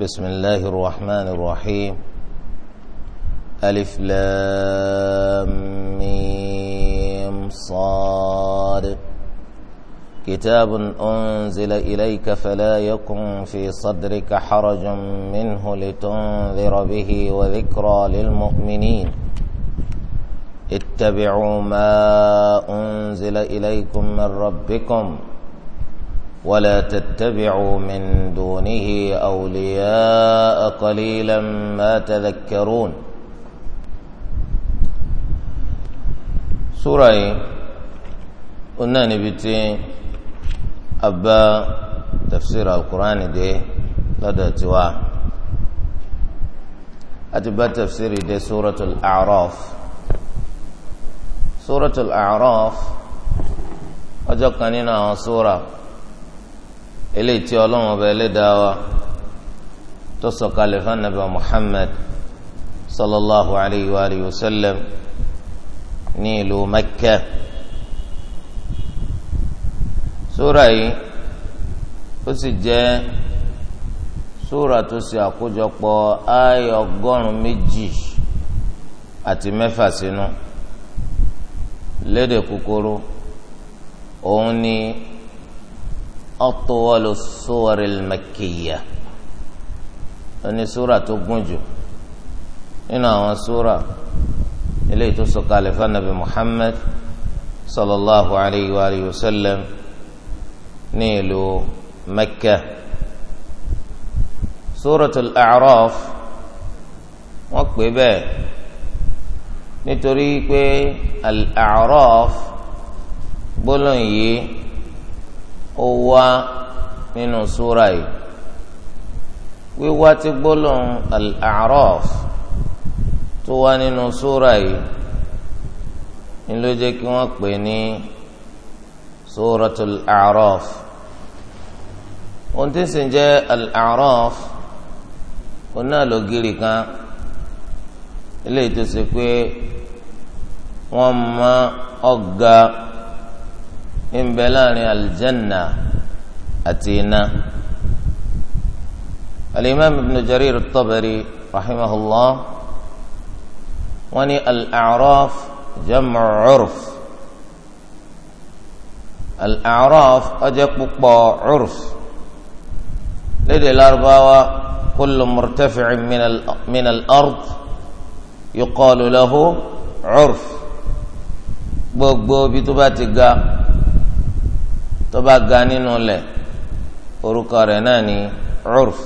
بسم الله الرحمن الرحيم ألف لام ميم صاد كتاب أنزل إليك فلا يكن في صدرك حرج منه لتنذر به وذكرى للمؤمنين اتبعوا ما أنزل إليكم من ربكم ولا تتبعوا من دونه أولياء قليلا ما تذكرون سورة قلنا نبتي أبا تفسير القرآن دي لدى توا أتبا تفسير دي سورة الأعراف سورة الأعراف أجقنا سورة eléyìí tí ọlọ́run ọba ẹlẹ́dàá wa tó sọ̀kalẹ̀ fún anabi muhammad sallallahu alayhi wa alihi wa sallam ní ìlú mẹ́kẹ́ súra yìí ó sì jẹ́ súra tó ṣe àkójọpọ̀ ayé ọgọ́rùn méjì àti mẹ́fà sínú lédè kúkúrú òun ni. أطول الصور المكية أني سورة تقنجو هنا سورة إليه تسقى لفن محمد صلى الله عليه وآله وسلم نيل مكة سورة الأعراف وقبه نتريك الأعراف بلن ó wá nínú súra yìí wíwá tí gbólóhùn al-A'raf tó wá nínú súra yìí ni ló jẹ́ kí wọ́n pè ní súratul A'raf ohun tí sì ń jẹ́ al-A'raf ó náà ló gírí kan eléyìí tó ṣe pé wọ́n mọ ọ̀gá ń bẹ láàrin aljanna àti iná alimami ibn jarir tabari rahimahullah wọ́n ní al-a'raf jamu urf al-a'raf ó jẹ́ púpọ̀ urf lédè Lárúbáwá kullu murtafi'in min al-ard yuqalu lahu urf gbogbo bí ti ga. tọba bá ga nínú lẹ̀ orúkọ rẹ̀ náà ni urf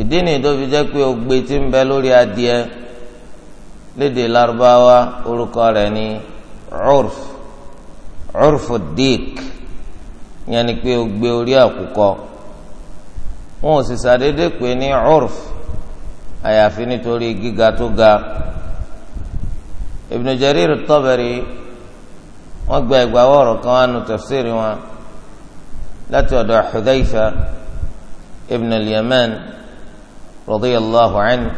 ìdí ni tó fi jẹ́ pé ogbe ti ń bẹ lórí adìẹ lédè Lárúbáwá orúkọ rẹ ni urf urfu dik yẹn ni pé ogbe orí àkùkọ wọn ò sì ṣàdédé pé ní urf àyàfi nítorí gíga tó ga Ibn Jarir Tabari. wọ́n gba ìgbàwọ́ ọ̀rọ̀ kan wánu tafsiri wọn láti ọ̀dọ̀ Hudhayfa ibn al-Yaman radiyallahu anhu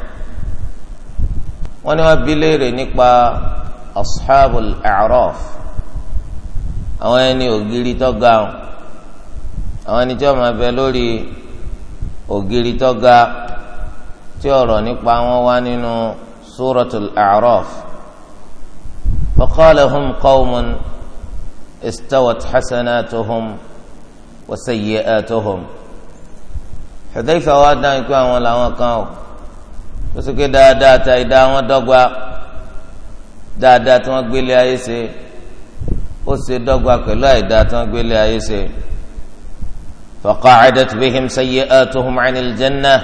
wọ́n ní wọ́n bi léèrè nípa ashabul a'raf àwọn ẹni ògiri tó àwọn ẹni tí wọ́n máa bẹ lórí ògiri tó tí ọ̀rọ̀ nípa wọn wá nínú suratul a'raf. فقالهم قوم استوت حسناتهم وسيئاتهم حذيفة وادنا يكون ولا وكاو وسكي دادا تايدا ودقوا دادا تنقبلي أيسي وسي دقوا كلا إدا تنقبلي أيسي فقعدت بهم سيئاتهم عن الجنة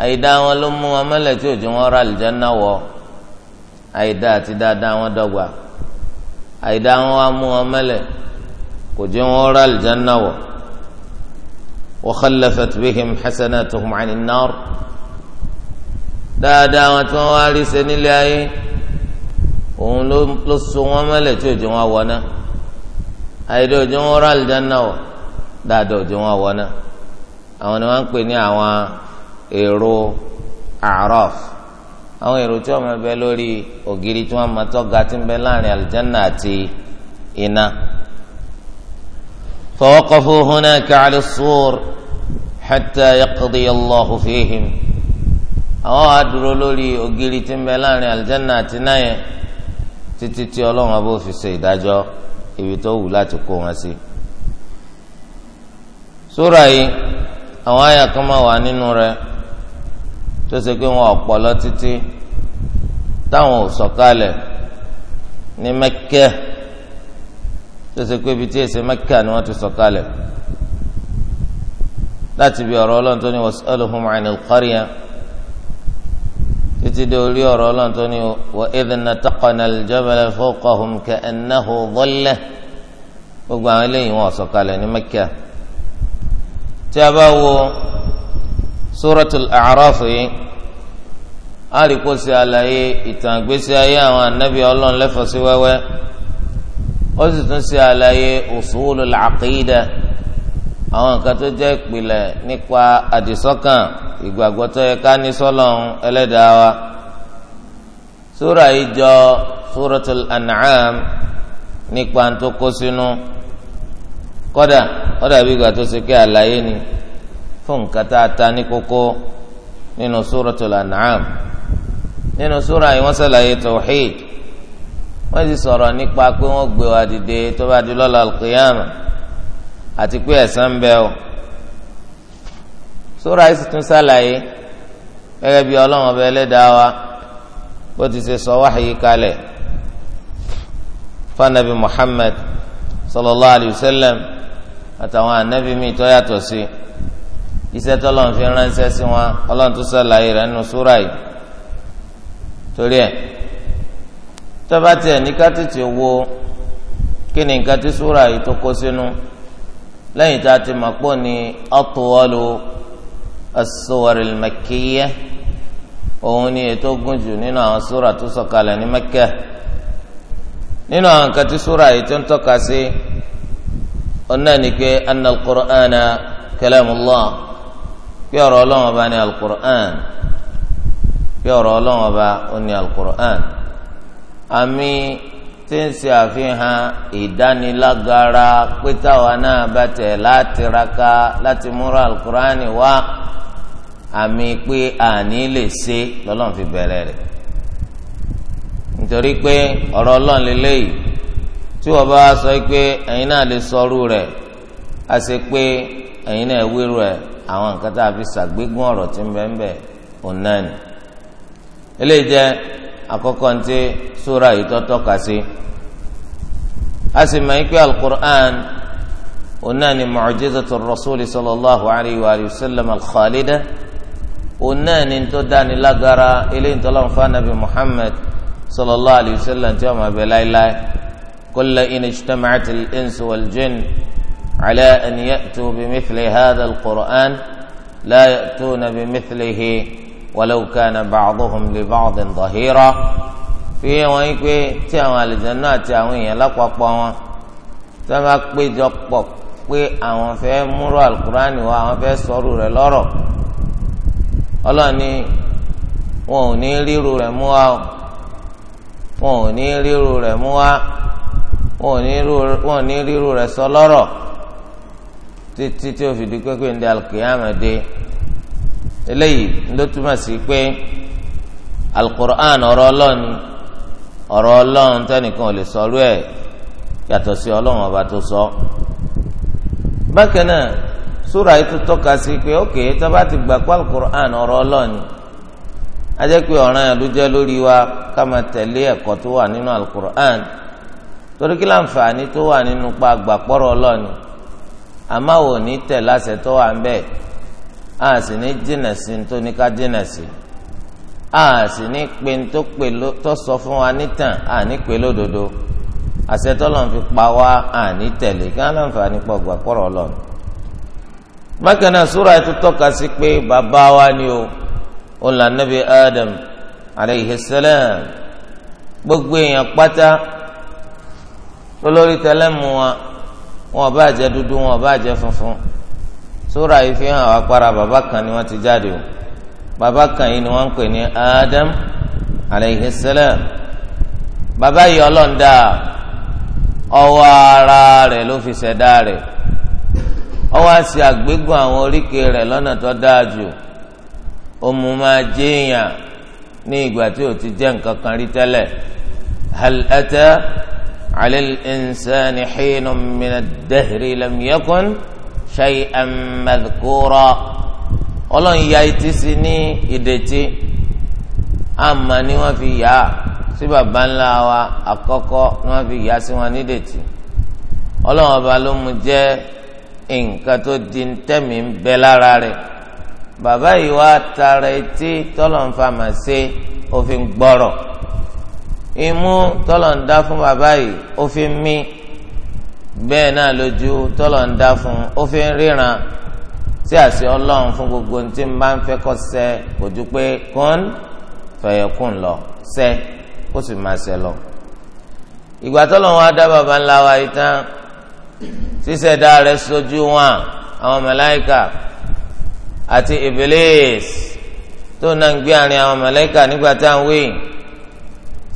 أيدا ولم وملت جمهور الجنة وقال àìdá àti dáadáa wọn dọ́gba àìdá wọn wá mú wọn mẹ́lẹ̀ kò jẹ́ wọn rà àlìjáná wọ̀ wa khallafat bihim hasanatuhum 'ani an-nar dáadáa wọn tí wọn wá rí ṣe ayé òun ló so wọn mẹ́lẹ̀ tí òjò wọn wọ̀ náà àìdá òjò wọn rà àlìjáná wọ̀ dáadáa òjò wọn wọ̀ àwọn ni wọn ń pè ní àwọn èrò àrọ́fù àwọn èrò tí wọn máa bẹ lórí ògiri tí wọn máa tọ́ga tí ń bẹ láàrin àlùjáná àti iná. فوقفوا هناك على السور حتى يقضي الله فيهم àwọn àdúró lórí ògiri tí ń bẹ láàrin àlùjáná àti iná yẹn títí tí ọlọ́run abó fi ṣe ìdájọ́ ibi tó wù láti kó wọn sí. sóra yìí àwọn àyà máa wà nínú rẹ̀ tó ṣe pé wọn ọ̀pọ̀ lọ títí táwọn ò sọ̀kalẹ̀ ní mẹ́kẹ́ tó ṣe pé ibi tí èsì mẹ́kẹ́ ni wọ́n ti sọ̀kalẹ̀ láti bí ọ̀rọ̀ ọlọ́run tó ní was'aluhum 'anil qarya títí dé orí ọ̀rọ̀ ọlọ́run tó ní wa idh nataqna al-jabala fawqahum ka'annahu dhillah gbogbo àwọn eléyìí wọn sọ̀kalẹ̀ ní mẹ́kẹ́ tí a bá wo suratul A'raf yìí àríkó ṣe àlàyé ìtàn ìgbésí ayé àwọn ànábì Ọlọ́run lẹ́fọ̀sí wẹ́wẹ́ ó sì tún ṣe àlàyé usulul aqida àwọn nǹkan tó jẹ́ ìpìlẹ̀ nípa àdìsọ́kàn ìgbàgbọ́ tó yẹ ká ní sọ́lọ́run ẹlẹ́dàá wa sura yìí jọ suratul An'am nípa tó kó sínú bí ìgbà tó kí àlàyé ni fún nǹkan tá a ta ní kókó nínú Suratul An'am nínú sura yìí wọ́n ṣàlàyé tawhid wọ́n sì sọ̀rọ̀ nípa pé wọ́n gbé wa dìde tó bá di lọ́la al àti pé ẹ̀san bẹ o sura yìí tún ṣàlàyé gẹ́gẹ́ bí Ọlọ́run ọba ẹlẹ́dàá wa bó ti ṣe sọ wahyi kalẹ̀ fanabi Muhammad sallallahu alayhi wa sallam àtàwọn anabi mi tó yàtọ̀ sí i iṣẹ́ tọ́lọ́run fi ránṣẹ́ sí wọn ọlọ́run tó ṣàlàyé rẹ̀ nínú súrà yìí torí ẹ̀ tọ́ba tiẹ̀ ní ká tètè wo kí ni nǹkan tí súrà yìí tó kó sínú lẹ́yìn tá a ti mọ̀ pọ̀ ní atwalu as-suwaril òun ni ètò gùn jù nínú àwọn súrà tó sọ̀kalẹ̀ ní Mẹ́kà nínú àwọn nǹkan tí súrà yìí tó ń tọ́ka sí ọ̀nà ni pé anna al-Qur'ana kalamullah. kí ọ̀rọ̀ ọlọ́run ọba ní alukur'an kí ọ̀rọ̀ ọlọ́run ọba ní alukur'an àmì tí ń ṣe àfihàn ìdánilágara pé náà bá tẹ̀ láti raka láti múra alukur'an wá àmì pé àní lè ṣe lọ́lọ́n fi bẹ̀rẹ̀ rẹ̀ nítorí pé ọ̀rọ̀ ọlọ́run lélẹ́yìí tí wọ́n bá lè a ẹ̀yin náà àwọn nǹkan tá a fi ṣàgbégún ọ̀rọ̀ tí ń bẹ ń bẹ òun náà ni eléyìí jẹ́ àkọ́kọ́ ntí súra yìí tọ́tọ́ ka sí a sì máa ń pè alukur'an òun náà ni mu'jizatu rasuli sallallahu alayhi wa sallam al-khalida òun náà ni tó dání lágara eléyìí tó lọ́n fa nabi muhammad sallallahu alayhi wa sallam tí wọ́n máa bẹ láéláé kulla in ijtama'ati al-insu wal-jinn. على أن يأتوا بمثل هذا القرآن لا يأتون بمثله ولو كان بعضهم لبعض ظهيرا fi wọn yín pé tí àwọn àlùjànnú àti àwọn èèyàn lápapọ̀ wọn tí wọn bá péjọ pọ̀ pé àwọn fẹ́ múrò alukurani wa àwọn fẹ́ sọ̀rọ̀ rẹ̀ lọ́rọ̀ ọlọ́ni wọn ò ní ríru rẹ̀ mú wa wọn ò ní ríru rẹ̀ mú wa wọn ò ní ríru rẹ̀ sọ lọ́rọ̀ títí tí o fi di pé pé ń de alkiyama dé eléyìí ló túmọ̀ sí pé alukur'an ọ̀rọ̀ ọlọ́run ọ̀rọ̀ ọlọ́run tẹ́nìkan ò lè sọ̀rọ̀ ẹ̀ yàtọ̀ sí ọlọ́run ọba tó sọ. bákan náà súra yìí tó tọ́ka sí pé ókè tábà ti gbà pé alukur'an ọ̀rọ̀ ọlọ́run a pé ọ̀ràn yẹn ló jẹ́ lórí wa ká máa tẹ̀lé ẹ̀kọ́ tó wà nínú alukur'an torí kí láǹfààní tó wà nínú pa àgbàpọ̀rọ̀ ọlọ́run àmọ́ wò ní tẹ̀ láṣẹ tó wà ń bẹ̀ a sì ní jìnà sí ní tó ní ká jìnà sí a sì ní pe tó pe tó sọ fún wa nítàn a ní pe lódodo àṣẹ tó lọ́n fi pa wá a ní tẹ̀lé kí wọ́n lọ́n fà ní pọ̀ gbà pọ̀rọ̀ lọ́n. bákan náà súra tọ́ka sí pé bàbá wa ni o ó là Adam aleyhi salam gbogbo èèyàn pátá lólórí tẹlẹ́mu wa wọn bá jẹ dúdú wọn bá jẹ funfun sóra yìí fi hàn àpárá bàbá kan ni wọn ti jáde o bàbá kan yìí ni wọn ń pè ní Adam alayhi salam bàbá yìí ọlọ́ọ̀dà ọwọ́ ara rẹ̀ ló fi ṣẹ̀dá rẹ̀ ọwọ́ àti àgbégùn àwọn oríkèé rẹ̀ lọ́nà tó dáa jù òmù máa jẹ́ ní ìgbà tí ò ti jẹ́ nǹkan kan rí tẹ́lẹ̀ hal على الإنسان حين من الدهر لم يكن شيئا مذكورا ọlọ́run ya etí sí ní ìdẹ̀tí àmà ni wọ́n fi yà á sí baba ńlá wa àkọ́kọ́ ni wọ́n fi yà á sí wọn ní ìdẹ̀tí ọlọ́run ọba ló mu jẹ́ nǹkan tó di tẹ̀mí ń bẹ lára rẹ̀ bàbá yìí wá tara etí tọ́lọ̀ ń fa màá ṣe òfin gbọ́rọ̀ imú tọ́lọ̀ ń dá fún bàbá yìí ó fi ń mí bẹ́ẹ̀ náà lójú tọ́lọ̀ ń dá fún ó fi ń ríran tí àṣẹ ọlọ́run fún gbogbo ní tí n bá ń fẹ́ kọ́ sẹ́ kò ju pé kún fẹ̀yẹ̀kùn lọ sẹ́ kó sì máa sẹ́ lọ. ìgbà tọ́lọ̀ wọn á dá bàbá ńlá wa yìí tán ṣíṣẹ̀dá rẹ̀ sojú wọn àwọn mẹláìkà àti Iblis tó náà ń gbé àárín àwọn mẹláìkà nígbà tá à ń wéyìn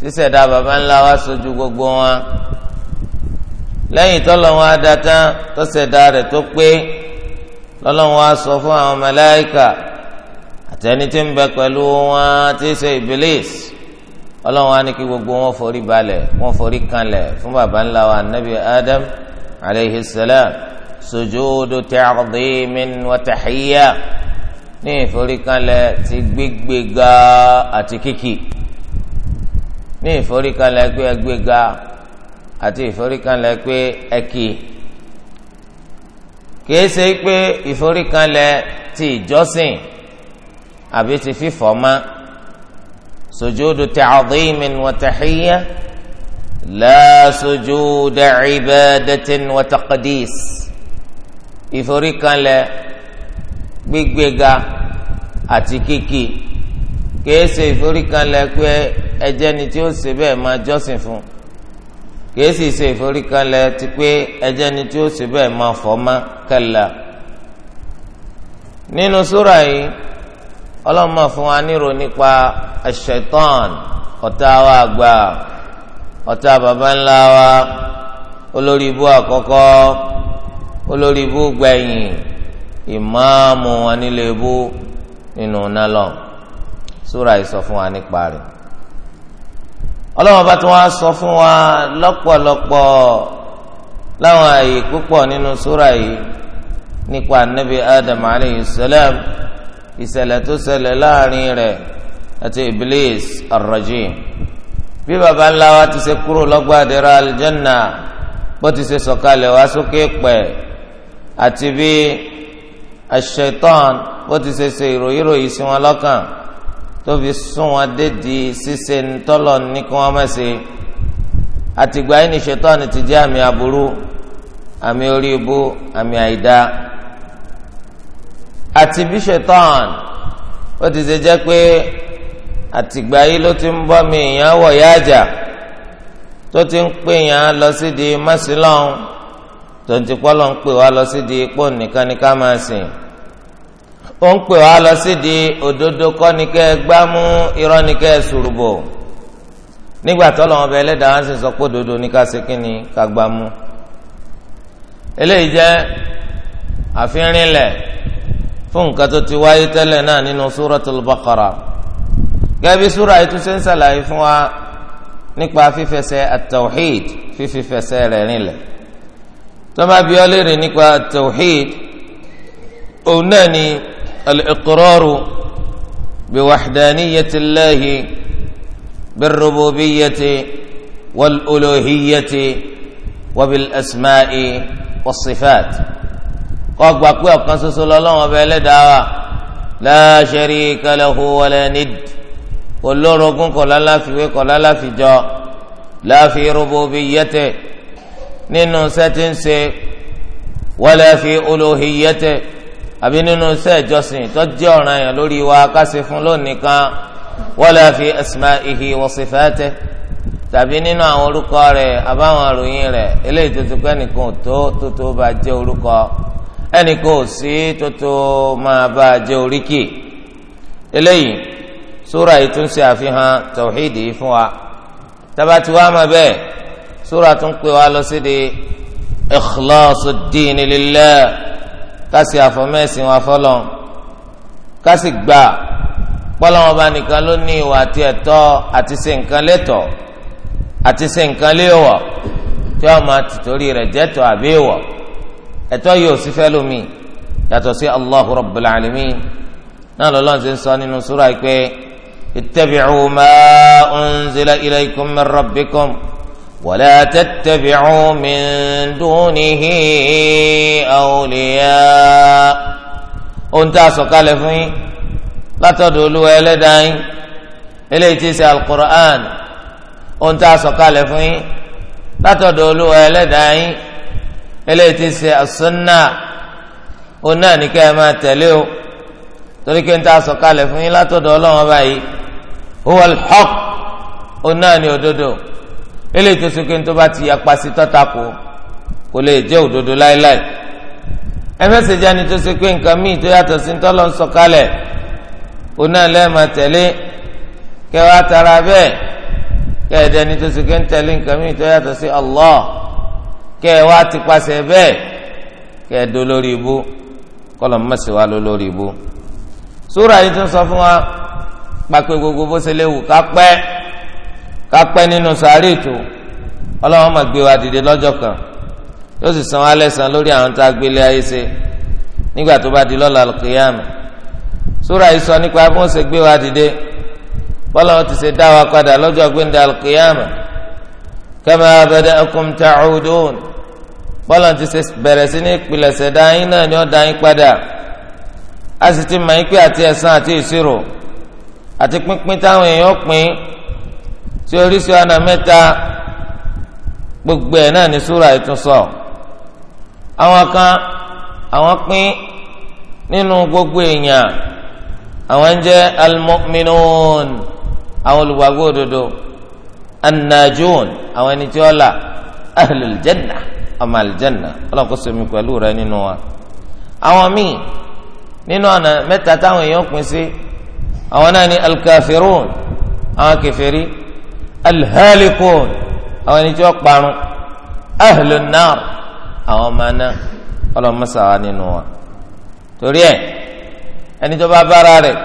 ṣíṣẹ̀dá baba ńlá wa sojú gbogbo wọn lẹ́yìn tọ́lọ́wọ́n adatán tó ṣẹ̀dá rẹ̀ tó pé lọ́lọ́wọ́n á sọ fún àwọn màláíkà àtẹni tí ń bẹ pẹ̀lú wọn tí ṣe Iblis ọlọ́wọ́n á ní kí gbogbo wọn forí balẹ̀ wọn forí kanlẹ̀ fún baba ńlá wa nabi Adam alayhi salam sujudu ta'dhimin wa tahiyya ní ìforí kanlẹ̀ ti gbígbéga àti kíkì ní ìforíkalẹ̀ pé ẹgbẹ́ga àti ìforíkalẹ̀ pé ẹkì kìí ṣe pé ìforíkalẹ̀ ti ìjọsìn àbí ti fífọ́ mọ́ sujudu ta'zimin wa tahiyya la sujuda ibadatin wa taqdis ìforíkalẹ̀ gbígbéga àti kíkì kìí ṣe ìforíkanlẹ̀ pé ẹjẹ́ ni tí ó ṣe bẹ́ẹ̀ máa jọ́sìn fún kìí sì ṣe ìforíkanlẹ̀ ti pé ẹjẹ́ ni tí ó ṣe bẹ́ẹ̀ máa fọ́ má kẹlẹ́ nínú súra yìí ọlọ́mọ fún wa nírò nípa aṣetán ọ̀tá wa àgbà ọ̀tá baba ńlá wa olórí ibú àkọ́kọ́ olórí ibú gbẹ̀yìn ìmáàmù wa nílé ibú nínú nálọ́ọ̀ súra yìí sọ fún wa nípa rẹ̀ ọlọ́wọ́n bá tún wá sọ fún wa lọ́pọ̀lọpọ̀ láwọn àyè púpọ̀ nínú súra yìí nípa anabi adam aleyhi salam ìṣẹ̀lẹ̀ tó ṣẹlẹ̀ láàrin rẹ̀ àti iblis arrajim bí baba ńlá wa ti ṣe kúrò lọ́gbà aljanna bó ti ṣe sọ̀kalẹ̀ wá sókè pẹ̀ àti bí aṣetán bó ti ṣe ṣe ìròyìn sí wọn lọ́kàn tó fi sún wọn dédi ṣíṣe ntọ́lọ̀ ní kí wọ́n má ṣe àtìgbà yìí ni ṣètọ́ni ti jẹ́ àmì aburú àmì orí ibú àmì àìdá àti bí ṣètọ́n ó ti ṣe jẹ́ pé àtìgbà yìí ló ti ń bọ́ mi èèyàn wọ̀ yáàjà tó ti ń pè yàn lọ sí di mọ́sílọ́n tó ti pọ́ lọ́n pè wá lọ sí di nìkan ní ká máa sìn ó ń pè wá lọ sídìí òdodo kọ́ ni kẹ́ ẹ gbámú irọ́ ni kẹ́ ẹ sùrùbò nígbà tó lọ́wọ́ bẹ ẹlẹ́dàá wá sí sọ pé òdodo ní ká ṣe kí ni ká gbámú eléyìí jẹ́ àfihànilẹ̀ fún nǹkan tó ti wáyé tẹ́lẹ̀ náà nínú Suratul Baqara gẹ́gẹ́ bí súra yìí tún ṣe ń ṣàlàyé fún wa nípa fífẹsẹ̀ at fífẹsẹ̀ rẹ̀ rinlẹ̀ tó má bí ọ léèrè nípa at òun náà ni. الإقرار بوحدانية الله بالربوبية والألوهية وبالأسماء والصفات قاك باكوي أقنص صلى الله عليه لا شريك له ولا ند كل ركن كل لا في كل لا في جاء لا في ربوبيته ننو ستنسي ولا في ألوهيته àbí nínú iṣẹ́ ìjọsìn tó jẹ́ ọ̀ràn yẹn lórí wa ká ṣe fún lónìí kan wala fi asma'ihi wa sifatihi tàbí nínú àwọn orúkọ rẹ̀ àbáwọn àròyìn rẹ̀ eléyìí tó ti pẹ́ nìkan tó tó tó bá jẹ́ orúkọ ẹnìkan ò sí tó tó máa bá jẹ́ oríkì eléyìí súra yìí tún ṣe àfihàn tọ̀hídì fún wa tabati wa ma bẹ́ẹ̀ súra tún pè wá lọ sí di ikhlasu ddini lillah kásì àfọmẹ́sìn wa fọlọ́ kásì gbà pọ́lọ́wọ́n bá nìkan ló ní ìwà àti ẹ̀tọ́ àti ṣe nǹkan lẹ́tọ̀ àti ṣe nǹkan léèwọ̀ tí wọ́n máa tìtorí rẹ̀ jẹ́tọ̀ àbí èèwọ̀ ẹ̀tọ́ yóò sì fẹ́ lómi yàtọ̀ sí Allahu Rabbul Alamin náà lọ́lọ́run ti ń sọ nínú súra yìí pé ittabi'u ma unzila ilaykum min rabbikum. ولا تتبعوا من دونه أولياء ohun tí a sọ kalẹ̀ fún yín látọ̀dọ̀ olúwa ẹlẹ́dàá yín eléyìí ti ṣe alukur'an ohun tí a sọ kalẹ̀ fún yín látọ̀dọ̀ olúwa ẹlẹ́dàá yín eléyìí ti ṣe asunna ohun náà ní kẹ́ ẹ máa tẹ̀lé o torí kí n tí a sọ kalẹ̀ fún yín látọ̀dọ̀ ọlọ́wọ́n báyìí huwa al-haq ohun náà ní òdodo eléyìí tó sókè tó bá ti yapa sí tọ́ta kù kò lè jẹ́ òdodo láéláé ẹfẹsẹ̀ jáni tó sókè nǹkan míì tó yàtọ̀ sí tọ́lọ́ ń sọ̀kalẹ̀ òun náà lẹ́ẹ̀ma tẹ̀lé kẹwàá tara bẹ́ẹ̀ kẹ́ẹ̀dẹ́ ni tó sókè ń tẹ̀lé nǹkan míì tó yàtọ̀ sí Allah kẹwàá ti pàṣẹ bẹ́ẹ̀ kẹ́ẹ̀dó lórí ibú kọlọ̀ mọ̀sí wa ló lórí ibú. súrà yìí tún sọ fún wa pàpẹ gbogbo bó ṣe léwu ká pẹ́ẹ́ kápẹ́ nínú sàárè tó ọlọ́wọ́n máa gbé wa dìde lọ́jọ́ kan yóò sì san alẹ́ san lórí àwọn tá a gbélé ayé ṣe nígbà tó bá di lọ́la kìyàmù súra yìí sọ nípa bí wọ́n ṣe gbé wa dìde bọ́lá wọn ti ṣe dá wa padà lọ́jọ́ gbéńdà kìyàmù kama bada'akum ta'udun bọ́lá wọn ti ṣe bẹ̀rẹ̀ sí ní ìpilẹ̀ṣẹ̀ dáyín náà ni wọ́n dáyín padà a sì ti mọ̀ yín pé àti ẹ̀san àti ìṣirò àti pínpín táwọn èèyàn pín tí oríṣìí ọ̀nà mẹ́ta gbogbo ẹ̀ náà ní súra ìtúnsọ àwọn kan àwọn pín nínú gbogbo èèyàn àwọn ń jẹ́ almu'minun àwọn olùgbàgbọ́ òdodo annajun àwọn ẹni tí ó là ahlul janna ọmọ aljanna ọlọ́kọ́ sọmi pẹ̀lú rẹ nínú wa àwọn míì nínú ọ̀nà mẹ́ta táwọn èèyàn pín sí àwọn náà ní alkafirun àwọn kẹfẹ́rí alhalikun àwọn ẹni tí wọ́n parun ahlunar àwọn ọmọ náà ọlọmọsàwá nínú wa torí ẹ ẹni tó bá bára rẹ̀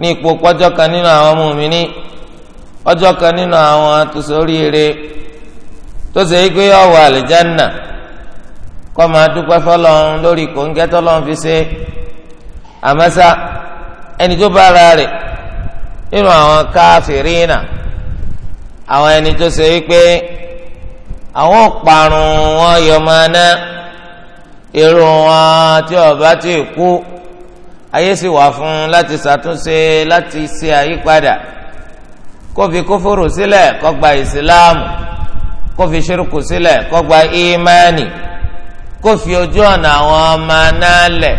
ní ipò pọ́jọ́ kan nínú àwọn mùmíní ọjọ́ kan nínú àwọn tó ṣoríire tó ṣe é pé ọwọ àlìjánà kọ́ máa dúpẹ́ fọlọ́run lórí kòńgẹ́ fi ṣe àmọ́sá ẹni tó bára rẹ̀ nínú àwọn káfírínà. àwọn ẹni tó ṣe wípé àwọn parun wọn yọ máa ná irun wọn tí ọba ti kú ayé sì wà fún láti ṣàtúnṣe láti ṣe àyípadà kó fi kófòrò sílẹ̀ kó gba ìsìláàmù kó fi ṣírùkù sílẹ̀ kó gba ìmánì kó fi ojú ọ̀nà àwọn ọmọ náà lẹ̀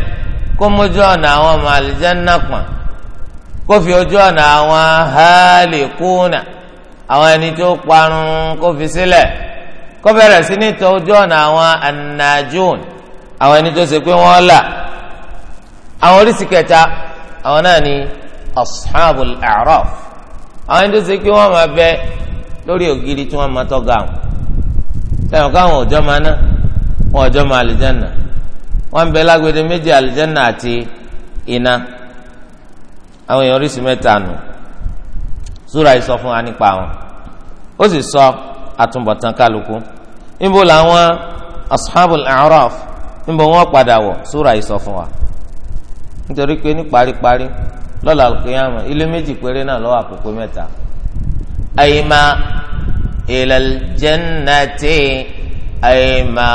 kó mójú ọ̀nà àwọn ọmọ àlìjẹ́ pọ̀n kó fi ojú ọ̀nà àwọn hàlẹ́kùnà. àwọn ẹni tó parun kó fi sílẹ̀ kó bẹ̀rẹ̀ sí ní tọ ojú ọ̀nà àwọn anajun àwọn ẹni tó ṣe pé wọ́n là àwọn oríṣi kẹta àwọn náà ni ashabul araf àwọn ẹni tó ṣe pé wọ́n máa bẹ lórí ògiri tí wọ́n máa tọ́ àwọn sẹ́wọ̀n káwọn ọjọ́ máa ná wọn ọjọ́ máa àlìjánà wọ́n bẹ lágbede méjì àlìjánà àti iná àwọn èèyàn oríṣi mẹ́ta nù. No súra yìí sọ fún wa nípa wọn ó sì sọ àtúbọ̀tán kálukú níbo làwọn ashabul araf níbo wọn padà wọ̀ súra yìí sọ fún wa nítorí pé ní paríparí lọ́la alqiyama ilé méjì péré náà lọ́wọ́ àkókò mẹ́ta ayima ilal jannati ayima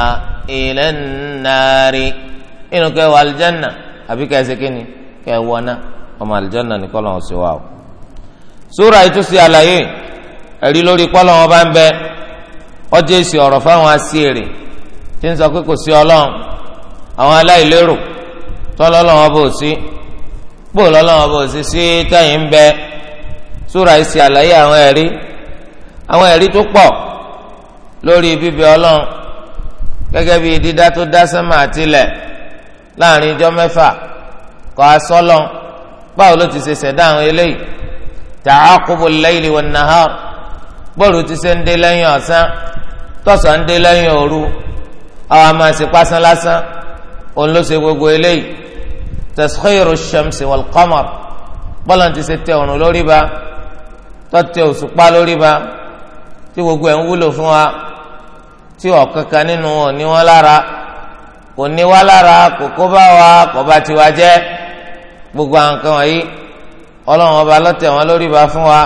ilal nari inú kẹ́ wọ aljanna àbí kẹ́ ẹ ṣe kí ọmọ aljanna ní kọ́ lọ́wọ́ wa o súra yìí tún ṣe àlàyé ẹ̀rí lórí pọ́lọ́ wọn bá ń bẹ ọjọ́ èsì ọ̀rọ̀ fáwọn aṣèrè tí ń sọ pé kò sí ọlọ́run àwọn aláìlérò tọ́lọ́lọ́wọ́n bò sí gbòòlọ́lọ́wọ́n bò sí sí tẹ̀yìn ń bẹ súra yìí ṣe àlàyé àwọn ẹ̀rí àwọn ẹ̀rí tó pọ̀ lórí bíbẹ ọlọ́run gẹ́gẹ́ bí dídá tó dá sánmà àtilẹ̀ láàrin ijọ́ mẹ́fà kọ́ asọ́lọ́ báwo ló ti ṣe ṣẹ̀dá àwọn eléyìí tààkùbù lẹ́yìn wọn nàá bọ́ọ̀lù ti ṣe ń dé lẹ́yìn ọ̀sán tọ̀sán ń dé lẹ́yìn òru àwọn máa ṣe pásán lásán òun ló ṣe gbogbo eléyìí tẹ̀síkìrì ṣẹ̀mṣì wal qamar bọ́ọ̀lù ti ṣe tẹ òrùn lórí ba tọ́tẹ òṣùpá lórí ba tí gbogbo ẹ̀ ń wúlò fún wa tí ọ̀kankan nínú wọn ní wọn lára kò ní wá lára kò kó bá wa kò bá tiwa jẹ́ gbogbo àwọn wọ̀nyí ọlọ́run ọba lọ́tẹ̀ wọn lórí ba fún wa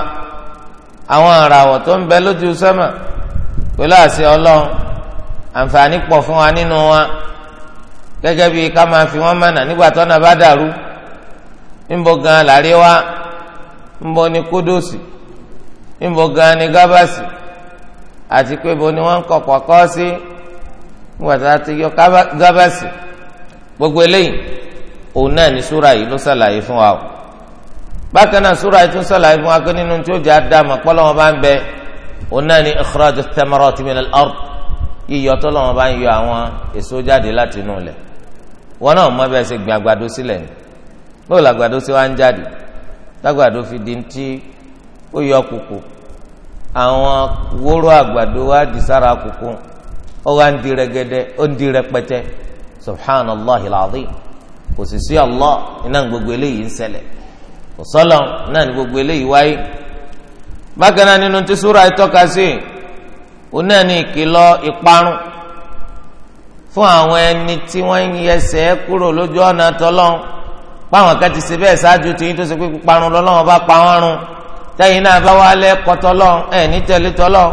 àwọn àràwọ̀ tó ń bẹ lójú sẹ́mà pẹ̀lú àṣẹ ọlọ́run àǹfààní pọ̀ fún wa nínú wa gẹ́gẹ́ bíi ká máa fi wọ́n mọ̀nà nígbà tọ́nà bá dàrú ńbọ gan làrí wa ńbọ ni kúdùsì ńbọ gan ni gábàsì àti pé bo ni wọ́n ń kọ̀kọ̀ kọ́ sí nígbà tá a ti yọ gábàsì gbogbo eléyìí òun náà ní súra yìí ló ṣàlàyé fún wa o bákan náà súra ìtún sàlàyé fún akẹ́ nínú tí ó jẹ́ àdàmà pọ́lọ́wọ́n bá ń bẹ òun náà ní ikhraj ath-thamarati min al-ard yíyọ tọ́lọ́wọ́n bá ń yọ àwọn èso jáde láti inú ilẹ̀ wọn náà mọ bẹ́ẹ̀ ṣe gbin àgbàdo sílẹ̀ ni bóyá làgbàdo ṣe wá ń jáde lágbàdo fi di ti ó yọ kùkù àwọn wóró àgbàdo wá di sára kùkù ó wá ń di rẹ̀gẹ̀dẹ̀ ó ń di rẹpẹtẹ subhanallah al kò sì sí Allah iná gbogbo eléyìí ń kò sọ́lọ̀ náà ní gbogbo eléyìí wáyé bákan náà nínú tí súra ìtọ́ka sí òun náà ní ìkìlọ̀ ìparun fún àwọn ẹni tí wọ́n ń yẹsẹ̀ kúrò lójú ọ̀nà tọ́lọ́n páwọn kan ti ṣe bẹ́ẹ̀ ṣáájú tí yín tó ṣe pé parun lọ́lọ́wọ́n bá pa wọ́n run tẹ́yìn náà bá wà lẹ́kọ̀ọ́ ẹ̀ ní tẹ̀lé tọ́lọ́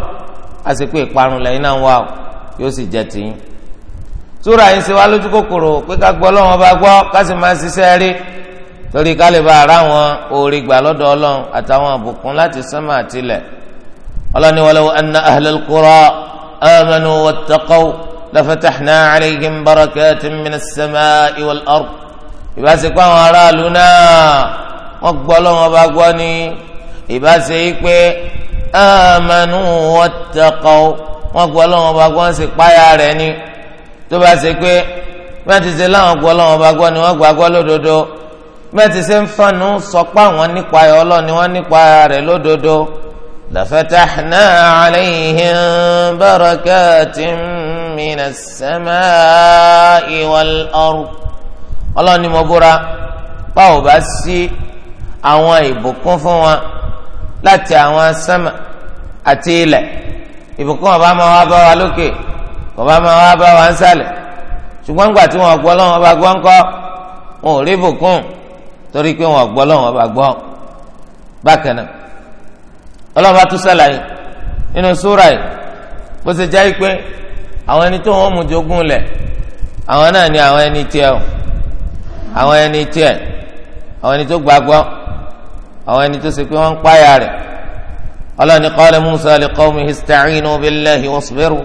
àsìkò ìparun lẹ́yìn náà wà yóò sì jẹ́ tiyín. súra yìí ṣe wá lójú kòkòrò pé ká gbọ́ torí kálíbà ara wọn orí gbà lọ́dọ̀ ọlọ́run àtàwọn àbùkún láti sánmà àtìlẹ̀ ọlọ́ni walaw anna ahlal qura amanu wattaqaw lafatahna alayhim barakatin minas samaa'i wal ard ìbáṣepọ̀ àwọn aráàlú náà wọ́n gbọ́ lọ́wọ́ bá gbọ́ ni ìbáṣe yìí pé amanu wattaqaw wọ́n gbọ́ bá gbọ́ ń páyà rẹ̀ ni tó bá ṣe pé bí wọ́n ti ṣe láwọn gbọ́ lọ́wọ́ bá gbọ́ ni wọ́n gbàgbọ́ lódodo mẹ́tì ṣe ń fanu sọpá wọn nípa ẹ̀ ọlọ́ni wọn nípa rẹ̀ lódodo lafatahna alayhim barakatin minas samaa'i wal ard ọlọ́ni mo búra pa ò bá sí àwọn ìbùkún fún wọn láti àwọn sánmà àti ilẹ̀ ìbùkún ọba máa wá bá wa lókè ọba máa wá bá wa ń sàlẹ̀ ṣùgbọ́n gbà wọn gbọ́ lọ́wọ́ bá gbọ́ ńkọ́ wọn ò rí ìbùkún torí pé wọn gbọ́ lọ́wọ́ bá gbọ́ bákan náà ọlọ́wọ́ tún sàlàyé nínú súra yìí bó ṣe jẹ́ pé àwọn ẹni tó wọ́n mú jogún lẹ̀ àwọn náà ni àwọn ẹni tiẹ̀ o àwọn ẹni tiẹ̀ àwọn ẹni tó gbàgbọ́ àwọn ẹni tó ṣe pé wọ́n ń páyà rẹ̀ ọlọ́wọ́ ni qala Musa li qawmihi ista'inu billahi wasbiru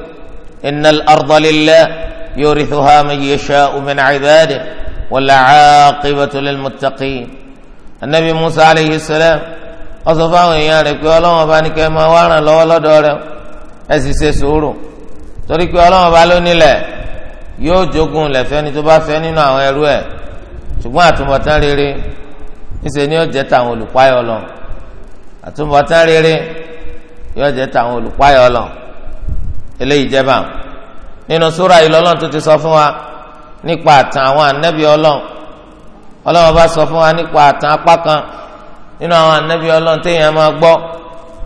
innal arda lillahi yurithuha man yasha'u min ibadihi. والعاقبة للمتقين النبي موسى عليه السلام ọsọfáwọn èèyàn rẹ̀ pé Ọlọ́run ọba ní kẹ́ máa wá ràn lọ́wọ́ lọ́dọ̀ rẹ̀ ẹ sì ṣe sùúrù torí pé Ọlọ́run ọba ló nílẹ̀ yóò jogún lẹ̀fẹ́ ni tó bá fẹ́ nínú àwọn ẹrú ẹ̀ ṣùgbọ́n àtúbọ̀tán rere níṣẹ́ ni yóò jẹ́ tàwọn olùpáyọ̀ lọ àtúbọ̀tán rere yóò jẹ́ tàwọn olùpáyọ̀ lọ eléyìí jẹ́ bá nínú súra ìlọ́lọ́run tó ti sọ fún wa nípa àtàn àwọn ànábì ọlọ́run ọlọ́run bá sọ fún wa nípa àtàn apá kan nínú àwọn ànábì ọlọ́run téèyàn máa gbọ́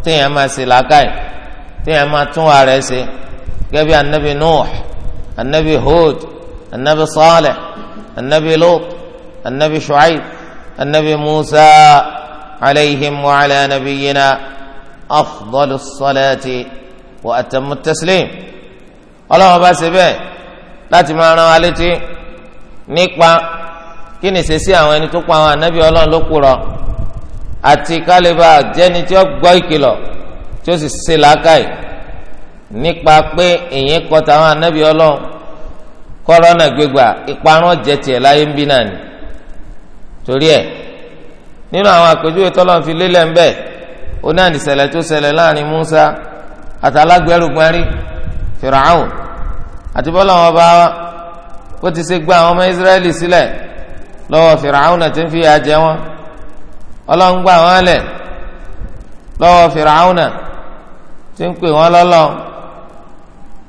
téèyàn máa ṣe làákàyè téèyàn máa tún wà rẹ̀ ṣe gẹ́gẹ́ bí ànábì Nuh ànábì Hud ànábì Saleh ànábì Lut ànábì Shu'aib ànábì Musa alayhim wa ala nabiyyina afdalu salati wa atamu taslim ọlọ́run bá ṣe bẹ́ẹ̀ láti máa rán wa létí nípa kí ni ìṣesí àwọn ẹni tó pa àwọn ànábì ọlọ́run ló kúrọ àti kálíbà jẹ́ni tí ó gbọ́ ìkìlọ̀ tí ó sì ṣe làákàyè nípa pé ìyẹn kọta àwọn ànábì ọlọ́run kọ́rọ́nà gbégbà ìparun ọ̀jẹ̀ tiẹ̀ láyé ń bí náà ni torí ẹ̀ nínú àwọn àpèjúwe tọ́lọ́run fi lélẹ̀ ń bẹ̀ ó náà nìṣẹ̀lẹ̀ tó ṣẹlẹ̀ láàrin Musa àtàlágbẹ̀rùgbọ́n rí Fìràhùn àti bọ́lá wọn bá bó ti ṣe gba àwọn ọmọ Ísírẹ́lì sílẹ̀ lọ́wọ́ Fìràhùn tí ń fi ìyà jẹ wọn ọlọ́run gbà wọn lẹ̀ lọ́wọ́ Fìràhùn tí ń pè wọn lọ́lọ́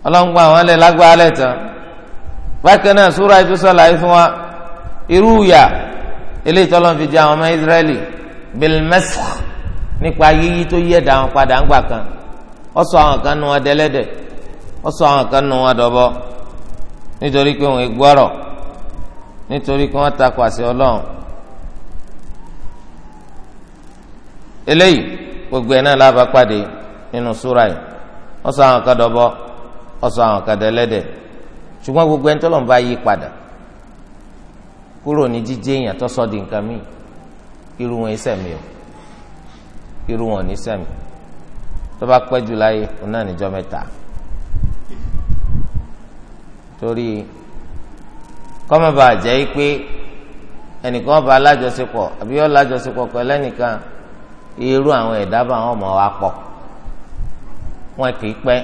ọlọ́run gbà wọn lẹ̀ lágbára tán bákan náà súra ìtúsọ̀lá yìí fún wa irú ìyà eléyìí tọ́lọ́run fi jẹ àwọn ọmọ Ísírẹ́lì bilmẹ́sì nípa yíyí tó yẹ̀dá wọn padà ńgbà kan ọ àwọn kan nu ọdẹlẹ́dẹ̀ẹ́ wọ́n sọ àwọn kan nù wọn dọ̀bọ nítorí pé wọn gbọ́rọ̀ nítorí pé wọ́n takò àṣẹ ọlọ́run eléyìí gbogbo ẹ̀ náà lába pàdé nínú súra yìí wọ́n sọ àwọn kan dọ̀bọ wọ́n sọ àwọn kan gbogbo ẹni tọ́lọ̀ ń bá yí padà kúrò ní èèyàn tó sọ di irú wọn o irú wọn tó bá jù láyé torí kọ́mọ̀bà jẹ́ pé ẹnìkan bá alájọṣepọ̀ àbí yọ alájọṣepọ̀ pẹ̀lú ẹnìkan irú àwọn ẹ̀dá bá àwọn ọmọ wa pọ̀ wọn kì í pẹ́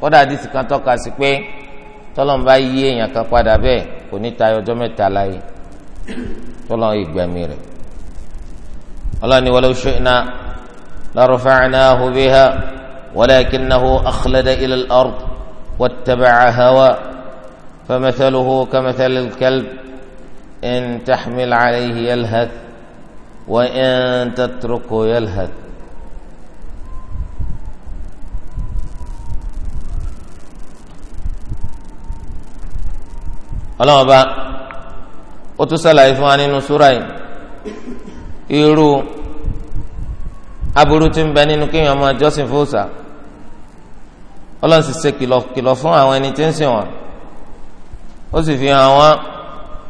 kódà àdìsí kan tọ́ka sí pé tọ́lọ́n bá yí èèyàn kan padà bẹ́ẹ̀ kò ní tayọ ọjọ́ mẹ́ta láyé tọ́lọ́n ìgbẹ̀mí rẹ̀ ọlọ́ni walau shi'na la rafa'nahu biha walakinnahu akhlada ila al-ard wattaba'a hawa. فمثله كمثل الكلب إن تحمل عليه يلهث وإن تتركه يلهث ọlọ́wọ́n bá ó tún sàlàyé fún wa nínú súra yìí irú aburú tí ń bẹ nínú kéèyàn máa jọ́sìn fóòsà ọlọ́run sì ṣe kìlọ̀kìlọ̀ fún àwọn ẹni tí ń sìn wọ́n ó sì fi hàn wọn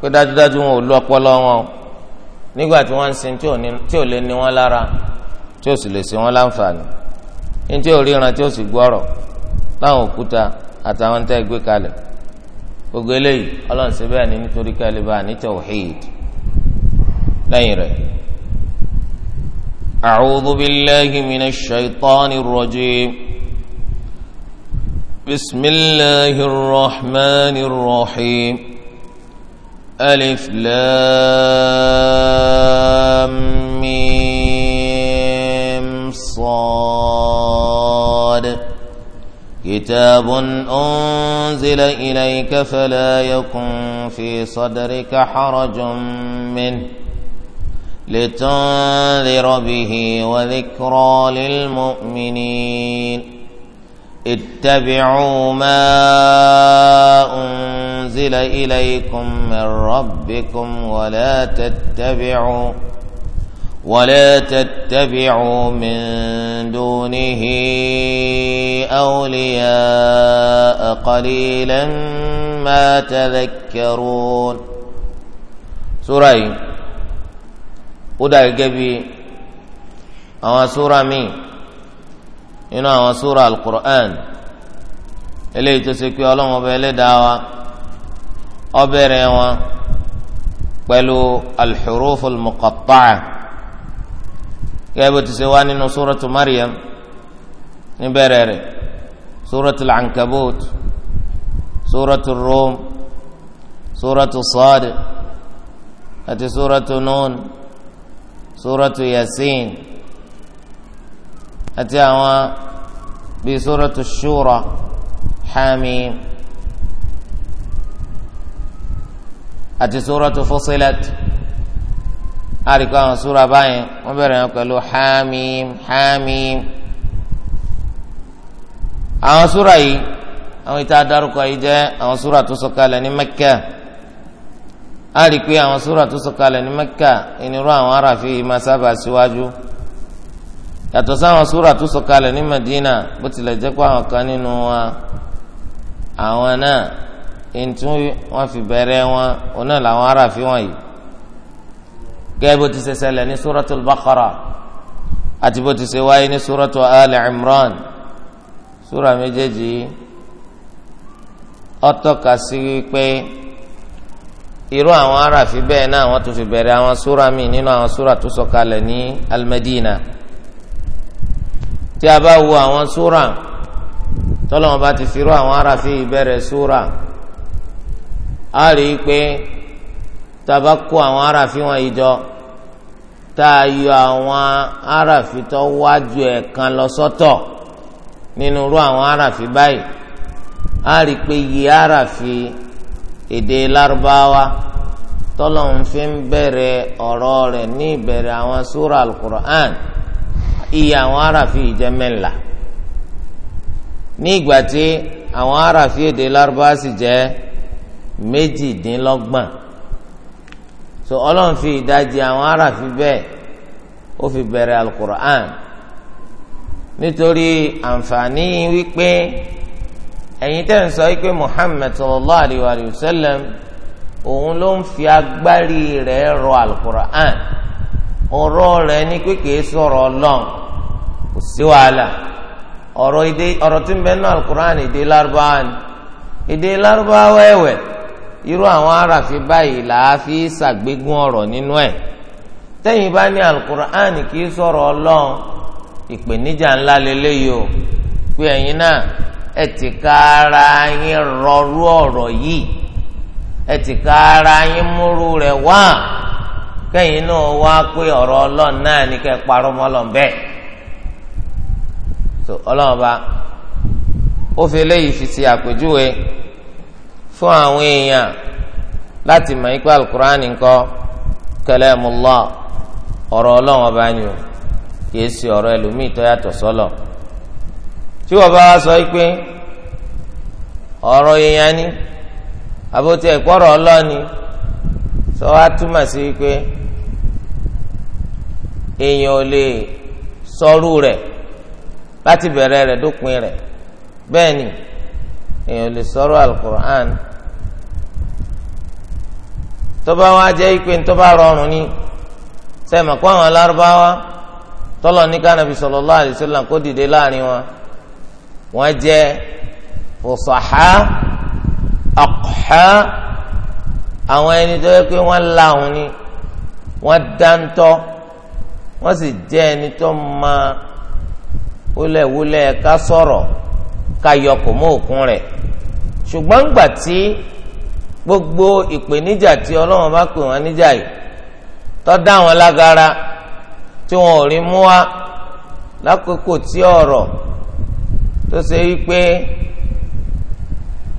pé dájúdájú wọn ò lo ọpọlọ wọn o nígbà tí wọn ń sin tí ò lè ní wọn lára tí ò sì lè ṣe wọn láǹfààní ní tí ò ríran tí ò sì gbọ́rọ̀ láwọn òkúta àtàwọn tẹ́ gbé kalẹ̀ gbogbo eléyìí ọlọ́run ṣe bẹ́ẹ̀ ni nítorí kẹ́lẹ́ bá ní tawhid lẹ́yìn rẹ̀. a'udhu billahi minash shaitani rrajim. بسم الله الرحمن الرحيم ألف لام ميم صاد كتاب أنزل إليك فلا يكن في صدرك حرج منه لتنذر به وذكرى للمؤمنين اتبعوا ما أنزل إليكم من ربكم ولا تتبعوا ولا تتبعوا من دونه أولياء قليلا ما تذكرون سورة أدعي الجبي أو سورة مين nínú àwọn súra alukur'an eléyìí tó ṣe pé ọlọ́run ọba ẹlẹ́dàá wa ó bẹ̀rẹ̀ wọn pẹ̀lú alḥurufu muqatta'a kẹ́ẹ́ bó ti ṣe wá nínú súratu Maryam níbẹ̀rẹ̀ rẹ̀ súratu al-Ankabut súratu Rum súratu Sad àti súratu Nun súratu Yasin àti àwọn bíi suratu shura hamim àti suratu fusilat àríkọ àwọn sura báyìí wọ́n bẹ̀rẹ̀ wọn pẹ̀lú hamim hamim àwọn sura yìí àwọn ìta dárúkọ yìí jẹ́ àwọn sura tó sọ̀kalẹ̀ ní Mẹ́kà àríkọ àwọn sura tó sọ̀kalẹ̀ ní Mẹ́kà ìnirú àwọn aráàfin yìí máa sábà síwájú. Si yàtọ̀ sáwọn súrà tó sọ̀kalẹ̀ ní Madina bó tilẹ̀ jẹ́ pé àwọn kan nínú wa àwọn náà ntú wọn fi bẹ̀rẹ̀ wọn ọ̀nà làwọn ará fi wọn yìí gẹ́gẹ́ bó ti ṣe ṣẹlẹ̀ ní súratul Baqara àti bó ti ṣe wáyé ní súratul Ali Imran súrà méjèèjì ó sí wípé irú àwọn ará fi bẹ́ẹ̀ náà wọ́n tún fi bẹ̀rẹ̀ àwọn súrà míì nínú àwọn súrà tó sọ̀kalẹ̀ ní al tí a bá wo àwọn súrà tọ́lọ́wọ́n bá ti fi rú àwọn aráàfin ìbẹ̀rẹ̀ súrà a rí i pé tá a bá kó àwọn aráàfin wọn yìí jọ tá a yọ àwọn aráàfin tó wájú ẹ̀ kan lọ sọ́tọ̀ nínú rú àwọn aráàfin báyìí a rí i pé iye aráàfin èdè lárúbáwá tọ́lọ́wọ́n fi ń bẹ̀rẹ̀ ọ̀rọ̀ rẹ̀ ní ìbẹ̀rẹ̀ àwọn súrà alukur'an iye àwọn aráàfin yìí jẹ́ mẹ́ńlá ní ìgbà tí àwọn aráàfin èdè lárúbáwá sì jẹ́ méjìdínlọ́gbọ̀n so ọlọ́run fi ìdajì àwọn aráàfin bẹ́ẹ̀ ó fi bẹ̀rẹ̀ alukur'an nítorí àǹfààní wípé ẹ̀yin tẹ́ ń sọ wípé Muhammad sallallahu alayhi wa sallam òun ló ń fi agbárí rẹ̀ rọ alukur'an. ọ̀rọ̀ rẹ̀ ní kékeré sọ̀rọ̀ ọlọ́run kò sí wàhálà ọ̀rọ̀ èdè ọ̀rọ̀ tí ń bẹ náà alukur'an èdè ni ẹ̀wẹ̀ irú àwọn aráàfin báyìí làá fi ṣàgbégún ọ̀rọ̀ nínú ẹ̀ tẹ́yìn bá ní alukur'an kì í sọ̀rọ̀ ọlọ́run ìpèníjà ńlá lélẹ́yìí o pé ẹ̀yin náà ti ara yín rọrú ọ̀rọ̀ yìí ti kẹ́yìn náà wá pé ọ̀rọ̀ ọlọ́run náà ní kẹ́ parọ́ mọ́ ọlọ́run bẹ́ẹ̀ tó ọlọ́run bá ó fi eléyìí fi ti àpèjúwe fún àwọn èèyàn láti mọ̀ ipa alukur'an ńkọ́ kalamullah ọ̀rọ̀ ọlọ́run ọba ni o kìí ṣe ọ̀rọ̀ ẹlòmíì tó yàtọ̀ sọ́lọ̀ tí wọ́n bá wá sọ pé ọ̀rọ̀ èèyàn ni àbótí ẹ̀kọ́ ọ̀rọ̀ ọlọ́run ni. sọ wá túmọ̀ sí pé èèyàn ò lè sọrú rẹ̀ láti bẹ̀rẹ̀ rẹ̀ dópin rẹ̀ bẹ́ẹ̀ ni èèyàn ò lè sọrú alukur'an tọ́ba wa jẹ́ rọrùn ni sẹ́mi kọ́ àwọn alárúbáwá tọ́lọ̀ ní kánàbí sallallahu alaihi wasallam kó dìde wọn wọ́n jẹ́ fòsàhá àwọn ẹni tó yẹ pé wọ́n láwọn ni wọ́n dáńtọ́ wọ́n sì jẹ́ ẹni tó máa wúlẹ̀wúlẹ̀ ká sọ̀rọ̀ ká yọkò mọ́ òkun rẹ̀ ṣùgbọ́n gbà tí gbogbo ìpèníjà tí ọlọ́run bá pè wọ́n níjà yìí tó dá wọn lágara tí wọn ò rí mú wá lákòókò tí ọ̀rọ̀ tó ṣe wípé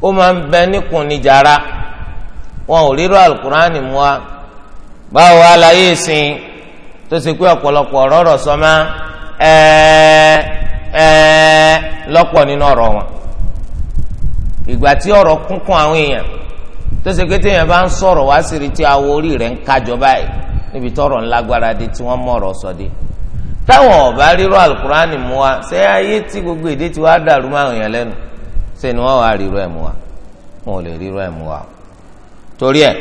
ó máa ń bẹ níkùn níjàrá. wọn ò rírọ alukurani mu wa báwo wà láyé ìsìn tó ṣe pé ọ̀pọ̀lọpọ̀ ọ̀rọ̀ rọ̀ sọ́mọ́ ẹ́ẹ́ ẹ́ẹ́ lọ́pọ̀ nínú ọ̀rọ̀ wọn ìgbà tí ọ̀rọ̀ kúnkún àwọn èèyàn tó ṣe pé téèyàn bá ń sọ̀rọ̀ wá sí rí awo orí rẹ̀ ń kájọ báyìí níbi tọ́rọ̀ ńlágbára dé tí wọ́n mọ̀ ọ̀rọ̀ sọ táwọn ọ̀bá wa ṣé ayé tí gbogbo èdè ti dàrú máa yàn wa wọn ò lè torí ẹ̀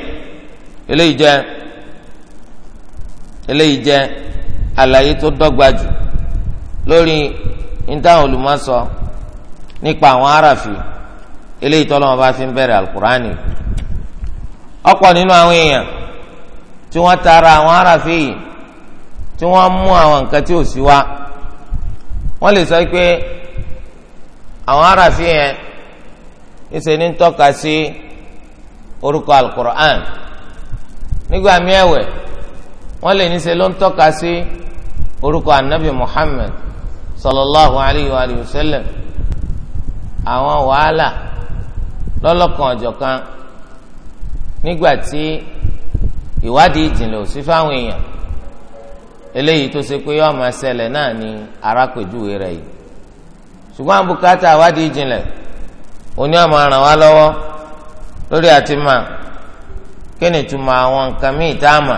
eléyìí jẹ́ eléyìí àlàyé tó dọ́gba jù lórí nítawọn sọ nípa àwọn aráàfin eléyìí tọ́lọ́wọ́n bá fi ń bẹ̀rẹ̀ alukurani ọ̀pọ̀ nínú àwọn èèyàn tí wọ́n tara àwọn aráàfin yìí tí wọ́n mú àwọn nǹkan tí ò sí wọ́n lè sọ pé àwọn aráàfin yẹn ń Si, orúkọ alukur'an nígbà míì ẹ̀wẹ̀ wọ́n lè níṣe ló ń tọ́ka sí orúkọ anabi muhammed sallallahu alayhi wa sallam àwọn wàhálà lọ́lọ́kan ọ̀jọ̀kan nígbà tí ìwádìí ìjìnlẹ̀ ò sí fáwọn èèyàn eléyìí tó ṣe pé yọọ máa ṣẹlẹ̀ náà ni arákòjúwe rẹ̀ yìí ṣùgbọ́n àbùkátà ìwádìí ìjìnlẹ̀ oní ọmọ ràn wá lọ́wọ́ lórí àti mà kí ni ìtumọ̀ àwọn nǹkan míì tá a mà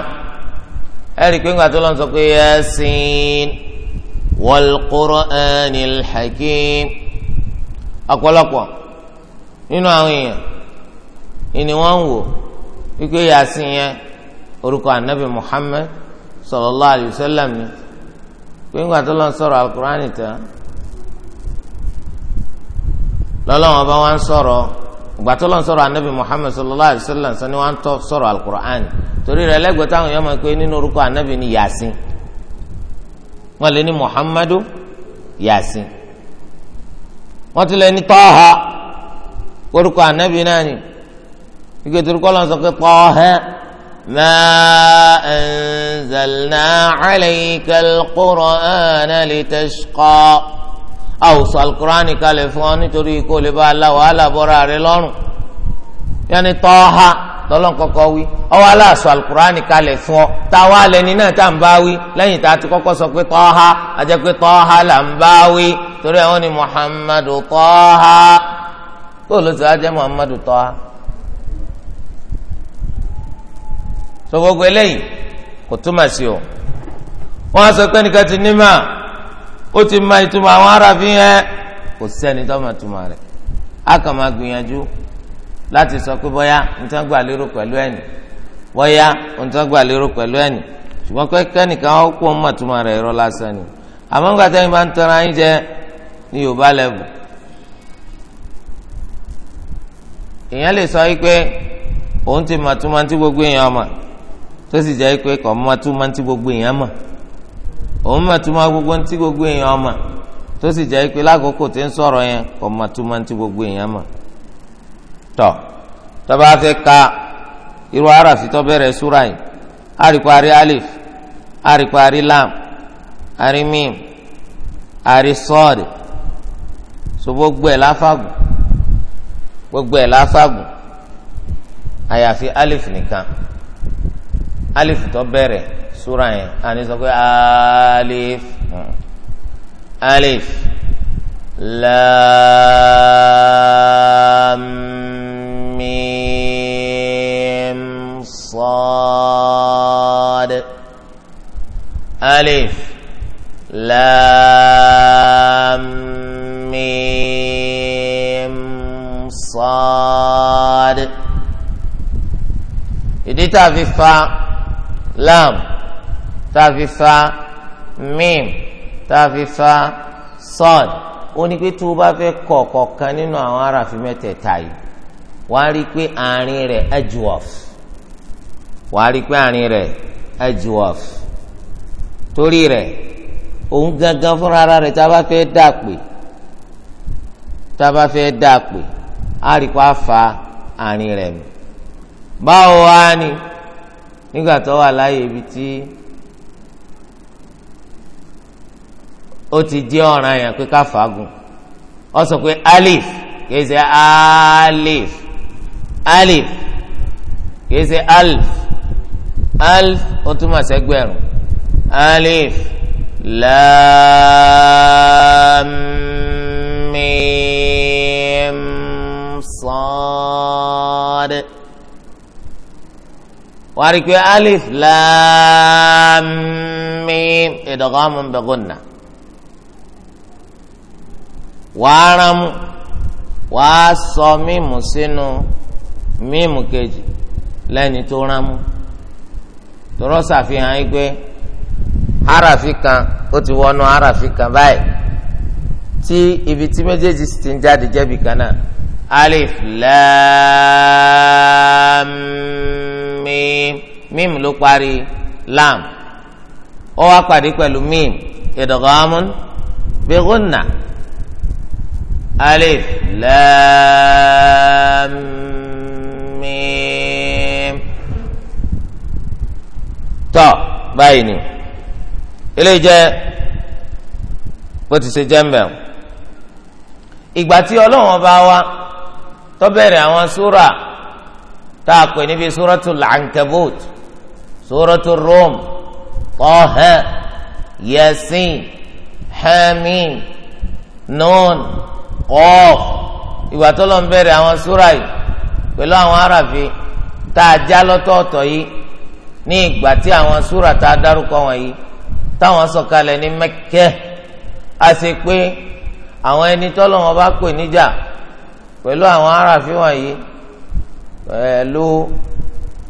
ẹ rí i pé ńgbà tó lọ́n sọ pé Yasin wal Qur'anil Hakim ọ̀pọ̀lọpọ̀ nínú àwọn èèyàn ìní wọn ń wò wípé Yasin yẹn orúkọ anabi Muhammad sallallahu alayhi wa sallam tó lọ́n sọ̀rọ̀ alukur'an tán lọ́lọ́wọ́n bá wá ń sọ̀rọ̀ ìgbà tó lọ́n sọ̀rọ̀ anabi muhammed sallallahu alayhi wa sallam sani wọn tọ́ sọ̀rọ̀ alukur'an torí rẹ̀ lẹ́gbẹ̀ẹ́ táwọn yẹn máa ń pè nínú orúkọ anabi ni yasin wọn lè ní muhammadu yasin wọn ti lè ní tọ́ha orúkọ anabi náà ni ike torí lọ́n sọ pé tọ́ha ma anzalna alayka alqur'ana litashqa. a ò sọ alukurani kalẹ̀ fún ọ nítorí kó lè bá aláwọ alábọra rẹ lọ́rùn yẹni tọ́ha tọ́lọ́n kọ́kọ́ wí ọwọ́ aláàsọ alukurani kalẹ̀ fún ọ táwa lẹni náà tá à ń bá wí lẹ́yìn tá a ti kọ́kọ́ sọ pé tọ́ha àjẹ́ pé tọ́ha là ń bá wí torí àwọn ni muhammadu tọ́ha kó ló ti wá jẹ́ muhammadu tọ́ha. sọ gbogbo eléyìí kò túmọ̀ sí o wọ́n á sọ pé nìkan ti ní máa. ó ti ma ìtumọ̀ àwọn aráàfin yẹn kò sẹ́ni tó ma tuma rẹ̀ a kàn máa gbìyànjú láti sọ pé pẹ̀lú ẹ̀nì gbà pẹ̀lú ẹ̀nì ṣùgbọ́n kẹ́kẹ́ nìkan ó kó ma rẹ̀ irọ́ lásán ni àmọ́ nígbà tẹ́yìn bá ń tọ́ra yín jẹ ní yorùbá lẹ́bù èèyàn lè sọ yìí pé òun ti ma tuma ti gbogbo èèyàn mà tó sì jẹ́ pé kò ma tuma ti gbogbo èèyàn òun mà túmọ̀ gbogbo ntí gbogbo èèyàn ọmọ tó sì jẹ́ pé lákòókò tí ń sọ̀rọ̀ yẹn kò mà túmọ̀ ntí gbogbo èèyàn mọ̀ tọ̀ tọ́ba fẹ́ ka irú arafi tó bẹ̀rẹ̀ súra yìí àríparí alif àríparí lam àrímìm àrísọ́ọ̀dì so gbogbo ẹ̀ gbogbo ẹ̀ láfàgùn àyàfi alif nìkan alif tó súra yẹn àní sọ pé alif hmm, alif lamim sad alif lamim sad ìdí tá a fi fa lam tàfi fa mim tàfi fa sọd ó ní pé tó o bá fẹ́ kọ kọ̀ọ̀kan nínú àwọn aráàfin mẹ́tẹ̀ẹ̀ta yìí wàá rí i pé àárín rẹ̀ edgeworth wàá rí i pé àárín rẹ̀ edgeworth torí rẹ̀ òun gangan fúnra ara rẹ̀ tá a bá fẹ́ dà pé tá a bá fẹ́ dà pé á rí i pé a fa àárín rẹ̀ mi báwo wá ni nígbà tó wà láyé ibi tí. ó ti jẹ́ ọ̀ràn yẹn pé ká fàágùn ó sọ pé alif kìí ṣe alif alif kìí ṣe alif alif ó túmọ̀ sẹ́gbẹ̀rún alif lamim sad wàá rí pé alif lamim idgham wàá rán mú wàá sọ mímu sínú mímu kejì lẹ́ni tó rán mú tọrọ ṣàfihàn yìí pé harafi kan ó ti wọnú harafi kan báyìí tí ibi tí méjèèjì sì ti ń jáde jẹ́bi kan náà alif lam mim mim ló parí lam ó wá pàdé pẹ̀lú mim idghamun bi ghunna alif lam mim tọ báyìí ni eléyìí jẹ bó ti ṣe jẹ mbẹ ìgbà tí ọlọ́run ọba wa tó bẹ̀rẹ̀ àwọn súrà tá a pè níbi súratul ankabut súratul rum Taha yasin hamim nun. Qaf ìgbà tó lọ ń bẹ̀rẹ̀ àwọn súrà yìí pẹ̀lú àwọn aráàfin tá a já lọ́tọ̀ọ̀tọ̀ yìí ní ìgbà tí àwọn súrà tá a dárúkọ wọn yìí táwọn sọ̀kalẹ̀ ní Mẹ́kẹ́ a sì pé àwọn ẹni tọ́lọ̀ wọn bá pè níjà pẹ̀lú àwọn aráàfin wọn yìí pẹ̀lú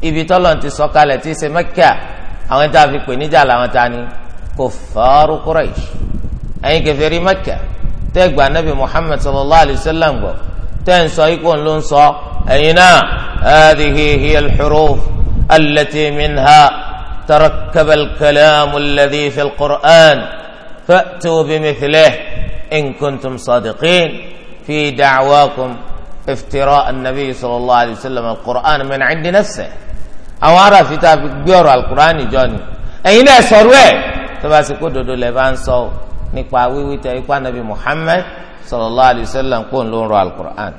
ibi tọ́lọ̀ ti sọ̀kalẹ̀ tí í ṣe Mẹ́kẹ́ àwọn tá a fi pè níjà làwọn ta ni kò fọ́ọ́rù Quraish ẹ̀yin kẹfẹ́ rí Mẹ́kẹ́ tẹ́gbà nabi muhammed sallallahu alayhi wa sallam gbọ́ tẹ́ǹ sọ ikú ló ń sọ ẹ̀yin náà hadihi hiya alḥuruf alati minha tarakaba alkalaamu aladi fi alqur'an fa'tu bimithlihi in kuntum sadiqin fi dacwaakum iftira anabi sallallahu alayhi wa sallam alqur'an min cindi nafsih àwọn aráàfin tá a fi gbé alqur'an jọ ni ẹ̀yin náà sọ̀rọ̀ ẹ̀ tó kó dodo lẹ́ ń sọ nípa wíwí tẹ ikú anabi muhammed sallallahu alayhi wa sallam kó n ló ń rọ alukur'an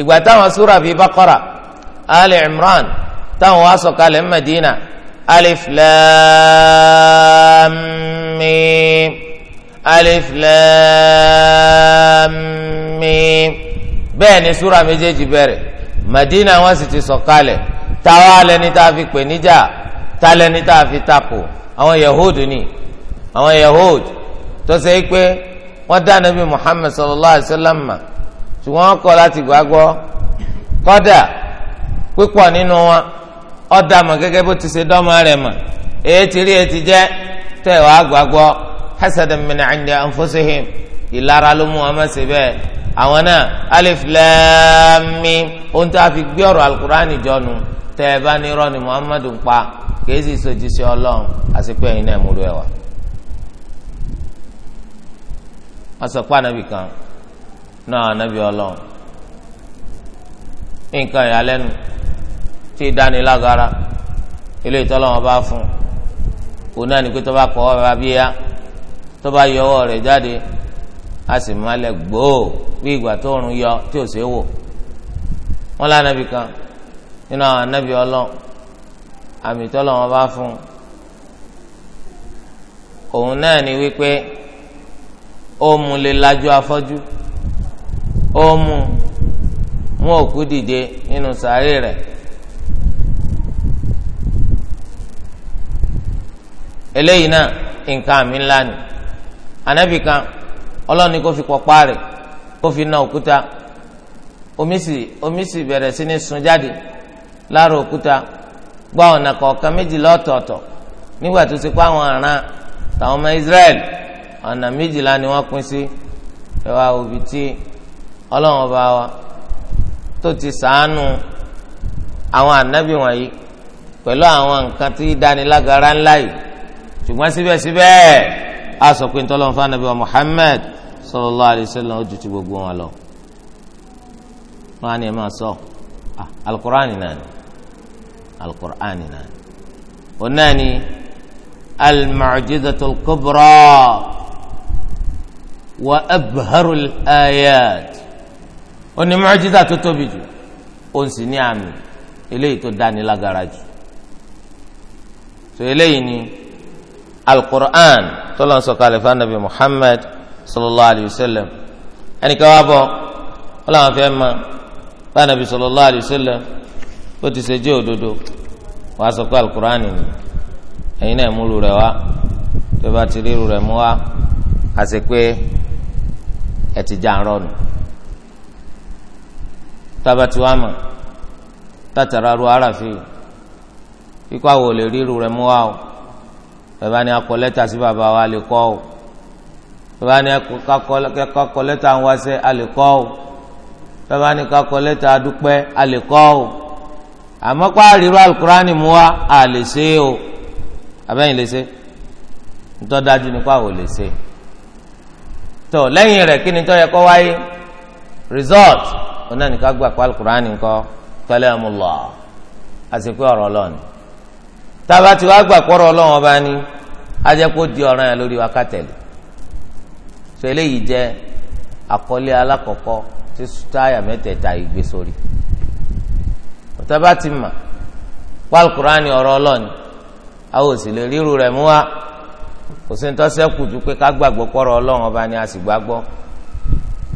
ìgbà táwọn sura bíi bakora ali imran táwọn wá sọ̀kalẹ̀ madina alif lam mim alif lam mim bẹ́ẹ̀ ni sura méjèèjì bẹ̀rẹ̀ madina wọ́n sì ti sọ̀kalẹ̀ táwa lẹni tá a fi pè níjà tá lẹni tá a fi takò àwọn yahudu ni àwọn yahudu tọ́sẹ̀ yìí pé wọ́n dá nàbí Muhammad sallallahu alayhi wa sallam mà ṣùgbọ́n wọ́n kọ̀ láti gbàgbọ́ kọ́dà pípọ̀ nínú wọn ọ̀dà mọ̀ gẹ́gẹ́ bó ti ṣe dọ́mọ rẹ̀ mọ̀ èyí ti rí etí jẹ́ tẹ́ ẹ̀ wàá gbàgbọ́ hasadan min 'inda anfusihim ìlara ló mú wọn má ṣe bẹ́ẹ̀ àwọn náà alif lam ohun tó a fi gbé ọ̀rọ̀ alukur'ani jọnu tẹ́ ẹ bá ní irọ́ ni pa kì sojú sí ọlọ́run àti pé ẹ̀yin náà múlò ẹ̀ wá. wọ́n sọ pé ànábì kan náà ànábì ọlọ́run nǹkan ìyàlẹ́nu tí ìdánilágara ilé ìtọ́lọ́wọ́n bá fún un òun náà ní pé tó bá kọ́ ọ́ bá bíyá tó bá yọ ọwọ́ rẹ̀ jáde a sì máa lẹ gbòó bí ìgbà tó rùn yọ tí ò ṣe wò wọn lánàbì kan nínú àwọn ànábì ọlọ́run àmì ìtọ́lọ́wọ́n bá fún un òun náà ní wípé. òmù lè afọju afọ́jú òmù mú òkú dìde nínú sàárè rẹ̀ eléyìí náà nǹkan àmì ńlá ni ànábì kan ọlọ́run ni kò fi pọ̀pá rẹ̀ na òkúta omi sì omi sì bẹ̀rẹ̀ sí ní sun jáde lára gba ọ̀nà ọka méjìlá ọ̀tọ̀ọ̀tọ̀ nígbà tó ti pa àwọn àràn ọmọ Israẹli ọ̀nà méjìlá ni wọ́n pín sí ẹ wá òbí tí ọlọ́run ọba wa tó ti sàánú àwọn ànábì wọ̀nyí pẹ̀lú àwọn nǹkan tí dánilágara ńlá yìí ṣùgbọ́n síbẹ̀síbẹ̀ a sọ pé ntọ́lọ́run fún ànábì wa Muhammad sallallahu alaihi wasallam ó ju ti gbogbo wọn lọ wọn á ní ẹ máa sọ alukur'ani náà ni alukur'ani náà ni onáà ni kubra wa abharul ayat ó ní mu'jiza tó tóbi jù ó sì ní àmì eléyìí tó dáni lágara jù so eléyìí ni alukur'an tó lọ sọ kalẹ̀ fún anabi muhammad sallallahu alayhi wa sallam ẹnìkan wá bọ̀ ó làwọn fẹ́ mọ̀ fún sallallahu alayhi wa sallam ti ṣe jẹ́ òdodo wàá sọ pé alukur'an ni ẹ̀yin náà mú lu rẹ̀ wá tó bá ti rí lu rẹ̀ mú wá àti pé ẹ ti já rọnù tábàtì wa mọ tàtàrà ru àràfin kíkọ́ àwọn olè ríru rẹ̀ mú wa o bàbá ni akọ lẹ́tà sí bàbá wa lè kọ́ o bàbá ni kakọ lẹ́tà ń wáṣẹ́ a lè kọ́ o bàbá ni kakọ lẹ́tà adúpẹ́ a lè kọ́ o àmọ́ kó àríru alukurani mú wa a lè ṣe o abẹ́yìn lè ṣe ntọ́ dájú ni kó àwọn lè ṣe tó lẹ́yìn rẹ̀ kí ni tó yẹ kó wáyé result ọ̀nà nìkan gbà pé alukur'an àsìkò ọ̀rọ̀ tába tí wàá a di ọ̀ràn yẹn lórí wa ká tó eléyìí jẹ́ àkọlé alákọ̀ọ́kọ́ tí táyà mẹ́tẹ̀ẹ̀ta ìgbé sórí tába ti mà pé alukur'an ọ̀rọ̀ ọlọ́run wa. kò sí ní tọ́sẹ̀ kù ju pé ká gbàgbọ́ pọ̀rọ̀ ọlọ́run a sì gbàgbọ́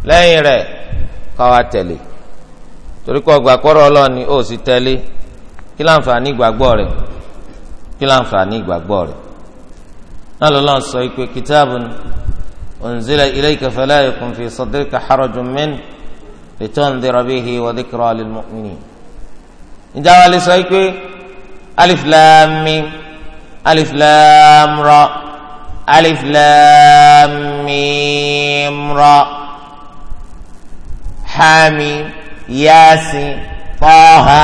lẹ́yìn rẹ̀ ká wa tẹ̀lé torí kọ́ gbà ọlọ́run ni ó sì tẹ̀lé kí láǹfààní ìgbàgbọ́ rẹ̀ kí láǹfààní ìgbàgbọ́ rẹ̀ náà lọ́lọ́run sọ pé kitabun unzila ilayka fala yakun fi sadrika harajun min litundira bihi wa dhikra lil mu'minin ǹjẹ́ àwa alif alif alif lam mim ra hami yaasi taaha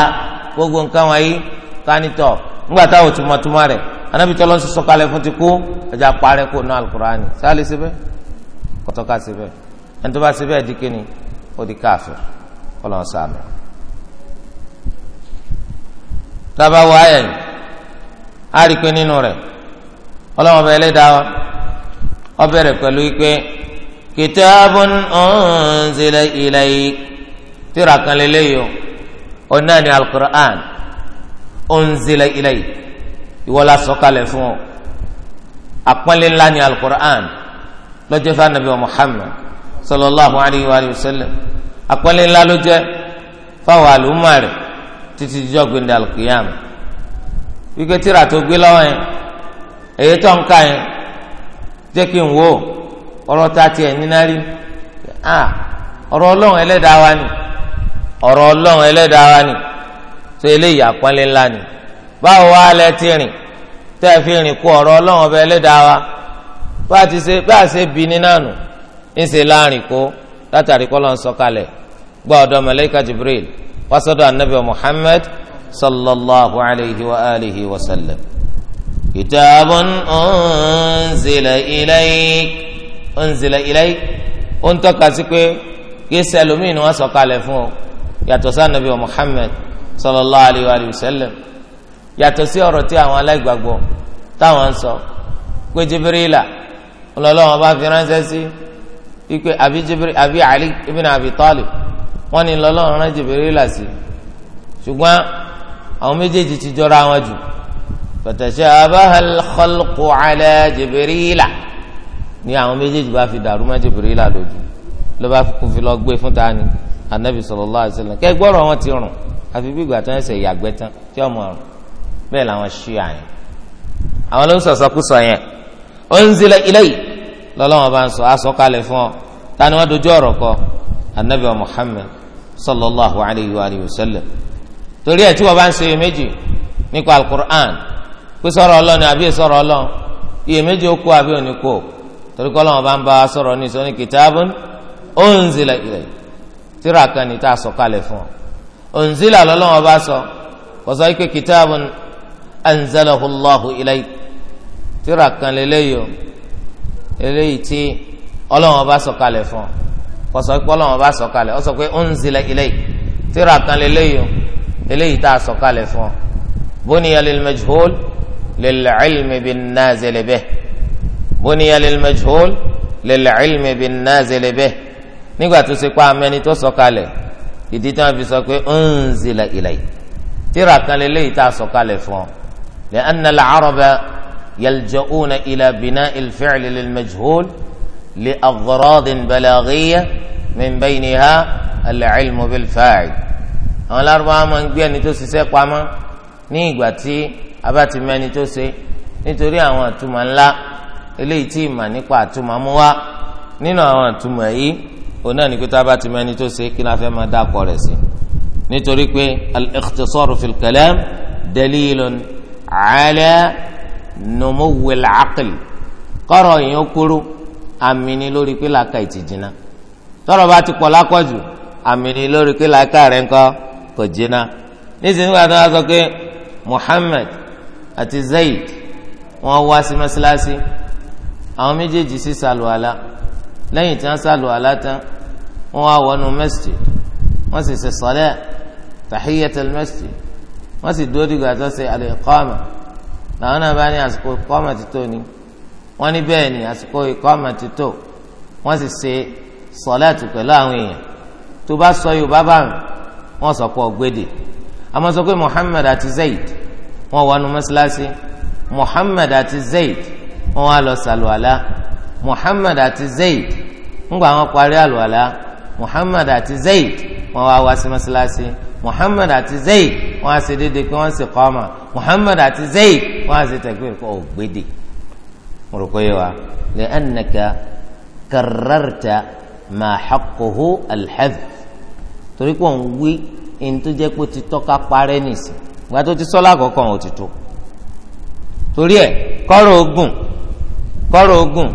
gbogbo nǹkan kanitọ. kánitọ̀ ńgbà táwọn tumatuma rẹ̀ anabi tọ́lọ́ ń sọ kalẹ̀ fún ti kú ẹja parẹ́ kó nu alukurani sáàlì síbẹ̀ kọ́tọ́ka síbẹ̀ ẹni síbẹ̀ di ó di káfíìrì kọ́lọ́ ń tábà wọ ni a rí i pé nínú rẹ̀. ọlọ́wọ́n bẹ ẹlẹ́dàá ọ bẹ̀rẹ̀ pẹ̀lú pé kìtàbùn unzila ilayk tíra kan lélẹ́yìí o náà ni alukur'an unzila ilayk ìwọ la sọ̀kalẹ̀ fún ọ àpọ́nlé ńlá ni alukur'an lọ́jọ́ fún anabi muhammad sallallahu alayhi wa sallam àpọ́nlé ńlá ló fáwọn àlùmọ́ rẹ̀ títí jọ́gbìn dàlùkìyàmù wípé tíra tó lọ́wọ́ yẹn èyí tó ń ka yẹn jẹ́ kí n wo ọ̀rọ̀ ta tiẹ̀ nínú rí ọ̀rọ̀ ọlọ́run ẹlẹ́dàá wa ni ọ̀rọ̀ ọlọ́run ẹlẹ́dàá wa ni tó eléyìí àpọ́nlé ńlá ni báwo wá lẹ ti rìn tẹ́ ẹ fi rìn kú ọ̀rọ̀ ọlọ́run ọba ẹlẹ́dàá wa bá a ti ṣe bá a ṣe bí nínú àná ń ṣe láàrin kó látàrí kọ́ lọ́n sọ̀kalẹ̀ gba ọ̀dọ̀ mẹlẹ́kà Jibril wá anabi Muhammad sallallahu alayhi wa alihi wa sallam. كتاب أنزل إليك أنزل إليك ó ń tọ́ka sí pé kí sẹlómìn muhammed sallallahu alayhi wa wa sallam yàtọ̀ sí ọ̀rọ̀ tí àwọn aláìgbàgbọ́ táwọn ń sọ pé jibrila ọlọ́lọ́wọ́n abi talib wọ́n jibrila فتشابه الخلق على جبريل Jibrila ní àwọn méjèèjì bá fi dàrú mọ́ Jibrila lójú ló bá kún fi lọ gbé fún tani anabi sallallahu alaihi wasallam kẹ́ gbọ́rọ̀ wọn ti rùn àfi bí ìgbà tó ń ṣe ìyàgbẹ́ tán tí ọmọ rùn bẹ́ẹ̀ làwọn ṣí àyàn àwọn ló ń sọ̀sọ́kúsọ yẹn unzila ilayhi lọ́lọ́wọ́n bá ń sọ àsọkalẹ̀ fún ọ tani wọn dojú ọ̀rọ̀ kọ anabi wa Muhammad sallallahu alayhi wa sallam torí ẹ̀ tí wọ́n bá ń ṣe pé sọ̀rọ̀ ọlọ́ni àbí sọ̀rọ̀ ọlọ́n iyèméjì ó kó àbí òní kó torí kọ́ lọ́wọ́ bá ń bá a sọ̀rọ̀ ní sọ́ni kìtàbùn unzila ilẹ̀ tíra kan ní tá a sọ kalẹ̀ fún ọ unzila lọ́lọ́wọ́ bá sọ kò sọ pé kìtàbùn anzalahu tíra kan lélẹ́yìí o tí ọlọ́wọ́ bá sọ kalẹ̀ fún ọ kò sọ pé bá sọ kalẹ̀ ọ sọ pé unzila للعلم بالنازل به بني للمجهول للعلم بالنازل به nígbà tó ṣe pa amẹni tó sọ̀kalẹ̀ ìdí tí wọn fi sọ pé unzila ilay tíra kan lélẹyìí tá a sọ̀kalẹ̀ fún ọ lẹ anna al-araba yaljauna ila bina ilfẹ́ẹ̀lì lilmajhul li agradin balaghiya min bayniha al-ilmu bilfa'il. àwọn lárúbáwá máa ń gbé ẹni tó ṣiṣẹ́ pamọ́ ní ìgbà tí abáti mẹ́ni tó ṣe nítorí àwọn àtúmọ̀ ńlá eléyìí tí ìmọ̀ nípa àtúmọ̀ mú wá nínú àwọn àtúmọ̀ yìí òun náà ní pé tá a bá ti mẹ́ni tó ṣe kí la máa dá rẹ̀ sí nítorí pé al-ikhtisaru fil kalam dalilun ala numuwil kọ́rọ̀ èèyàn kúrú àmì lórí pé làákà ìtì jìnnà tọ́rọ̀ bá ti pọ̀ lápọ̀jù àmì lórí pé làákà rẹ̀ ńkọ́ kò jìnnà nísìnyí wà tó wá sọ pé Muhammad àti Zaid wọ́n wá sí mọ́sálásí àwọn méjèèjì sì sàlùwàlà lẹ́yìn tí wọ́n sàlùwàlà tán wọ́n wá wọnú mẹ́sítì wọ́n sì ṣe sọ́lẹ̀ tahiyatul mẹ́sítì wọ́n sì dúró dìgbà tó ṣe al-iqama làwọn náà bá ní àsìkò iqama ti tó ni wọ́n ní bẹ́ẹ̀ ni àsìkò iqama ti tó sì ṣe sọ́lẹ̀ tù àwọn èèyàn tó bá sọ Yorùbá bá wọn sọ pé ọgbẹ́dẹ àmọ́ sọ pé Muhammad àti Zaid wọ́n wọnú mọ́sálásí muhammad àti zayd wọ́n wá lọ sàlùwàlá muhammad àti zayd ńgbà wọ́n parí àlùwàlá muhammad àti zayd wọ́n wá wá sí mọ́sálásí muhammad àti zayd wọ́n á ṣe déédéé pé wọ́n ń ṣe kọ́ọ̀mà muhammad àti zayd wọ́n á ṣe tẹ̀gbẹ́ kó o gbédè mo rò pé yẹ wa lè ẹnìkà kàrẹ́rẹ́ta máa xakohu alḥadh torí pé òun wí ẹni tó jẹ́ pé ó ti tọ́ka parẹ́ nìsín ìgbà tó ti sọ́lá àkọ́kọ́ wọn ò ti tó torí ẹ̀ kọ́rọ̀ ogun kọ́rọ̀ ogun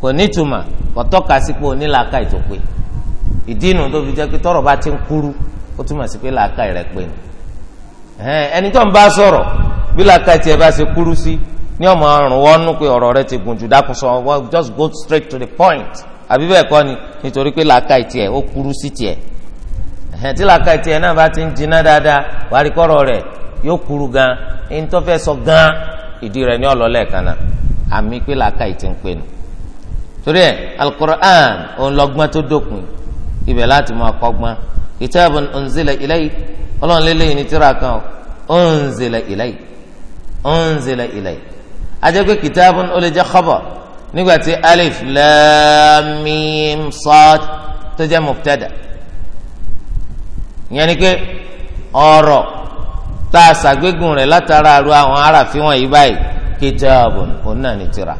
kò nítumà kò tọ́ka sí pé onílàákà ìtòpé ìdí inú tó fi jẹ́ pé tọ́rọ̀ bá ti ń kúrú ó túmọ̀ sí pé làákà rẹ̀ pé ni ẹni tó ń bá sọ̀rọ̀ bí làákà tiẹ̀ bá ṣe kúrú sí ní ọmọ ọrùn wọnú pé ọ̀rọ̀ rẹ̀ ti gùn jù dákun sọ just go straight to the point àbí bẹ́ẹ̀ kọ́ ni nítorí pé làákà tiẹ̀ ó kúrú sí tiẹ̀ ẹ̀ tí làákà tiẹ̀ náà bá ti ń jiná dáadáa wàá rí kọ́rọ̀ rẹ̀ yóò kúrú gan ẹni tó fẹ́ sọ gan ìdí rẹ̀ ní ọ̀lọ́lẹ̀ kan náà àmì pé làákà yìí ti ń pè nù. torí ẹ alukur'an òun lọ́gbọ́n tó dópin ibẹ̀ láti máa kọ́gbọ́n kitabun unzila ilayk ọlọ́run lélẹ́yìn ní tíra kan unzila ilayk unzila ilayk ajẹ́pẹ́ kìtàbùn ó lè jẹ́ khabar nígbà alif lam mim tó jẹ́ mubtada' ìyẹn ni pé ọ̀rọ̀ tá a ṣàgbégun rẹ̀ látara àrùn àwọn aráàfin wọ̀nyí báyìí kitabun òun náà ní tira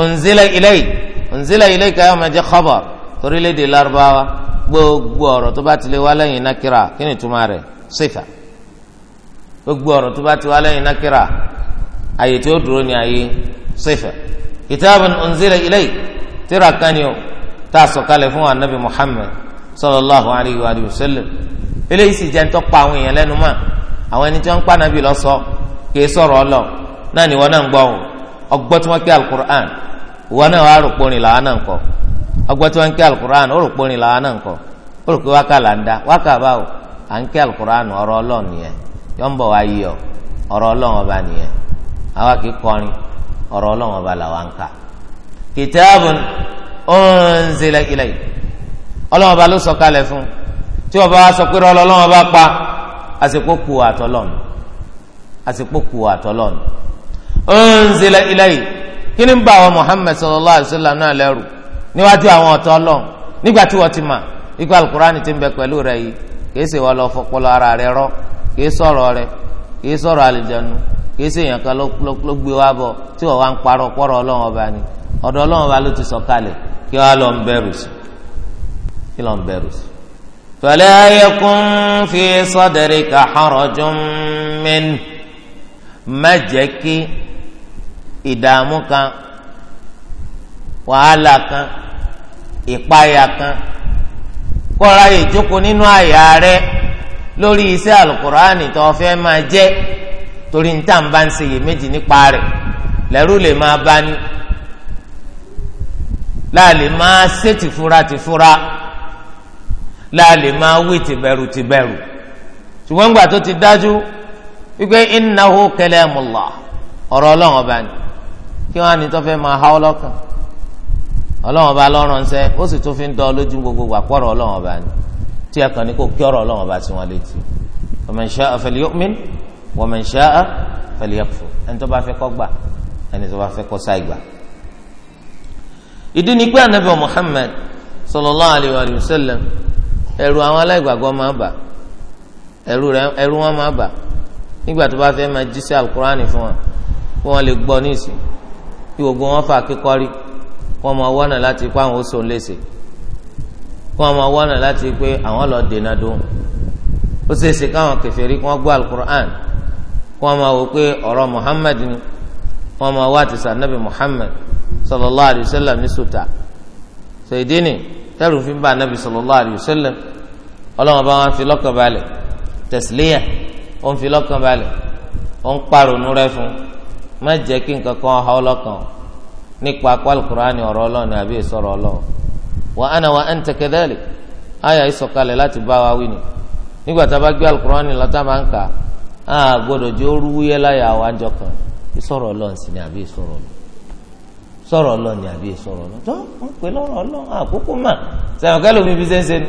unzila ilay unzila ilay káyọ̀ máa jẹ́ khabar torílẹ̀-èdè Lárúbáwá gbogbo ọ̀rọ̀ tó bá ti lè wá lẹ́yìn nákìrà kí ni túmọ̀ rẹ̀ sífà gbogbo ọ̀rọ̀ tó bá ti wá lẹ́yìn nákìrà àyè tí ó dúró ní àyè sífà kitabun unzila ilay tírà kan ni tá a sọ̀kalẹ̀ fún anabi Muhammad sallallahu alayhi wa sallam eléyìí sì jẹ́ ntọ́pa àwọn èèyàn lẹ́nu mọ́ àwọn ẹni tí wọ́n ń pa nàbì lọ́sọ kì í sọ̀rọ̀ ọlọ náà ni wọ́n náà ń gbọ́ wọn ọgbọ́ tí wọ́n kí alukur'an wọ́n náà wà rò pọ́nrin làwọn náà ń tí wọ́n kí alukur'an ọlọ́wọ́n ba ló sọ kalẹ̀ fún tí wọ́n bá wá sọ pé rọlọ́ ọlọ́wọ́n bá pa àsìkò kù àtọ́lọ́nù àsìkò kù àtọ́lọ́nù unzila ilayhi kí ni ń bá àwọn Muhammad sallallahu alayhi wa sallam náà lẹ́rù níwájú àwọn ọ̀tọ́ ọlọ́run nígbà tí wọ́n ti mà ikú alukurani ti ń bẹ pẹ̀lú rẹ yìí kìí ṣe wọ́n lọ fọpọlọ ara rẹ rọ kìí sọ̀rọ̀ rẹ kìí sọ̀rọ̀ àlìjẹnu kìí ṣe èèyàn kan ló gbé wá bọ̀ tí wọ́n wá ń parọ́ pọ́rọ̀ ọlọ́run ọba ni ọ̀dọ̀ ọlọ́run ọba ló ti sọ̀kalẹ̀ kí wọ́n á lọ ń bẹ̀rù sí i kí ló ń bẹ̀rù sí. fala yakun fi sadrika harajun min má jẹ́ kí ìdààmú kan wàhálà kan ìpayà kan kọ́ra ìjókòó nínú àyà rẹ lórí iṣẹ́ alukur'ani tó fẹ́ máa jẹ́ torí níta ń bá ń ṣe iyèméjì nípa rẹ̀ lẹ́rù lè máa bá ní láàlè máa ṣètìfura tìfura láàlè máa wí tìbẹ̀rù tìbẹ̀rù ṣùgbọ́n gbà tó ti dájú wípé innahu kalamullah ọ̀rọ̀ ọlọ́run ọba ni kí wọ́n á ní tó fẹ́ máa há ọlọ́kàn ọlọ́run ọba lọ́rùn ṣẹ́ ó sì tún fi ń dán lójú gbogbo àpọ̀rọ̀ ọlọ́run ọba ni tí ẹ kàn ní kó kí ọ̀rọ̀ ọlọ́run ọba sí wọn létí wa man sha'a falyu'min wa man sha'a falyakfur ẹni tó bá fẹ́ kó ẹ̀rù àwọn aláìgbàgbọ́ máa bà ẹ̀rù rẹ̀ ẹ̀rù wọn máa bà nígbà tó bá fẹ́ máa jí sí alukurani fún wa kó wọn lè gbọ́ ní ìsìn kí gbogbo wọn fà kíkọ́rí kó wọn máa wọ́nà láti pa àwọn oṣù léṣe kó wọn máa wọ́nà láti pé àwọn lọ dènà dùn ó ṣeé ṣe káwọn kèfèrí kí wọ́n gbọ́ alukurani kó wọn máa wò pé ọ̀rọ̀ Muhammad ni kó wọn máa wá àtìsàn nabi Muhammad sallallahu alayhi wa sallam ní sùtà ṣèdí ni. So, tẹ́lù fi ń bá anabi sallallahu alayhi wa sallam ọlọ́wọ́n bá wọn fi lọ́kàn balẹ̀ tẹ̀sílẹ́yà ó ń fi lọ́kàn balẹ̀ ó rẹ fún má jẹ́ kí nǹkan kan ha ọ́ nípa al ọ̀rọ̀ ọlọ́run àbí ìsọ̀rọ̀ ọlọ́run wa ana wa ìsọ̀kalẹ̀ láti bá a bá gbé Al-Qur'ani lọ́tà máa ń kà á jẹ́ láyà sọ̀rọ̀ lọ ni àbí sọ̀rọ̀ lọ tó wọ́n pè lọ́rọ̀ lọ àkókò mà sẹ́wọ̀n kẹ́lò mi fi ṣẹ́ṣẹ́ ni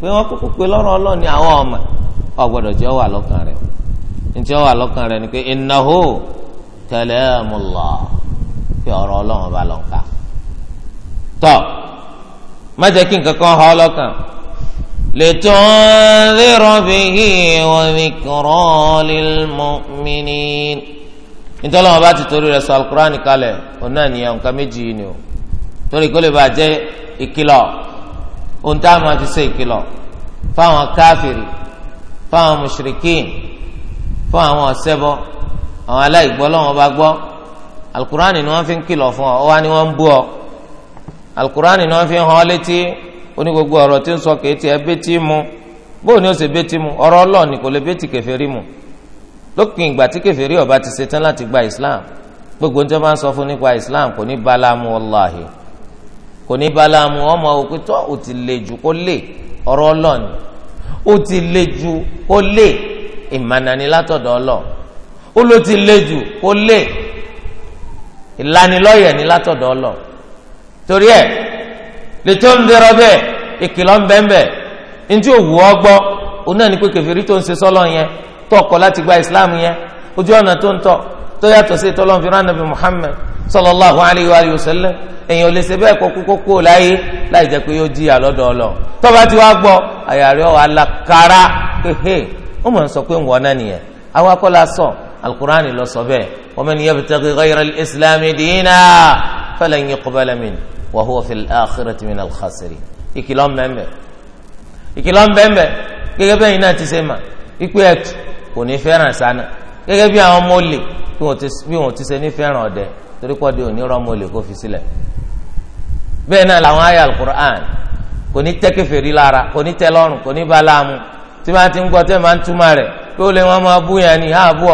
pé wọ́n kúkú pè lọ́rọ̀ lọ ni àwọn ọmọ ọgbọ́dọ̀ jẹ́ wà lọ́kàn rẹ̀ ntí wà lọ́kàn rẹ̀ ni pé innahu kalamullah pé ọ̀rọ̀ ọlọ́run bá lọ́nkà tọ́ má jẹ́ kí nǹkan kan họ́ lọ́kàn litunzira bihi wa dhikra lil mu'minin nítorí wọn bá ti torí rẹ̀ sọ alukurani kalẹ̀ òun náà nìyẹn nǹkan méjì yìí ni o torí kó lè bàa jẹ́ ìkìlọ̀ ohun tá a máa fi ṣe ìkìlọ̀ fáwọn káfìrì fáwọn mùṣìríkìn fún àwọn ọ̀sẹ́bọ àwọn aláìgbọ́ lọ́wọ́ bá gbọ́ alukurani ni wọ́n fi ń kìlọ̀ fún ọ ọ wá ni wọ́n ń bú ọ alukurani ni wọ́n fi ń hàn ọ́ létí oní gbogbo ọ̀rọ̀ tí ń sọ kéétì ẹ bẹ́tì mu bóun ni ó ṣe bẹ́tì mu ọ̀rọ̀ ọlọ́ọ̀ni lópin ìgbà tí kèfèrí ọba ti ṣetán láti gba islam gbogbo ń tẹ́ sọ fún nípa islam kò ní balamu wàláhì kò ní ọmọ òkú tó o ti lè ju kó lè ọ̀rọ̀ ọlọ́ọ̀ni o ti lè ju kó lè o ló ti lè ju kó lè torí ẹ ń bẹ́ẹ̀ ìkìlọ̀ ń bẹ́ẹ̀ bẹ́ẹ̀ ntí òwú ọgbọ́ òun tọkọ láti gba islam yẹn ojú ọ̀nà tó ń tọ̀ tó yàtọ̀ sí tọ́lọ́n fi ránà bí muhammed sallallahu alayhi wa sallam èèyàn ò lè ṣe bẹ́ẹ̀ kó kókó kó láyé láì jẹ́ pé yóò jìyà lọ́dọ̀ ọlọ́ tọ́ba ti wá gbọ́ àyà rẹ̀ wà lákàrà hehe ó mọ̀ ń sọ pé ń wọ́n náà nìyẹn àwọn akọ́lá sọ alukur'ani lọ sọ bẹ́ẹ̀ wa man yabtaghi ghayra al-islami dina falan yuqbala minhu wa huwa fil akhirati minal khasirin ìkìlọ̀ mbẹ́mbẹ́ ìkìlọ̀ mbẹ́mbẹ́ gẹ́gẹ́ bẹ́ẹ̀ yìí náà ti ṣe mà ìpè ẹ̀tù kò ní fẹ́ràn sánà gẹ́gẹ́ bí àwọn ọmọ olè bí wọn ti ṣe ní fẹ́ràn ọdẹ torí pọ́ di òní rọ́mọ olè kó fi sílẹ̀ bẹ́ẹ̀ náà làwọn ayé alukur'an kò ní tẹ́ kèfèrí lára kò ní tẹ́ lọ́rùn kò ní bá láàmú tí wọ́n ti ń gbọ́ tẹ́ máa ń túmọ̀ rẹ̀ pé ó lè wọ́n máa bú yẹn ní ààbò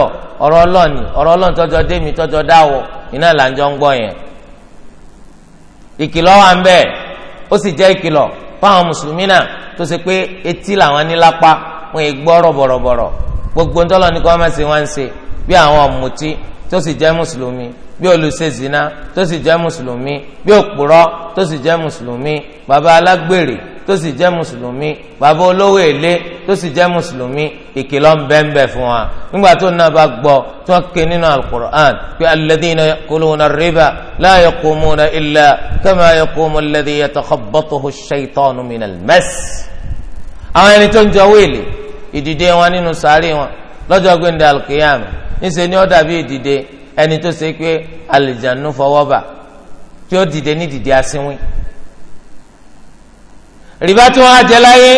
ọ̀rọ̀ ọlọ́ọ̀ni ọ̀rọ̀ ọlọ́ọ̀ni tọ́jọ́ démi tọ́jọ́ dáwọ̀ iná là ń jọ ń gbọ́ yẹn. ìkìlọ̀ wà ń bẹ̀ ó sì jẹ́ ìkìlọ̀ fáwọn mùsùlùmí náà tó ṣe pé etí làwọn ní lápá wọn è gbọ́ rọ̀bọ̀rọ̀bọ̀rọ̀ gbogbo ńtọ́lọ́ ní kí wọ́n máa ṣe wọ́n ń ṣe bí àwọn ọ̀mùtí tó sì jẹ́ mùsùlùmí bí olùṣèzìnà tó sì jẹ́ mùsùlùmí bí òpùrọ́ tó sì jẹ́ mùsùlùmí bàbá alágbèrè tó sì jẹ́ mùsùlùmí bàbá olówó èlé tó sì jẹ́ mùsùlùmí ìkìlọ̀ ń bẹ́ ń bẹ̀ fún wa nígbà tó náà bá gbọ́ tó ké nínú alukur'an pé alladhina yakuluna riba la yaqumuna illa kama yaqumu alladhi yatakhabbatuhu ash-shaytanu minal mas. àwọn ẹni tó ń jẹ owó ìdìde wọn nínú sàárè wọn lọ́jọ́ gbẹ̀ndẹ̀ alkiyama níṣẹ́ ni ó dàbí ìdìde ẹni tó ṣe pé àlìjánu fọwọ́ bà tí ó dìde ní dìde asínwín rìbá tí wọn á jẹ láyé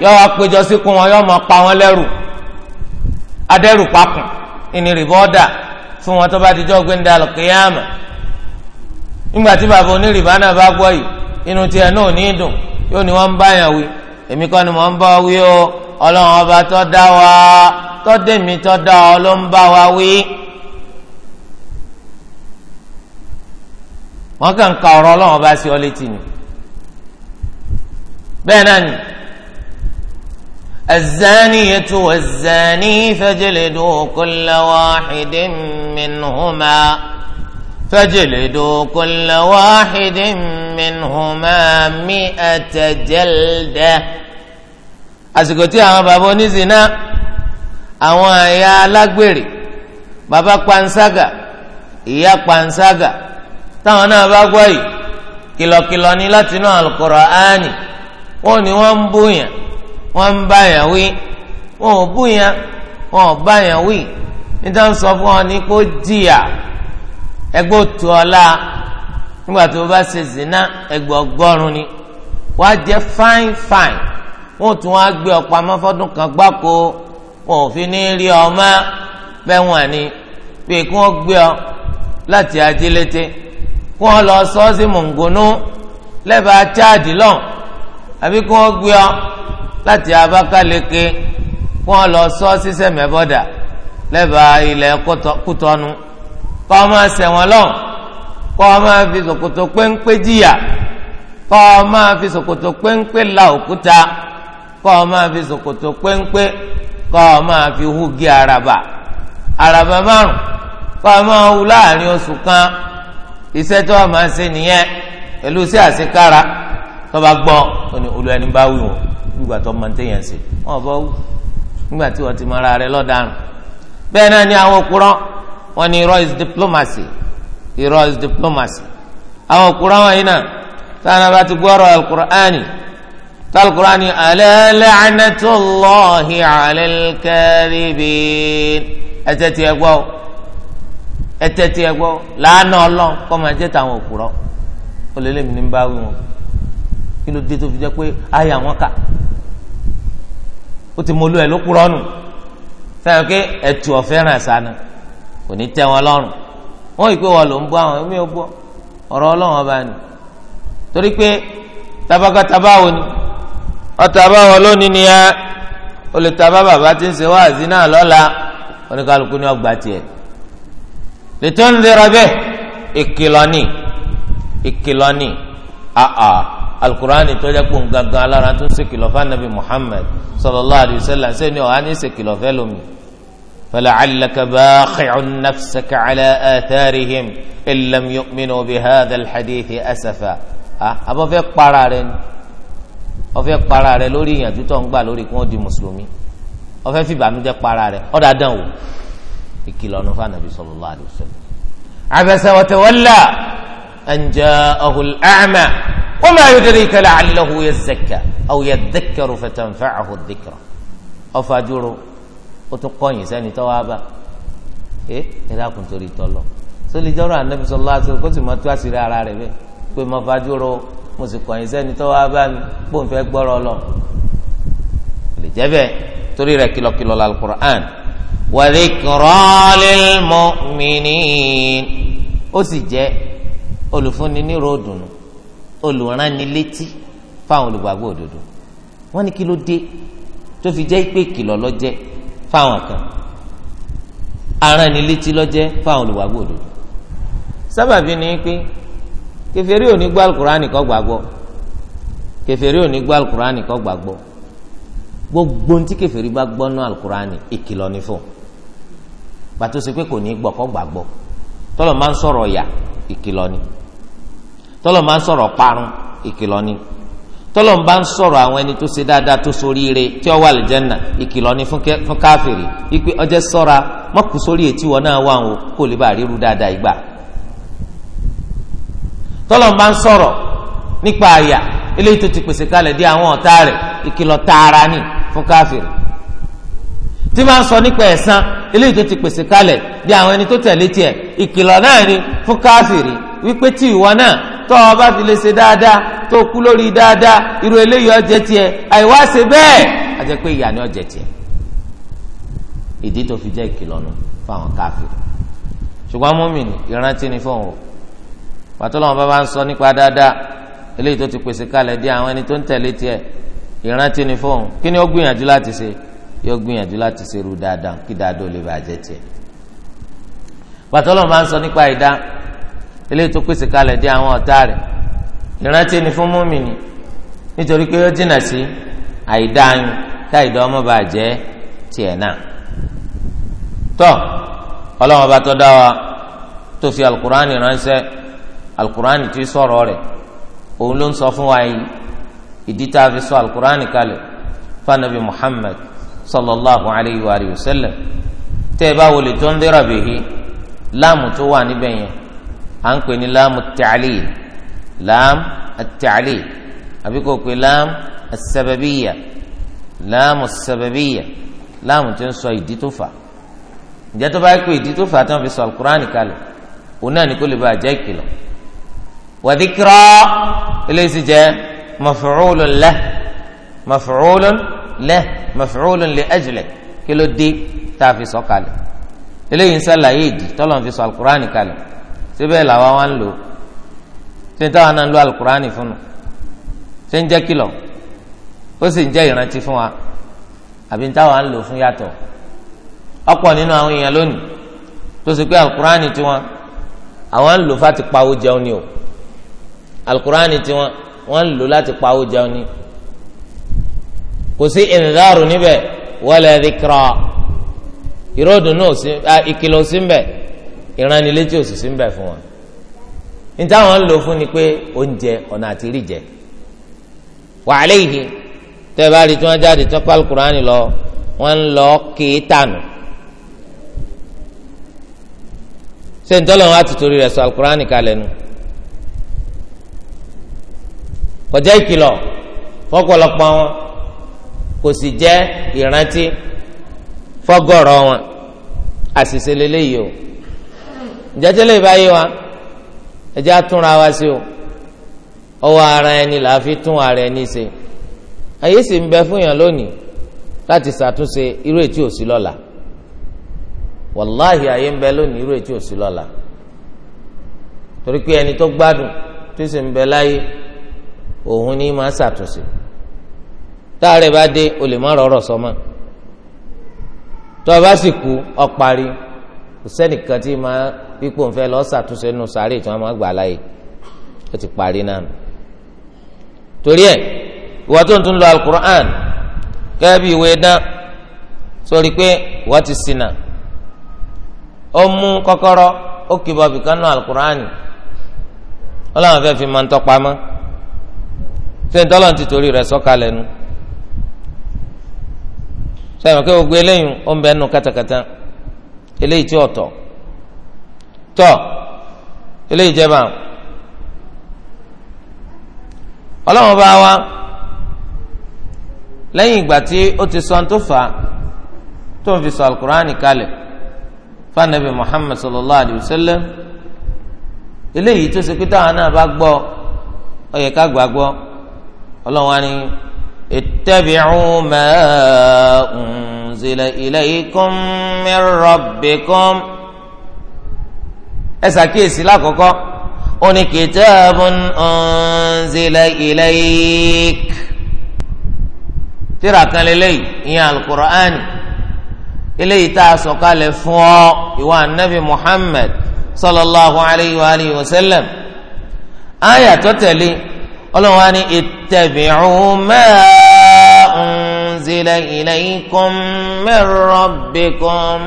yọ wá péjọ síkún wọn yọ mọ pa wọn lẹ́rù adẹ́rù pakùn ìní rìbá ọdà fún wọn tó bá ti jọ gbẹndé alùkìyàmà tí bàbá onírìbá náà bá gbọ́ yìí inú tiẹ̀ náà ní dùn yóò ní wọn ń bá yàn wí èmi kọ́ ni mò ń bá wí o ọlọ́run ọba tó dá wa tó dèmí tó dá ọ ló ń bá wa wí. wọ́n kàn ka ọ̀rọ̀ ọlọ́run ọba sí ọ létí ni bẹ́ẹ̀ náà ni الزانية والزاني فاجلدوا كل واحد منهما فاجلدوا كل واحد منهما مئة جلدة àsìkò tí àwọn bàbá oníṣìná àwọn àyà alágbèrè bàbá panṣágà ìyá panṣágà táwọn náà bá gbọ́ yìí kìlọ̀kìlọ̀ ni láti inú Al-Qur'ani wọn ni wọ́n ń búyàn wọ́n ń báyàn wí wọn ò búyàn wọn ò báyàn wí níta ń sọ fún ọ ní kó jìyà ẹgbẹ́ òtún ọ̀la nígbà tó bá ṣe zina ẹgbẹ́ ọgọ́rùn-ún ni wàá jẹ́ fáin fáin wọn tún wá gbé ọ̀pọ̀ amáfọ́dún kan gbáko wọn ò fi ní rí ọ mọ́ bẹ́ẹ̀ wọn ni pé kí wọ́n gbé ọ láti ajílété kí wọ́n lọ sọ sí mọ̀ngónú lẹ́bàá chaadi lọ́n àbí kí wọ́n gbé ọ láti Abakaliki kí wọ́n lọ sọ sí sẹ́mẹ́bọ́dà lẹ́bàá ilẹ̀ Kútọ́nù kọ́ ọ máa sẹ̀wọ̀n lọ́n kọ́ ọ máa fi ṣòkòtò péńpé jìyà kọ́ ọ máa fi ṣòkòtò péńpé la òkúta kọ́ ọ máa fi ṣòkòtò péńpé kọ́ ọ máa fi húgi àràbà àràbà márùn kọ́ ọ máa hu láàrin oṣù kan iṣẹ́ tó o máa ṣe nìyẹn pẹ̀lú sí àṣekára tó bá gbọ́ ọ ní bá wí wọn nígbà tó máa ń tẹ̀yàn sí wọn bọ́ wú nígbà tí wọ́n ti mọ ara rẹ lọ́daràn bẹ́ẹ̀ náà ni àwọn òkúrọ́ wọn ni irọ́ is diplomacy irọ́ is diplomacy àwọn òkúrọ́ wọn yìí náà táwọn abá ti gbọ́ ọ̀rọ̀ alukur'ani tálùkùrá ni ala la'natullahi ala al-kadhibin ẹtẹ tiẹ gbọ́ o ẹtẹ tiẹ gbọ́ o làánà ọlọ́n kọ́ máa jẹ́ tàwọn òkúrọ́ ó lé lèmi ní báwí wọn kí ló dé tó fi jẹ́ pé àyà wọn kà ó ti mọ olú ẹ̀ ló kúrọ́ nù sẹ́yìn pé ẹ̀tù ọ̀fẹ́ràn sànù kò ní tẹ́ wọn lọ́rùn wọ́n yìí pé wọ́n ló ń bọ́ àwọn ẹ̀mí ò bọ́ ọ̀rọ̀ ọlọ́wọ́n bá ní torí pé tabakatabáwo ni ọ̀tá bá wọn lónìí ni ẹ o lè ta bá bàbá tí ń ṣe wáàzí náà lọ́la oníkàlùkù ni ọgbà tiẹ̀ lètò ń lera bẹ́ẹ̀ ìkìlọ́nì ìkìlọ́nì àà alukurani tó jẹ́ kpọ̀n gangan alára tó ń ṣe kìlọ̀ fún anabi muhammed sallallahu alayhi wa sallam ọ̀hán ní ṣe kìlọ̀ fẹ́ lómi فلعلك باخع نفسك على آثارهم إن لم يؤمنوا بهذا الحديث أسفا أبا في قرار ọfẹ para rẹ lórí ìyànjú tó ń gbà lórí kí wọn di mùsùlùmí ọfẹ fìbànújẹ́ para rẹ ọdà dán wò ìkìlọ̀ ọ̀nà fún anabi sallallahu alaihi wasallam. abasa wa tawalla an ja'ahu al-a'ma wa ma yudrika la'allahu yazakka aw yadhakkaru fatanfa'ahu adh-dhikra. ọfàdúró ó tún kọ̀yìn sẹ́ni tọ́wọ́ bá ẹ ẹ dákun torí tọ́lọ̀ sólìjọ́rọ̀ anabi sallallahu alaihi wasallam kó sì máa tú àṣírí ara rẹ̀ bẹ́ẹ̀ pé mọ́fàdúró mo sì kọ̀yìn sẹ́ni tó wá bá mi bóun fẹ́ gbọ́rọ̀ lọ lè jẹ́ bẹ́ẹ̀ torí rẹ̀ kìlọ̀kìlọ̀ la alukur'an wa dhikra lil mu'minin ó sì jẹ́ olùfúnni ní ròdùnú olùránnilétí fáwọn olùgbàgbọ́ òdodo wọ́n ní kí ló dé tó fi jẹ́ ìpè kìlọ̀ lọ́jẹ́ fáwọn kan aránnilétí lọ́jẹ́ fáwọn olùgbàgbọ́ òdodo sábàbí ni pé kèfèrí ò ní gbọ́ alukurani kò gbàgbọ́ kèfèrí ò ní gbọ́ alukurani kò gbàgbọ́ gbogbo ntí kèfèrí bá gbọ́ nù alukurani ìkìlọ̀ ní fún pàtó sí pé kò ní gbọ́ kò gbàgbọ́ tọ́lọ̀ máa ń sọ̀rọ̀ yà ìkìlọ̀ ni tọ́lọ̀ máa ń sọ̀rọ̀ parun ìkìlọ̀ ni tọ́lọ̀ bá ń sọ̀rọ̀ àwọn ẹni tó ṣe dáadáa tó sórí tí ó wà lìjẹ́nà ìkìlọ̀ ni fún káfìrí ipe ọjẹ́ sọ́ra sórí ètí wọn náà wà wọn kó lè bá ríru dáadáa ìgbà tọ́lọ́n bá ń sọ̀rọ̀ nípa àyà eléyìí tó ti pèsè kalẹ̀ di àwọn ọ̀tá rẹ̀ ìkìlọ̀ tààrà ni fún káfíìn tí máa ń sọ nípa ẹ̀san eléyìí tó ti pèsè kalẹ̀ di àwọn ẹni tó tẹ̀lé tiẹ̀ ìkìlọ̀ náà ni fún káfíìn wípé tí ìwọ náà tọ́ ọ bá fi lè ṣe dáadáa tó kú lórí dáadáa irú eléyìí ó jẹ tiẹ̀ àìwá ṣe bẹ́ẹ̀ á jẹ́ pé ìyà ni ó tiẹ̀ ìdí tó fi jẹ́ ìkìlọ̀ nù fáwọn káfíìn ṣùgbọ́n mọ́mìnì ìrántí ni fún pàtó lọ́wọ́ bá bá ń sọ nípa dáadáa eléyìí tó ti pèsè kalẹ̀ dé àwọn ẹni tó ń tẹ̀lé tiẹ̀ ìrántí ni fóun kí ni ó gbìyànjú láti ṣe yóò gbìyànjú láti ṣe irú dáadáa kí dáadáa ò lè bàjẹ́ tiẹ̀ pàtó lọ́wọ́ bá ń sọ nípa ìdá eléyìí tó pèsè kalẹ̀ dé àwọn ọ̀tá rẹ̀ ìrántí ni fún múmìnì nítorí pé ó dínà sí àìdáyìn káìdá ọmọ bàjẹ́ tiẹ̀ náà tọ́ ọlọ́wọ́n bá tọ́ dá wa tó fi alukur'an alukur'ani tí sọ̀rọ̀ rẹ̀ òun ló ń sọ fún wa yìí ìdí tá a fi sọ alukur'ani kalẹ̀ fanabi muhammad sallallahu alayhi wa sallam tẹ́ ẹ bá wọlé tó ń dẹ́rọ̀ bèhí láàmù tó wà níbẹ̀ yẹn à ń pè ní láàmù tàlí láàmù tàlí àbí kò pé láàmù sábàbíyà láàmù sábàbíyà láàmù tó ń sọ ìdí tó fà ìjẹ́ tó bá pè ìdí tó fà tó ń fi sọ alukur'ani kalẹ̀ òun náà ni kó lè bá a ìkìlọ̀ wa dhikra eléyìí sì jẹ́ maf'ulun lahu maf'ulun lahu maf'ulun li ajlihi kí ló dé tá a fi sọ kalẹ̀ eléyìí ń sàlàyé ìdí tọ́lọ̀ fi sọ alukur'ani kalẹ̀ síbẹ̀ làwa wá ń lò ó ṣé táwọn náà ń lo alukur'ani fún un ṣé ń jẹ́ kìlọ̀ ó sì ń jẹ́ ìrántí fún wa àbí táwọn ń lò fún yàtọ̀ ọ̀pọ̀ nínú àwọn èèyàn lónìí tó sì pé alukur'ani tiwọn àwọn ń lò fáti pawó jẹun ni o. alukurani ti wọn wọn lò láti pawó jẹun ni kò sí nibe níbẹ̀ wala dhikra ìròdùn náà sí ìkìlọ̀ sí ń bẹ̀ ìránnilétí òsì sí ń bẹ̀ fún wọn ní lò fún ni pé oúnjẹ ọ̀nà àti rí jẹ wa alayhi tẹ́ ẹ bá rí tí wọ́n jáde tó pa alukurani lọ wọ́n lọ kéé tànù ṣé á sọ kalẹ̀ kò jẹ́ ìkìlọ̀ fọ́pọ̀lọpọ̀ wọn kò sì jẹ́ ìrántí fọ́gọ̀rọ̀ wọn àṣìṣe lélẹ́yìí o ìjẹ́jẹ́lẹ́ ìbáyé wa ẹjẹ́ àtúnra wa sí o ọwọ́ ara ẹni là á fi tún ara ẹni ṣe ayé sì ń bẹ fún yàn lónìí láti ṣàtúnṣe irú ètí òsì lọ́la wàláhì ayé ń bẹ lónìí irú ètí òsì lọ́la torí pé ẹni tó gbádùn tó sì ń bẹ láyé òun ni máa ṣàtúnṣe táàrẹ̀ bá dé o lè má rọrọ̀ sọmọ́ tó o bá sì kú ọ parí kò sẹ́nìkan tí máa pípò ń fẹ́ lọ́ọ́ ṣàtúnṣe nù sáré tí wọ́n máa gbà láàyè ó ti parí náà nù torí ẹ̀ ìwọ tó ń tún lọ alukur'an gẹ́gẹ́ bí ìwé dán sórí pé ìwọ ti ṣìnà ó mú kọ́kọ́rọ́ ó kì bọ́ bìkan nù alukur'an ó láwọn fẹ́ fi máa ń tọ́pamọ́. sẹ́yìn tọ́lọ̀ ti torí rẹ̀ sọ́kalẹ̀ nu sẹ́yìn kí gbogbo eléyìí ó ń bẹ́ẹ̀ nu kátàkátà eléyìí tí ọ̀tọ̀ tọ́ eléyìí jẹ́ ti sọ tó fà á tó ń fi sọ alukur'ani kalẹ̀ muhammad sallallahu alayhi wa sallam eléyìí tó ṣe pé náà bá gbọ́ ọ yẹ ká gbàgbọ́. ọlọ́wọ́n ni ittabi'u ma unzila ilaykum min rabbikum ẹ ṣàkíyèsí lákòókò ó ní kitabun unzila ilayk tíra kan lélẹ́yìí ìyẹn alukur'an eléyìí tá a sọ̀kalẹ̀ fún ọ ìwà anabi muhammad sallallahu alayhi wa sallam ayatollah ọlọ́run wa ní ittabi'u ma unzila ilaykum min rabbikum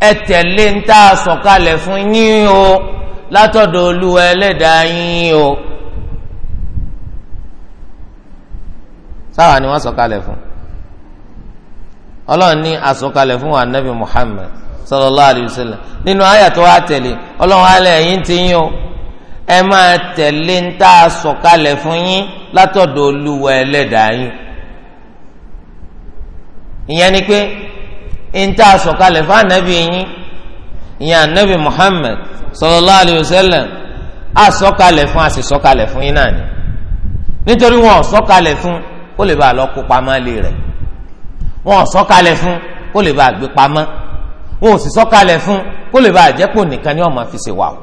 ẹ tẹ̀lé ń tá sọ̀kalẹ̀ fún yín o látọ̀dọ̀ olúwa ẹlẹ́dàá yín o. sáwa ni wọ́n sọ̀kalẹ̀ fún ọlọ́run ni àsọ̀kalẹ̀ fún wa sallallahu alayhi wa sallam nínú àyà ọlọ́run alẹ́ ẹ̀yìn ti ẹ máa tẹ̀lé ń tá a sọ̀kalẹ̀ fún yín látọ̀dọ̀ olúwa ẹlẹ́dàá yín ìyẹn ni pé ń tá a sọ̀kalẹ̀ fún ànábì yín ìyẹn ànábì Muhammad sallallahu alayhi wa sallam a sọ̀kalẹ̀ fún a sì sọ̀kalẹ̀ fún yín náà ni nítorí wọn ò sọ̀kalẹ̀ fún kó lè bá a lọ kó pamọ́ lé rẹ̀ wọn sọ̀kalẹ̀ fún kó lè bá a gbé pamọ́ wọn ò sì sọ̀kalẹ̀ fún kó lè bá a jẹ́ kó nìkan ni wọ́n máa fi ṣe wà o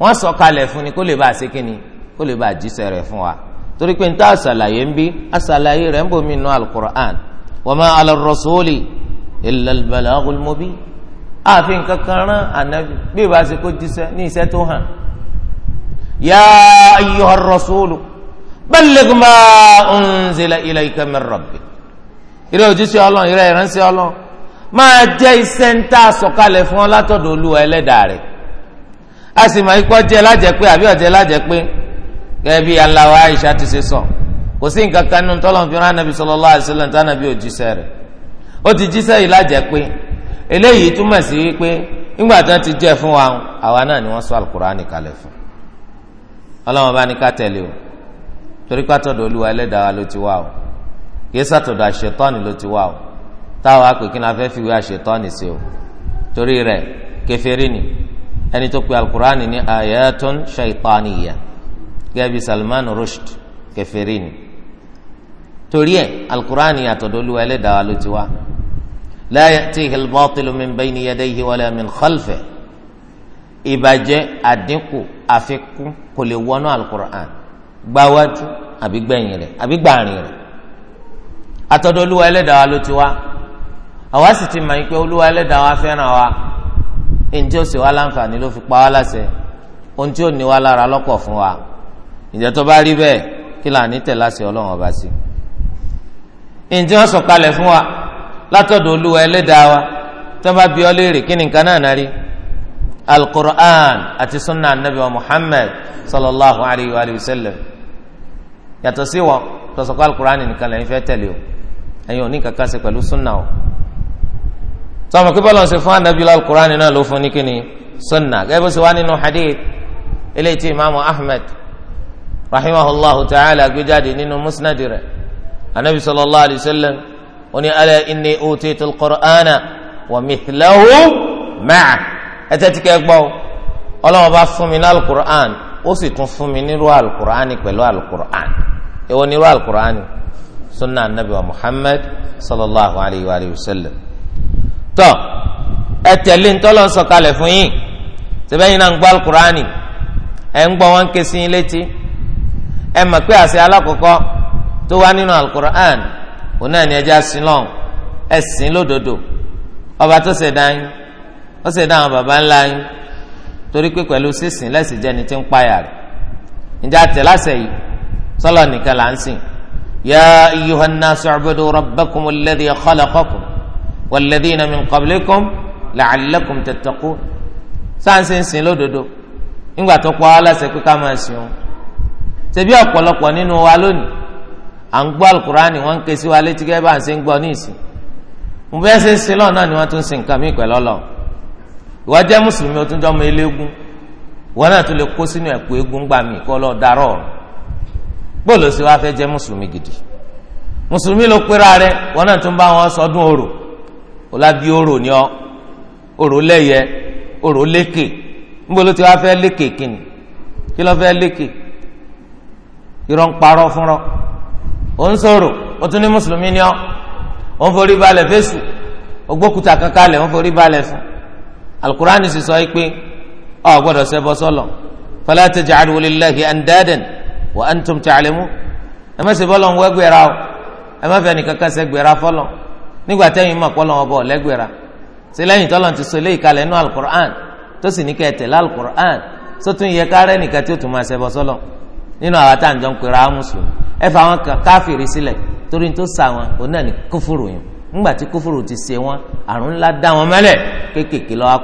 wọ́n sọ kalẹ̀ fún ni kó lè bá a ṣe kíni kó lè bá a jíṣẹ́ rẹ̀ fún wa torí pé níta àṣàlàyé ń bí àṣàlàyé rẹ̀ ń bò mí nù alukur'an wa ma ala rasuli illa al-balagul mubin ààfin kankan rán ànábi bí ìbá ṣe kó jíṣẹ́ ní iṣẹ́ tó hàn ya ayyuha rasulu balligh ma unzila ilayka min ìrẹ òjíṣẹ́ Ọlọ́run ìrẹ ìránṣẹ́ Ọlọ́run máa jẹ́ iṣẹ́ ń tà sọ̀kalẹ̀ fún ọ látọ̀dọ̀ Olúwa Ẹlẹ́dàá rẹ̀ ma sì mọ ikọ́ jẹ́ abi àbí ọ̀jẹ́ lájẹpé gẹ́gẹ́ bi alawa Aisha ti ṣe sọ kò sí nǹkan kan nínú fi rán anabi sallallahu alaihi wasallam tánàbí ò rẹ̀ ó ti jíṣẹ́ yìí pe eléyìí túmọ̀ sí wípé nígbà ti jẹ́ fún wa àwa náà ni wọ́n sọ alukur'ani kalẹ̀ fún ọlọ́wọ́n bá ní o torí pátọ́dọ̀ olúwa ẹlẹ́dàá wa ló ti o kìí sàtọ̀dọ̀ àṣetọ́ni ló ti wá o táwa pè kí ni a fẹ́ fi wé àṣetọ́ni sí o torí rẹ̀ ẹni tó pe alukur'ani ní ayatollah shaitaniya gẹ́bí salman rushd kẹfẹ́rì ni torí ẹ alukur'ani àtọ̀dọ́lúwa ẹlẹ́dàá ló ti wá la ya'tihi al-batilu min bayni yadayhi wala min khalfihi ìbàjẹ́ àdínkù àfikún kò lè wọnú alukur'an gbáwájú àbí gbẹ̀yìn rẹ̀ àbí gbàrin rẹ̀ àtọ̀dọ̀ ẹlẹ́dàá ló ti wá àwa sì ti mọ̀ pé olúwa ẹlẹ́dàá wa fẹ́ràn wa ní tí ó sì wá láǹfààní fi pa wá láṣẹ ohun tí ó wa ìjẹ́ tó bá rí bẹ́ẹ̀ kí là ní tẹ̀ láṣẹ ọlọ́run ọba sí i. ǹjẹ́ wọ́n wa látọ̀dọ̀ olúwa ẹlẹ́dàá wa tó bá bi ọ́ léèrè kí ni nǹkan náà sunna anabi wa sallallahu alayhi wa sallam yàtọ̀ sí wọn tọ̀sọ̀kọ́ alukur'an nìkan lẹ́yìn fẹ́ o ẹ̀yin ò ní kankan sunna o. sọmọ kí bọ́lá ń ṣe fún anabila alukur'an náà ló fún ní kíni sunna gẹ́gẹ́ bó ṣe wá nínú hadith eléyìí tí imaamu ahmed rahimahullahu ta'ala gbéjáde nínú musnadi rẹ̀ anabi sallallahu alayhi wa sallam oní ala inni utitu alukur'ana wa mithlahu ma'a ẹ tẹ́tí kẹ́ gbọ́ ọlọ́wọ́n bá fún mi ní alukur'an ó sì tún fún mi nírú alukur'ani pẹ̀lú alukur'an èwo nírú alukur'ani sunna anabi muhammad sallallahu alayhi wa sallam. tọ ẹ tẹ̀lé ntọ́lọ́ sọ̀kalẹ̀ fún yín sẹ́bẹ̀yìn náà ń gbọ́ alukurani ẹ̀ ń gbọ́ wọn ké sí yín létí ẹ mọ̀ pé àṣẹ alákọ̀ọ́kọ́ tó wá nínú alukuran òun náà ní ọba tó yín baba ńlá yín torí pé pẹ̀lú sísìn lẹ́sìn ń rẹ̀ ǹjẹ́ yìí nìkan là ń sìn yá walladhina min qablikum la'allakum tattaqun sáǹsì ń sìn lódodo ńgbà tó pa á láṣẹ pé ká máa sìn o ṣebí ọ̀pọ̀lọpọ̀ nínú wa lónìí à ń gbọ́ alukurani wọ́n ń ké sí wa létí gẹ́gẹ́ bá ń ṣe ń gbọ́ ní ìsìn mo fẹ́ ṣe ń sin lọ́ọ̀ náà ni wọ́n tún sin nǹkan mí pẹ̀lú ọlọ́ ìwọ jẹ́ mùsùlùmí o tún jọ́ mọ eléégún ìwọ náà tún lè kó sínú ẹ̀kú eégún gbà mí kọ́ lọ́ọ́ darọ́ ọ̀rọ̀ bóòlù sí wa fẹ́ jẹ́ mùsùlùmí gidi mùsùlùmí ló pera rẹ̀ ìwọ náà tún bá wọn sọdún orò olábí oro ni ọ oro lẹyẹ oro lékè níbo ló ti wá fe lékè kìnnì kí ló fẹ́ lékè irọ́ ń parọ́ fúnrọ́ ó ń sọ̀rọ̀ ó tún ní mùsùlùmí ni ọ ó ń forí balẹ̀ fésù ó gbókùtà kankan lẹ̀ ó ń forí balẹ̀ fún alukurani sì sọ pé ọ gbọ́dọ̀ ṣẹbọ sọlọ fala andadan wa antum ta'lamun ẹ má ṣe bọlọ ń wẹgbẹra o ẹ má fẹ́ nìkan kan nígbà tẹ́yìn mọ̀ pọ́ lọ́wọ́ bọ̀ lẹ́gbẹ̀ra ṣe lẹ́yìn tọ́lọ̀ ti sọ ilé ìkàlẹ̀ nú alukur'an tó sì ní kẹ́ ẹ tẹ̀lé alukur'an tó tún yẹ kárẹ́ nìkan tí ó tún máa ṣẹbọ sọ́lọ̀ nínú àwọn tá à ń jọ ń pera á mùsùlùmí ẹ fà wọn káfìrí sílẹ̀ torí tó sà wọn òun náà ní kófòrò yẹn ńgbà tí kófòrò ti ṣe wọn àrùn ńlá dá wọn mẹ́lẹ̀ kéékèèké lọ́wọ́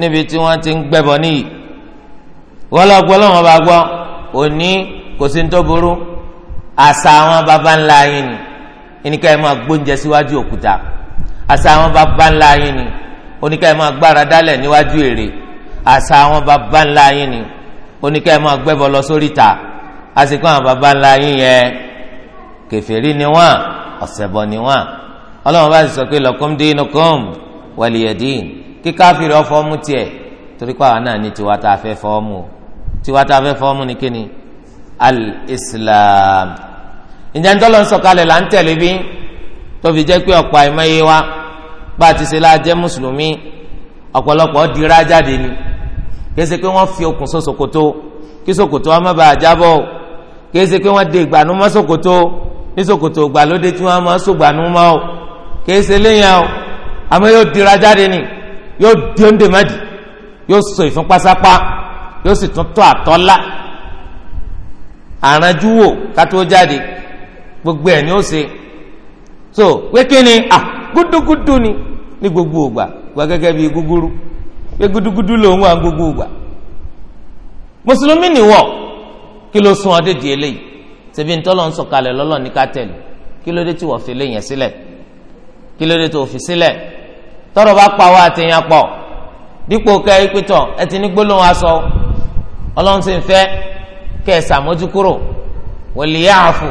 níbi tí wọ́n ti ń gbẹ́bọ níyì wọ́n lọ gbọ́ lọ́wọ́n bá gbọ́ òní kò sí ní tó burú àṣà àwọn baba ńlá yín ni oníkà ẹ máa gbóúnjẹ síwájú òkúta àṣà àwọn baba ńlá yín ni oníkà ẹ máa gbára dálẹ̀ níwájú ère àṣà àwọn baba ńlá yín ni oníkà ẹ máa gbẹ́bọ lọ sórí ta àsìkò àwọn baba ńlá yín yẹn kèfèrí ni wọ́n ọ̀sẹ̀bọ ni wọ́n ọlọ́wọ́n bá sì sọ pé lakum dinukum waliyadin kí káfíìrì ọfọmù tiẹ̀ torí pé àwa náà ní tiwa tá a fẹ́ fọọmù o tiwa tá a fẹ́ fọọmù ni kíni al-islam ǹjẹ́ ń tọ́lọ́ ń sọ̀kalẹ̀ là ń tẹ̀lé bí tó fi jẹ́ pé ọ̀pọ̀ àìmọye wa bá a ti ṣe láàjẹ́ mùsùlùmí ọ̀pọ̀lọpọ̀ dira jáde ni kése pé wọ́n fi okùn so ṣòkòtò kí ṣòkòtò wa má bàa jábọ̀ kése pé wọ́n de ìgbànú mọ́ ṣòkòtò ní ṣòkòtò ìgbàlódé tí wọ́n máa ṣògbànú mọ́ kése léyìn o yóò dira jáde ni yóò di oúnjẹ mẹ́dì yóò so ìfúnpásápá yóò sì tún tó àtọ́lá àránjú wò kátó jáde gbogbo ẹ̀ ni ó ṣe so wékè ni à gúdúgúdú ni ní gbogbo ògbà wà gẹ́gẹ́ bíi gúgúrú pé gúdúgúdú lòun wà gbogbo ògbà mùsùlùmí nìwọ kí ló sún ọdẹ di eléyìí ṣebí ntọ́lọ́ ń sọ̀kalẹ̀ lọ́lọ́ ní ká tẹ̀lé kí ló dé tí wọ́n fi lé yẹn sílẹ̀ kí ló dé tó fi sílẹ̀ tọrọ bá pa wá àtìyàn pọ̀ dípò kẹ ẹ pétọ ẹ ti ní gbólóhùn aṣọ Ọlọ́run sì ń fẹ́ kẹ ẹ sàmójúkúrò wàlíyàáfù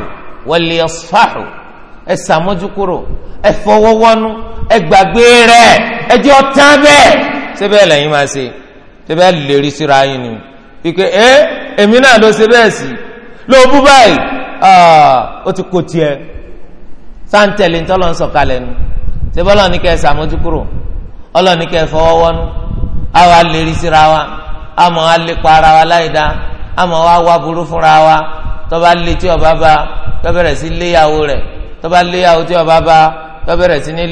wàlíyàsfàhù ẹ sàmójúkúrò ẹ fọwọ́wọ́nú ẹ gbàgbé rẹ̀ ẹ jẹ́ ọ̀tá bẹ́ẹ̀ ṣé bẹ́ẹ̀ lẹ́yìn máa ṣe ṣé bẹ́ẹ̀ lérí síra yín ni ike ẹ èmi náà ló ṣe bẹ́ẹ̀ sí ló bú báyìí ó ti kó tiẹ̀ sáńtẹ̀lì ń tọ́lọ́ ń sọ̀kalẹ̀ nu ṣebí Ọlọ́run ní kẹ́ ẹ ṣàmójúkúrò Ọlọ́run fọwọwọnụ awa ẹ fọwọ́ wọ́nú àwa lè rí síra wa àmọ́ wa lè pa ara wa láì dá àmọ́ wa wá burú fúnra wa lé tí ọba bá yọ sí léyàwó rẹ tọba léyàwó tí ọba bá yọ sí ní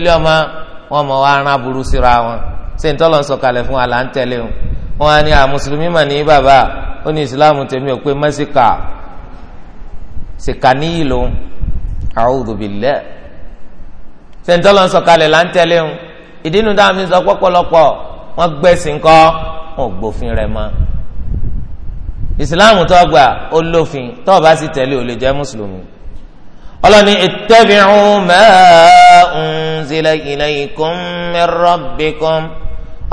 ọmọ wọn sẹ́ńtọ́lọ́ ń sọ̀kalẹ̀ là ń tẹ́lẹ̀ ń ìdínú táwọn fi sọ pọ́pọ́lọpọ̀ wọ́n gbẹ̀sìn kọ́ wọn ò gbófin rẹ̀ mọ́ ìsìláàmù tó gbà ó lófin tó bá sì tẹ̀lé ò lè jẹ́ mùsùlùmí ọlọ́ni ittabi'u ma unzila ilaykum min rabbikum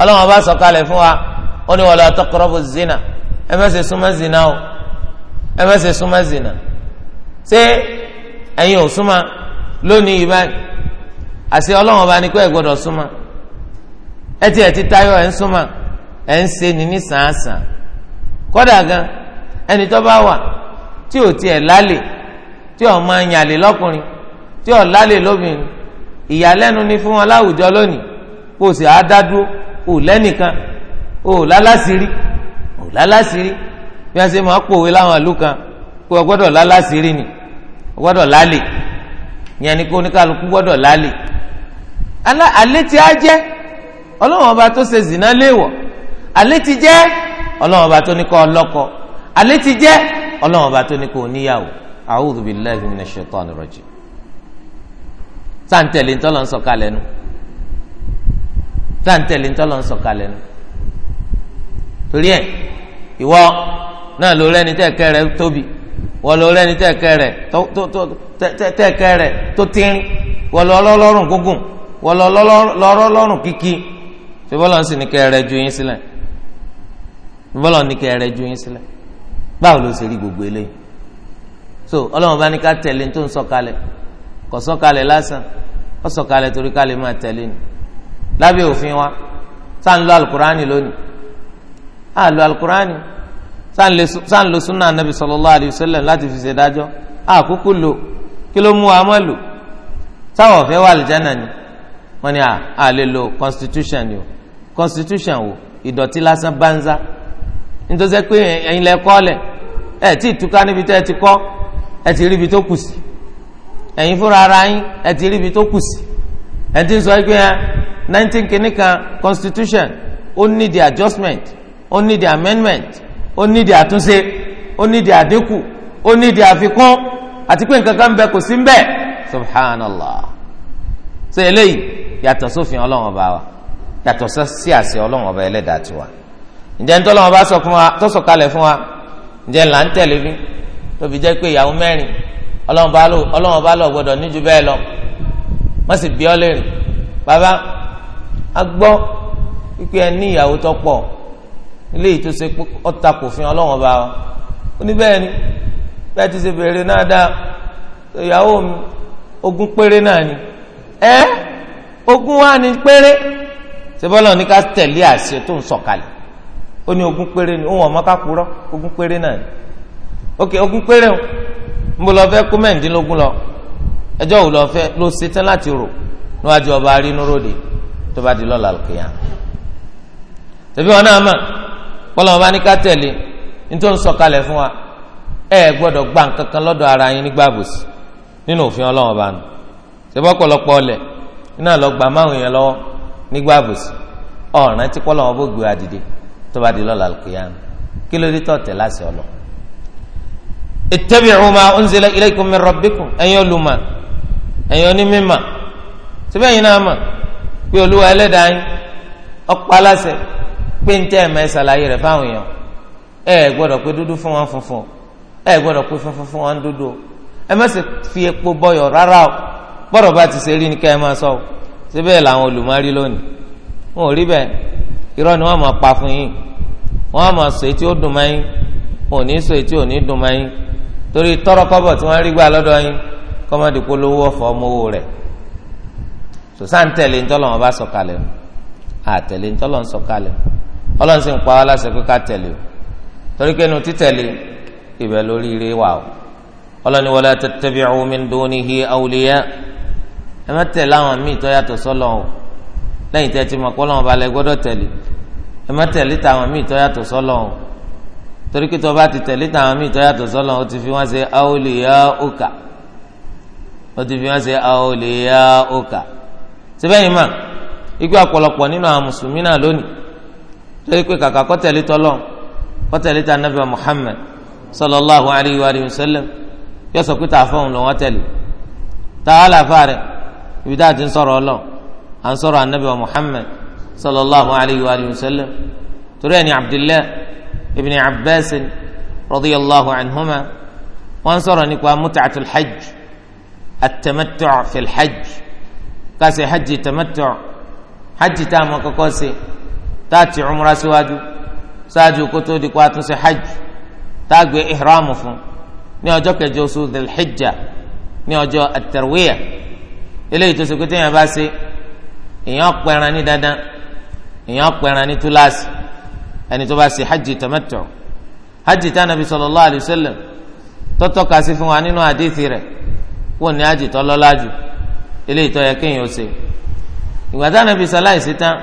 ọlọ́wọ́n bá sọ̀kalẹ̀ fún wa ó ní wala zina ẹ má ṣe zina o ẹ má ṣe zina ṣé ẹ̀yin ò súnmọ́ lónìí yìí báyìí àṣẹ ọlọ́run ọba ni pé ẹ gbọ́dọ̀ súnmọ́ ẹ ti ẹ ti tayọ ẹ ń súnmọ́ ẹ ń ṣe ní ní sàásàn kódà gan ẹni tó bá wà tí ò tiẹ̀ lálẹ́ tí ò máa ń yàlè lọ́kùnrin tí ò lálẹ́ lóbìnrin ìyàlẹ́nu ni fún wọn láwùjọ lónìí kó sì á dádúró o lẹ́nìkan o lálásìírí o lálásìírí bí wọ́n ṣe máa pòwe láwọn ìlú kan kó o gbọ́dọ̀ lálásìírí ni o gbọ́dọ̀ lálẹ́ ìyẹn ni kó oníkàlùkù gbọ́dọ̀ lálẹ́ alá alẹ́ tí a jẹ́ ọlọ́wọ́n ọba tó ṣe zìnà léèwọ̀ alẹ́ tí jẹ́ ọlọ́wọ́n ọba tó ní kọ́ ọlọ́kọ alẹ́ tí jẹ́ ọlọ́wọ́n ọba tó ní kọ́ oníyàwó a'udhu billahi minash shaitani rajim sáǹtẹ̀lì ńtọ́lọ́ ń sọ̀kalẹ̀ nu sáǹtẹ̀lì ńtọ́lọ́ ń sọ̀kalẹ̀ nu torí ẹ̀ ìwọ náà ló rẹ́ni tẹ́ẹ̀kẹ́ rẹ̀ tóbi wọ́n ló rẹ́ni tẹ́ẹ̀kẹ́ rẹ̀ tó tó tẹ́ẹ̀kẹ́ rẹ̀ tó tínrín wọ́n lọ ọlọ́rùn gúngùn wọ́n lọ lọ́rọ́ lọ́rùn kíkí ṣé bọ́lá ń sì ní kẹ́ ẹrẹ́ ju yín sílẹ̀ bọ́lá ń ní kẹ́ ẹrẹ́ ju yín sílẹ̀ báwo ló ṣe rí gbogbo eléyìí so ọlọ́run bá ní ká tẹ̀lé tó ń sọ̀kalẹ̀ kò sọ̀kalẹ̀ lásán ó sọ̀kalẹ̀ torí ká lè máa tẹ̀lé ni lábẹ́ òfin wa sáà ń lo alukurani lónìí a lo alukurani sáà ń lo sunna anabi sallallahu alayhi wa sallam láti fi ṣe dájọ́ a kúkú lo kí ló mú wa mọ́ lò sáwọ̀ fẹ́ wà lìjánà ni wọ́n ní à lè lo constitution ni o constitution wo ìdọ̀tí lásán banza nítorí pé ẹ̀yin lẹ kọ́ lẹ̀ ẹ̀ tí ìtúká níbi tẹ́ ẹ ti kọ́ ẹ ti rí ibi tó kù sí ẹ̀yin fúnra ara yín ẹ ti rí ibi tó kù sí ẹ ti ń sọ pé nineteen kìíní kan constitution ó ní di adjustment ó ní di amendment ó ní di àtúnṣe ó ní di àdínkù ó ní di àfikún àti pé nǹkan kan bẹ kò sí ń subhanallah ṣe eléyìí yàtọ̀ sófin ọlọ́run ọba wa yàtọ̀ sí àṣẹ ọlọ́run ọba ẹlẹ́dàá tiwa ǹjẹ́ ń sọ fún wa tó sọ kalẹ̀ fún wa ǹjẹ́ là ń tẹ̀lé bí tóbi jẹ́ pé ìyàwó mẹ́rin ọlọ́run ọba lọ gbọ́dọ̀ níjú bẹ́ẹ̀ lọ wọ́n sì bàbá a gbọ́ ẹ ní ìyàwó tó pọ̀ ilé kò ọba wa ó ni bẹ́ẹ̀ ti ṣe náà dáa ìyàwó péré náà ni ẹ́ ogun wa ni péré sebọlọ ní ká tẹ̀lé àṣẹ tó ń sọ̀kalẹ̀ ó ní ogun péré ni òun ọmọ ká ogun péré náà ni ok ogun péré o ń bọ lọ fẹ́ kó mẹ́ǹdínlógún lọ lọ ló láti rò níwájú ọba arínúróde tó bá di lọ́la kìyàn wọn náà wọn bá ní ká ń fún wa ẹ gba ara yín nígbà nínú òfin nù iná lọ gbà máwùn yẹn lọ́wọ́ nígbà àbòsí ọ̀ràn tí kọ́ lọ́wọ́ bó gbé wa dìde tó bá di lọ́la al-qiyam kí ló dé tọ̀tẹ̀ láṣẹ ọlọ. ittabi'u ma unzila ilaykum min rabbikum ẹ̀yin olùmọ̀ ẹ̀yin onímọ̀ síbẹ̀ yìí náà mọ̀ pé olúwa ẹlẹ́dàá yín ọ̀pá aláṣẹ pé ń tẹ́ ẹ̀ mẹ́ ṣàlàyé rẹ̀ fáwọn èèyàn ẹ gbọ́dọ̀ pé dúdú fún wọn funfun ẹ gbọ́dọ̀ pé funfun fún wọn dúdú ẹ má ṣe fi epo bọyọ̀ rárá o bọ́rọ̀ bá ti ṣe rí ni ká ẹ máa sọ síbẹ̀ làwọn olùmọ̀rí lónìí wọn ò rí bẹ́ẹ̀ irọ́ ni wọ́n máa pa fún yín wọ́n máa sọ etí ó dùn máa yín wọn ò ní sọ etí ò ní dùn máa yín torí tọrọkọ́bọ̀ tí wọ́n rí gbà lọ́dọ̀ yín kọ́mọ́dé polówó ọ̀fọ̀ ọmọ owó rẹ̀ sòsá ń tẹ̀lé ntọ́lọ́ wọn bá sọ̀kalẹ̀ nù àtẹ̀lé ntọ́lọ́ ń sọ̀kalẹ̀ ọlọ́run sì ń pa wá láṣẹ min dunihi awliya ẹ má tẹ̀lé àwọn míì tó yàtọ̀ sọ́lọ̀ o lẹ́yìn tẹ́ ti mọ̀ kọ́ lọ́wọ́ balẹ̀ gbọ́dọ̀ tẹ̀lé ẹ má tẹ̀lé tàwọn míì tó yàtọ̀ sọ́lọ̀ o torí pé tó bá ti tẹ̀lé tàwọn míì tó yàtọ̀ sọ́lọ̀ o ti fi wọ́n ṣe aoliya oka o ti fi wọ́n ṣe aoliya oka síbẹ̀ yìí mà igbó ọ̀pọ̀lọpọ̀ nínú àwọn mùsùlùmí náà lónìí torí pé kàkà kọ́ tọ́lọ́ Muhammad sallallahu alayhi wa sallam yọ sọ pé tààfọ̀ ibi tá a ti ń sọ̀rọ̀ ọlọ́ à ń sọ̀rọ̀ anabi wa muhammad sallallahu alayhi wa sallam torí ẹni abdullahi ibn abbas radiyallahu anhuma wọ́n sọ̀rọ̀ nípa mutaatul hajj atamatuc fil hajj kasi hajj tamatuc hajj tá a mọ kọ́kọ́ sí tá a ti cumra síwájú ṣáájú kó di kó a tún hajj tá a gbé ihram ọjọ́ kẹjọ oṣù dhul hijja ọjọ́ atarwiya. eléyìí tó ṣe pé téèyàn bá ṣe èèyàn pẹran ní dandan èèyàn pẹran ní túláàsì ẹni tó bá ṣe hajj tamattu hajj tá nàbí sallallahu alayhi wa sallam tó sí fún wa nínú hadithi rẹ̀ wọn ní hajj tó lọ́lá jù eléyìí tó yẹ kéèyàn ó ṣe ìgbà tá nàbí sàláìsí tán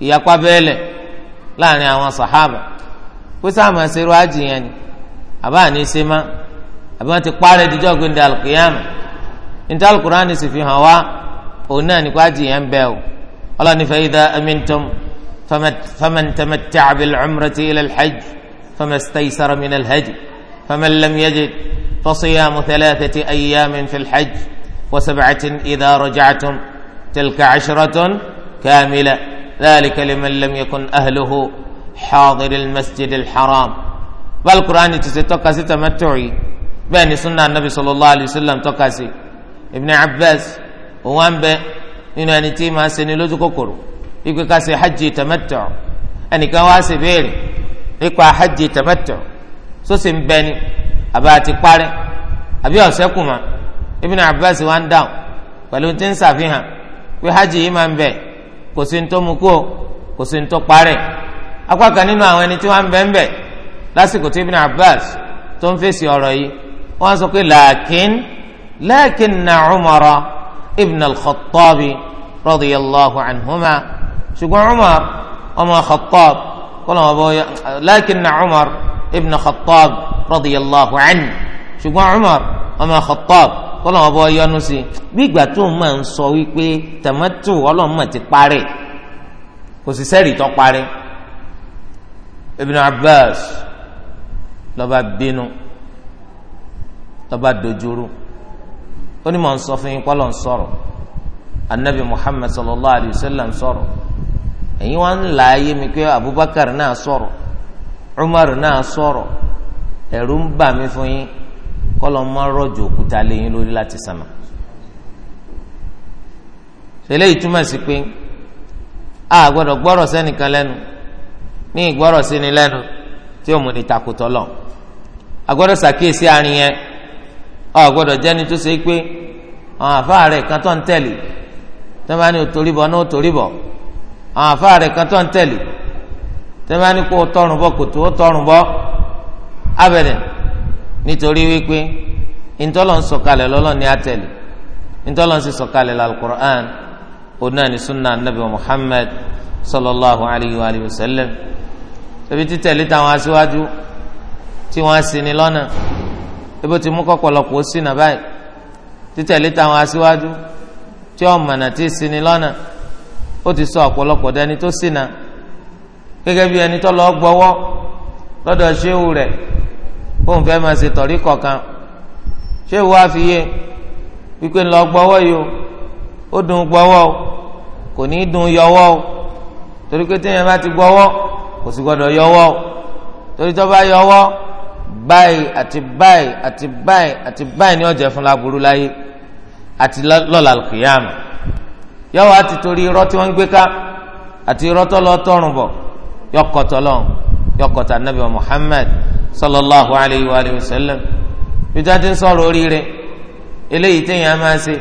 ìyapa bẹ́ẹ̀lẹ̀ láàrin àwọn sàhábà pé sáà hajj yẹn ni àbá àní ti nta alukuraan sì fi hàn wá òun náà nípa jìyàn ń bẹ́ o ọlọ́ni fa idha amintum faman tamatta'a bil cumrati ila al-hajj famastaysara min alhaj fama faman lam yajid fasiyamu talaatati ayyamin fi alhaj hajj wa sab'atin idha raja'tum tilka 'ashratun kamila dhalika liman lam yakun ahluhu حاضر المسجد الحرام بالقرآن تسي توكاسي تمتعي بين sunna النبي sallallahu الله wa sallam توكاسي Ibn Abbas òun á ń bẹ nínú ẹni tí màá ṣe ni lójú kòkòrò ikú ká ṣe hajj tamattu ẹnìkan wá ṣe béèrè nípa hajj tamattu sósì ń bẹ ni àbá àti parí àbí ọ̀sẹ̀ kùmà Ibn Abbas wá ń dáhùn pẹ̀lú tí ń ṣàfihàn pé hajj yìí máa ń bẹ kò sí ń tó mu kú o kò sí ń tó parẹ́ apá kan nínú àwọn ẹni tí wọ́n ń bẹ ń bẹ lásìkò tí Ibn Abbas tó ń fèsì ọ̀rọ̀ yìí wọ́n sọ pé làákín لكن عمر ابن الخطاب رضي الله عنهما شو عمر أما خطاب قال أبويا لكن عمر ابن خطاب رضي الله عنه شو عمر أما خطاب قال أبو نسي بيقبتو ما نصوي بي تمتو ولا ما تتباري كسي تقاري ابن عباس لبا بينو لبا دجورو ó ní mò ń sọ fún yín pọ́lọ́ ń sọ̀rọ̀ anabi muhammed sallallahu alayhi wa sallam sọ̀rọ̀ ẹ̀yin wá ń là á yé mi pé abubakar náà sọ̀rọ̀ umar náà sọ̀rọ̀ ẹ̀rù ń bà mí fún yín kọ́lọ́ ń má rọ̀jò òkúta lé yín lórí láti sàmà ṣẹlẹ̀ yìí túmọ̀ sí pé a gbọ́dọ̀ gbọ́rọ̀ sẹ́nìkan lẹ́nu ní ìgbọ́rọ̀ sí ni lẹ́nu tí ó mú ni takùtọ̀ lọ a gbọ́dọ̀ àárín yẹn ọ gbọ́dọ̀ jẹ́ni tó ṣe é pé àwọn àfa rẹ̀ kan tó ń tẹ̀lé tó bá ní o torí bọ̀ ní o torí bọ̀ àwọn àfa rẹ̀ kan tó ń tẹ̀lé tó bá ní kó o tọrùn bọ̀ kòtò o tọrùn bọ̀ abẹ́rẹ́ nítorí wípé ntọ́lọ́ ń sọ̀kalẹ̀ lọ́lọ́ ní atẹ̀lé ntọ́lọ́ ń sì sọ̀kalẹ̀ lálùkùrán ọ̀nà ní sunna anabi muhammad sallallahu alayhi wa sallam tẹ̀bi títẹ̀lé táwọn aṣíwájú tí wọ́n á sin ní lọ́nà ibo ti mú kọ́pọ̀lọpọ̀ na báyìí títẹ̀lé táwọn aṣíwájú tí ó mọ̀nà tí sinmi lọ́nà ó ti sọ ọ̀pọ̀lọpọ̀ dání tó sínà gẹ́gẹ́ bí ẹni tó lọ gbọ́wọ́ lọ́dọ̀ ṣéwù rẹ̀ fóun fẹ́ máa ṣe tọ̀rí kọ̀ọ̀kan ṣéwù wá fi yé wípé ń lọ gbọ́wọ́ yìí o ó dùn gbọ́wọ́ o kò ní dùn yọwọ́ o torí pé téèyàn bá ti gbọ́wọ́ kò sì gbọ́dọ̀ yọwọ́ o torí tó bá yọwọ́ o báyìí àti báyìí àti báyìí àti báyìí ni ọjà fún láburú láyé àti lọ́la kìyàmù yọwọ àti torí irọ́ tí wọ́n ń gbé ká àti irọ́ tó lọ tọrùn bọ̀ yọkọtọ lọ yọkọtọ anabi muhammad sallallahu alayhi wa sallam ìjáde ń sọ̀rọ̀ oríire eléyìí téèyàn máa ṣe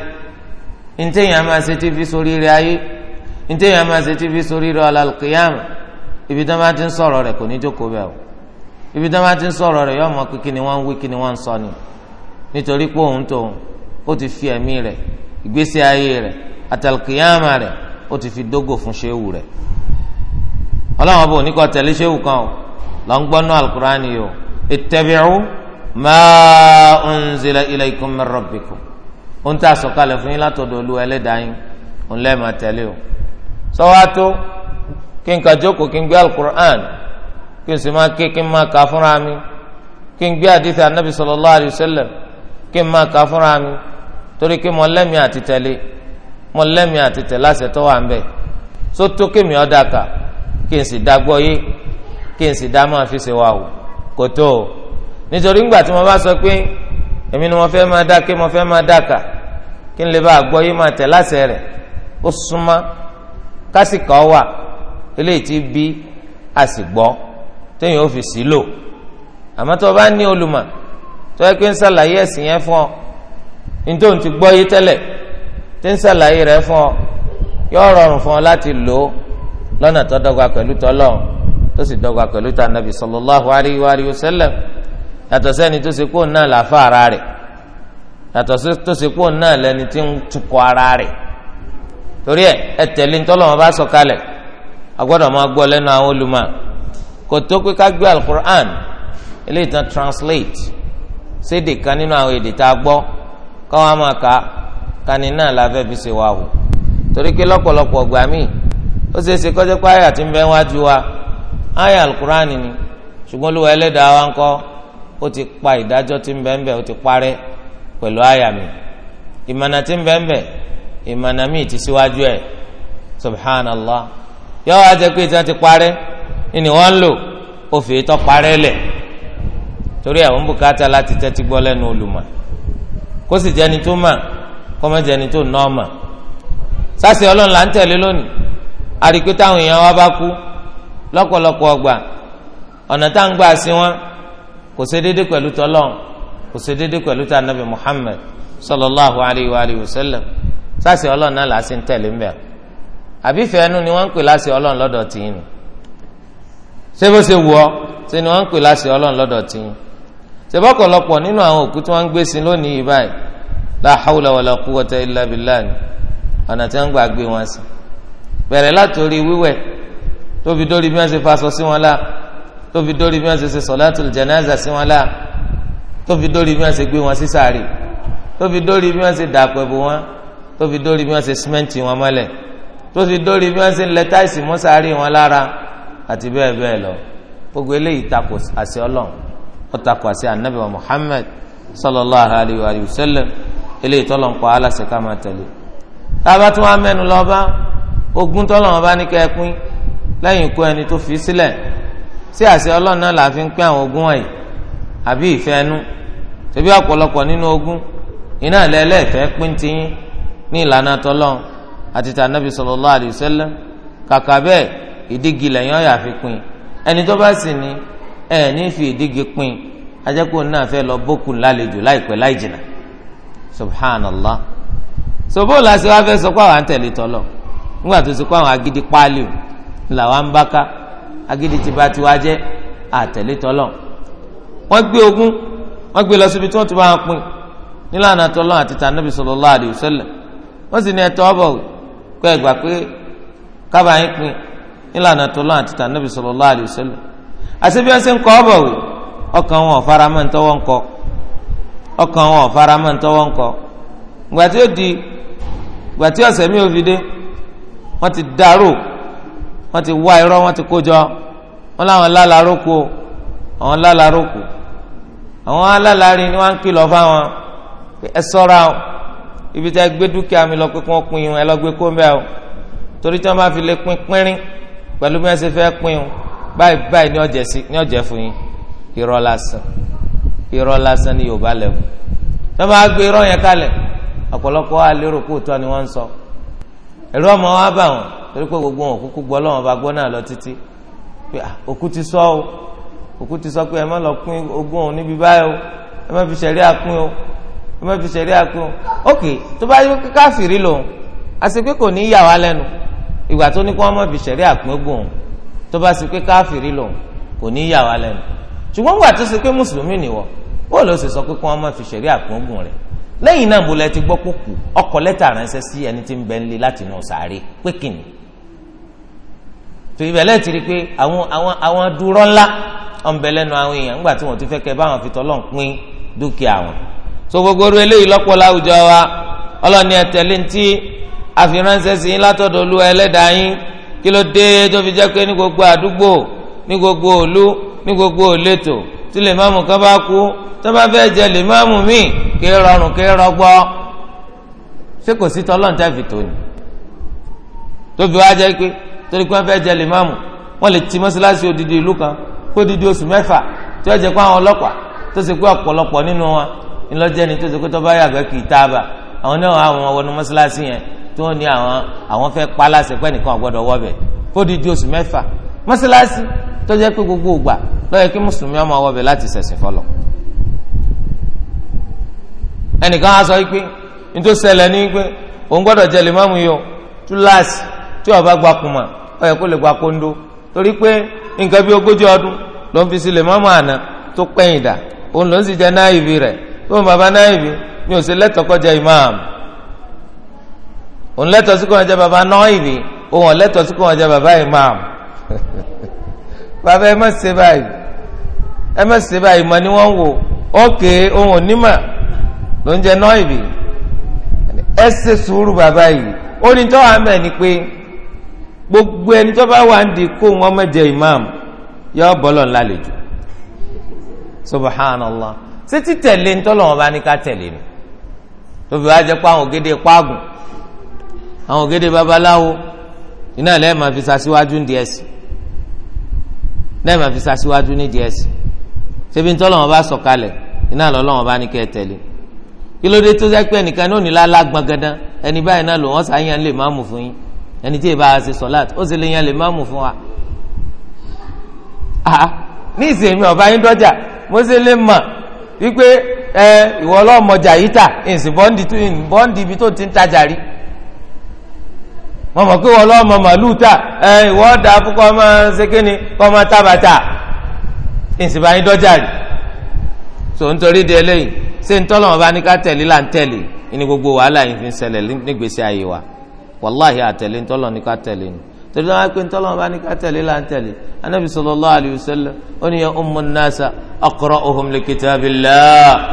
ntẹ̀yàn máa ṣe tí fi sórí rẹ̀ ayé ntẹ̀yàn máa ṣe tí fi sórí rẹ̀ ọ̀la kìyàmù ibi ti ń sọ̀rọ̀ rẹ̀ kò ní jókòó bẹ́ẹ̀ o ibi tí wọn bá ti ń sọ̀rọ̀ rẹ̀ yóò mọ̀ pé kí ni wọn ń wí kí ni wọn ń sọ ni nítorí pé òun tóun ó ti fi ẹ̀mí rẹ̀ ìgbésí ayé rẹ̀ àtàlùkìyàmà rẹ̀ ó ti fi dógò fún ṣéwù rẹ̀ ọlọ́wọ́n bò ní tẹ̀lé ṣéwù kan o lọ ń gbọ́nú alukur'ani o ittabi'u ma unzila ilaykum min rabbikum ohun tí a sọ kalẹ̀ fún yín látọ̀dọ̀ olú ẹlẹ́dàá yín òun lẹ́ẹ̀ tẹ̀lé o sọ wá tó kí n kà jókòó kí n gbé alukur'ani. kí n sì máa ké kí n máa kà fúnra mi kí n gbé àdìsí anabi sallallahu alayhi kí n máa kà fúnra mi torí kí mo lẹ́mìí àti tẹ̀lé mo lẹ́mìí àti tẹ̀lé àṣẹ wà ń bẹ̀ sótó kémi ọ̀dà kà kí n sì dá gbọ́ yé kí n sì dá máa fi ṣe wà o kò tó o nítorí ńgbà tí mo bá sọ pé èmi ni mo fẹ́ máa dá mo fẹ́ n lè téèyàn ó fi sí lò àmọ́ tó o bá ní olùmọ̀ tó ẹ kí ń ṣàlàyé ẹ̀sìn yẹn fún ọ nítorí ti gbọ́ yé tẹ́lẹ̀ tí ń ṣàlàyé rẹ fún ọ yóò rọrùn fún ọ láti lò ó lọ́nà tó dọ́gba pẹ̀lú tọ́lọ́run tó sì dọ́gba pẹ̀lú ta nàbì ara rẹ̀ yàtọ̀ tó ṣe kóun náà kò tó pé ká gbé alukur'an eléyìí tán translate sédè kan nínú àwọn èdè tá gbọ́ káwọn máa ka kani náà la fẹ́ fi ṣe o torí pé lọ́pọ̀lọpọ̀ ọgbà mi ó ṣeé ṣe kọ́jọ́ pé àyà ti ń bẹ wájú wa àyà alukur'an ni ṣùgbọ́n olúwa ti pa ìdájọ́ ń ń ó ti parẹ́ pẹ̀lú àyà mi ìmọ̀nà ń ń ni wọ́n ń lò ó fi parẹ́ lẹ̀ torí ẹ̀ bùkátà láti tẹ́tí gbọ́ lẹ́nu olùmọ̀ kó sì jẹ́ni tó mà kó má jẹ́ni tó nà ọ̀mà sásì ọlọ́run là ń tẹ̀lé lónìí táwọn èèyàn wa bá kú lọ́pọ̀lọpọ̀ ọgbà ọ̀nà tá à ń gbà sí wọn kò ṣe déédéé pẹ̀lú kò ṣe déédéé pẹ̀lú muhammed sallallahu alayhi wa alihi wa sallam sásì ọlọ́run náà là á sì ń tẹ̀lé mbẹ́ àbífẹ́ ẹnu ṣé bó ṣe wù ọ ṣe ni wọ́n ń pè láṣẹ Ọlọ́run lọ́dọ̀ tí ń ṣe bọ́pọ̀lọpọ̀ nínú àwọn òkú tí wọ́n ń gbé sí lónìí báyìí la hawla wala quwwata illa billah ni ọ̀nà tí wọ́n ń gbà gbé wọn sí bẹ̀rẹ̀ látòrí wíwẹ̀ tóbi dórí bí wọ́n ṣe faṣọ sí wọn lá tóbi dórí bí wọ́n ṣe ṣe sọ̀látùl janaza sí wọn lá tóbi dórí bí wọ́n ṣe gbé wọn sí sàárè tóbi dórí bí wọ́n ṣe dàpẹ̀ bò wọn tóbi dórí bí wọ́n ṣe símẹ́ǹtì wọn mọ́lẹ̀ tóbi dórí bí wọ́n ṣe ń lẹ táìsì wọn lára àti bẹ́ẹ̀ bẹ́ẹ̀ lọ gbogbo eléyìí takò àṣẹ ọlọ́run ó takò àṣẹ anabi wa muhammed sallallahu alayhi wa sallam eléyìí tọ́lọ̀ ń pa aláṣẹ ká máa tẹ̀lé tába tí wọ́n á mẹ́nu lọ bá ogún tọ́lọ̀ wọn bá ní ká ẹ pín lẹ́yìn ikú ẹni tó fi sílẹ̀ sí àṣẹ ọlọ́run náà la fi ń pín àwọn ogún wọ̀nyí àbí ìfẹ́ ẹnu ṣebí ọ̀pọ̀lọpọ̀ nínú ogún iná lẹ́lẹ́fẹ́ ìdígi lẹ́yìn ọ̀yà fi pin ẹni tó bá sì ní ẹ fi ìdígi pin ajẹ́kùn náà fẹ́ lọ bókun lálejò láìpẹ́ láì jìnnà subhanallah sobo wá fẹ́ sọ pé àwọn àǹtẹ̀lẹ̀ tọ́lọ̀ nígbà tó sọ pé àwọn agidi páálíù làwọn ń báká agidi tiba tiwa jẹ́ àtẹ̀lẹ̀ tọ́lọ̀ wọ́n gbé ogún wọ́n gbé lọ síbi tí wọ́n ti bá wọn pin nílànà tọ́lọ́ àti tànàbí nílànà tó lọ́n àti tànàbì sallallahu alaihi wasallam àti bí wọ́n ṣe ń kọ́ ọ̀bọ̀wé ọkàn wọn ọ̀fara mọ́ ntọ́wọ́ ń ọkàn wọn ọ̀fara mọ́ ntọ́wọ́ ń ìgbà tí ó di ìgbà tí ọ̀sẹ̀ mi ò fi dé wọ́n ti dàrú wọ́n ti wá irọ́ wọ́n ti kójọ wọ́n láwọn lálàrókù o àwọn lálàrókù àwọn alálàárín ni wọ́n ń kìlọ̀ fáwọn ẹ sọ́ra o ibi tí a gbé dúkìá mi lọ pé kí wọ́n pin ẹ lọ gbé kó o torí tí wọ́n bá fi lè pin pínrín pẹ̀lú bí wọ́n ṣe fẹ́ pín un báyìí báyìí ní ọ̀jẹ̀ sí ní ọ̀jẹ̀ fún yín irọ́ lásán irọ́ lásán ní yorùbá lẹ́wù tó bá gbé irọ́ yẹn kalẹ̀ ọ̀pọ̀lọpọ̀ wa lérò kó ni wọ́n ń sọ ẹ̀rọ ọmọ wa bà wọ́n torí pé gbogbo wọn kúkú gbọ́ lọ́wọ́ bá gbọ́ náà lọ títí pé òkú ti sọ o òkú ti sọ pé ẹ má lọ pín ogún òun níbi báyìí o ẹ má fi ṣẹ̀rí àpín o ẹ má fi ṣẹ̀rí àpín o ok tó bá yẹ kó lòun àti pé kò ní í yà wá lẹ́nu ìgbà tó ní kí wọ́n má fi ṣẹ̀rí àpéngùn tó bá sì pé káfìrí lòun kò ní yà wá lẹ́nu ṣùgbọ́n ìgbà tó sì pé mùsùlùmí nìwọ bóòlù ó sì sọ pé kí wọ́n má fi ṣẹ̀rí àpéngùn rẹ̀ lẹ́yìn náà mo lẹ ti gbọ́ pòkù ọkọ̀ lẹ́tà ránṣẹ́ sí ẹni tí ń bẹ ń le láti nù sàárè pé kìnnì tó ibẹ̀ lẹ́ẹ̀ ti rí i pé àwọn àwọn àwọn dúró ńlá ọ̀nbẹ lẹ́nu àwọn èèyàn ńgbà tí wọ́n ti fẹ́ kẹ́ báwọn fi tọ́lọ́ pín dúkìá wọn. so gbogbo orí eléyìí lọ́pọ̀ láwùjọ wa ọlọ́ni ẹ̀tẹ̀lé ń tí àfiránṣẹ́ sí yín látọ̀dọ̀ olúwa ẹlẹ́dàá yín kí ló dé tó fi jẹ́ pé ní gbogbo àdúgbò ní gbogbo òlu ní gbogbo ìletò tí lè máàmù kan bá kú tó bá fẹ́ jẹ lè máàmù míì kí rọrùn kí rọgbọ ṣé kò sí tọ́lọ́ǹtà fìtò ni tó fi wá jẹ́ pé torí pé wọ́n fẹ́ jẹ lè máàmù wọ́n lè ti mọ́ṣáláṣí odidi ìlú kan kó odidi oṣù mẹ́fà tí wọ́n jẹ́ pé àwọn ọlọ́pàá tó ṣe pé ọ̀pọ̀lọpọ̀ nínú wọn ńlọjẹ́ni tó ṣe pé tó tó ní àwọn àwọn fẹ́ paláṣẹ pé nìkan ọ̀gbọ́dọ̀ wọ́bẹ̀ fódìdí oṣù mẹ́fà mọ́sálásí tó jẹ́ pé gbogbo ògbà ló yẹ kí mùsùlùmí ọmọ wọ́bẹ̀ láti ṣẹ̀sìn fọlọ́ ẹnìkan á sọ pé nítorí ṣẹlẹ̀ ní pé òun gbọ́dọ̀ jẹ́ lèmọ́mù yìí o túláàsì tí ó bá gba kùmà ó yẹ kó lè gba kóńdó torí pé nǹkan bí ogójì ọdún ló ń fi sí lèmọ́mù àná tó pẹ́yìn dà òun ló ń sì jẹ́ náà ìbí rẹ̀ tóun bàbá náà ìbí ni ò sí lẹ́tọ̀ọ́ kọjá òun lẹ́tọ̀ọ́ sí kó wọn jẹ́ baba nọ́ọ̀ìbì òun ò lẹ́tọ̀ọ́ sí kó wọn jẹ́ bàbá imam bàbá ẹ má ṣe báyìí ẹ má ṣe báyìí mọ ni wọ́n ń wò ókè òun ò ní mà ló ń jẹ nọ́ọ̀ìbì ẹ ṣe sùúrù bàbá yìí ó ní tọ́wọ́ àmẹ́ ni pé gbogbo ẹni tó bá wà ń di kó wọn má imam yọ bọ́lọ̀ ńlá lè jù subhanallah ṣé títẹ̀lé ń tọ́lọ̀ wọn bá ní ká tẹ̀lé ni tóbi wá jẹ́ pé àwọn ògèdè pààgùn àwọn ògèdè babaláwo iná lẹ́ẹ̀ máa fi sàṣíwájú ní díẹ̀ sí lẹ́ẹ̀ máa fi sàṣíwájú ní díẹ̀ sí ṣébi ń tọ́lọ́wọ́n bá sọ̀kalẹ̀ iná lọ́lọ́wọ́n bá ní kẹ́ ẹ tẹ̀lé kí ló dé tó jẹ́ pé ẹnìkan ní ònílá lágbọ́n gandan ẹni báyìí náà lò wọ́n sàáyàn lè máàmù fún yín ẹni tí ìbá ṣe sọ̀láàt ó sì lè yan lè máàmù fún wa. ní ìsèmi ọ̀bá yín dọ́jà mo ṣe lè mọ̀ wípé ìwọ ọlọ́mọjà yìí tà ìsìn bọ́ǹdì ibi tó ti ń tajà rí wọ́n mọ̀ pé wọ́n lọ́ mọ màlúù tà ẹ ìwọ́ da kọ́ máa ṣe kíni kọ́ máa tábàtà ìsìnbà yín dọ́jà rí tó ń torí di eléyìí ṣé ń tọ́lọ̀ wọn bá ní ká tẹ̀lé là ń tẹ̀lé ní gbogbo wàhálà yìí fi ń ṣẹlẹ̀ nígbèsè ayé wa wàláhì àtẹ̀lé ń tọ́lọ̀ ní ká tẹ̀lé ni torí wọn pe ń wọn bá ní ká tẹ̀lé là ń tẹ̀lé anábì sallallahu alayhi ó ní ya ummun nasa aqra'uhum li kitabillah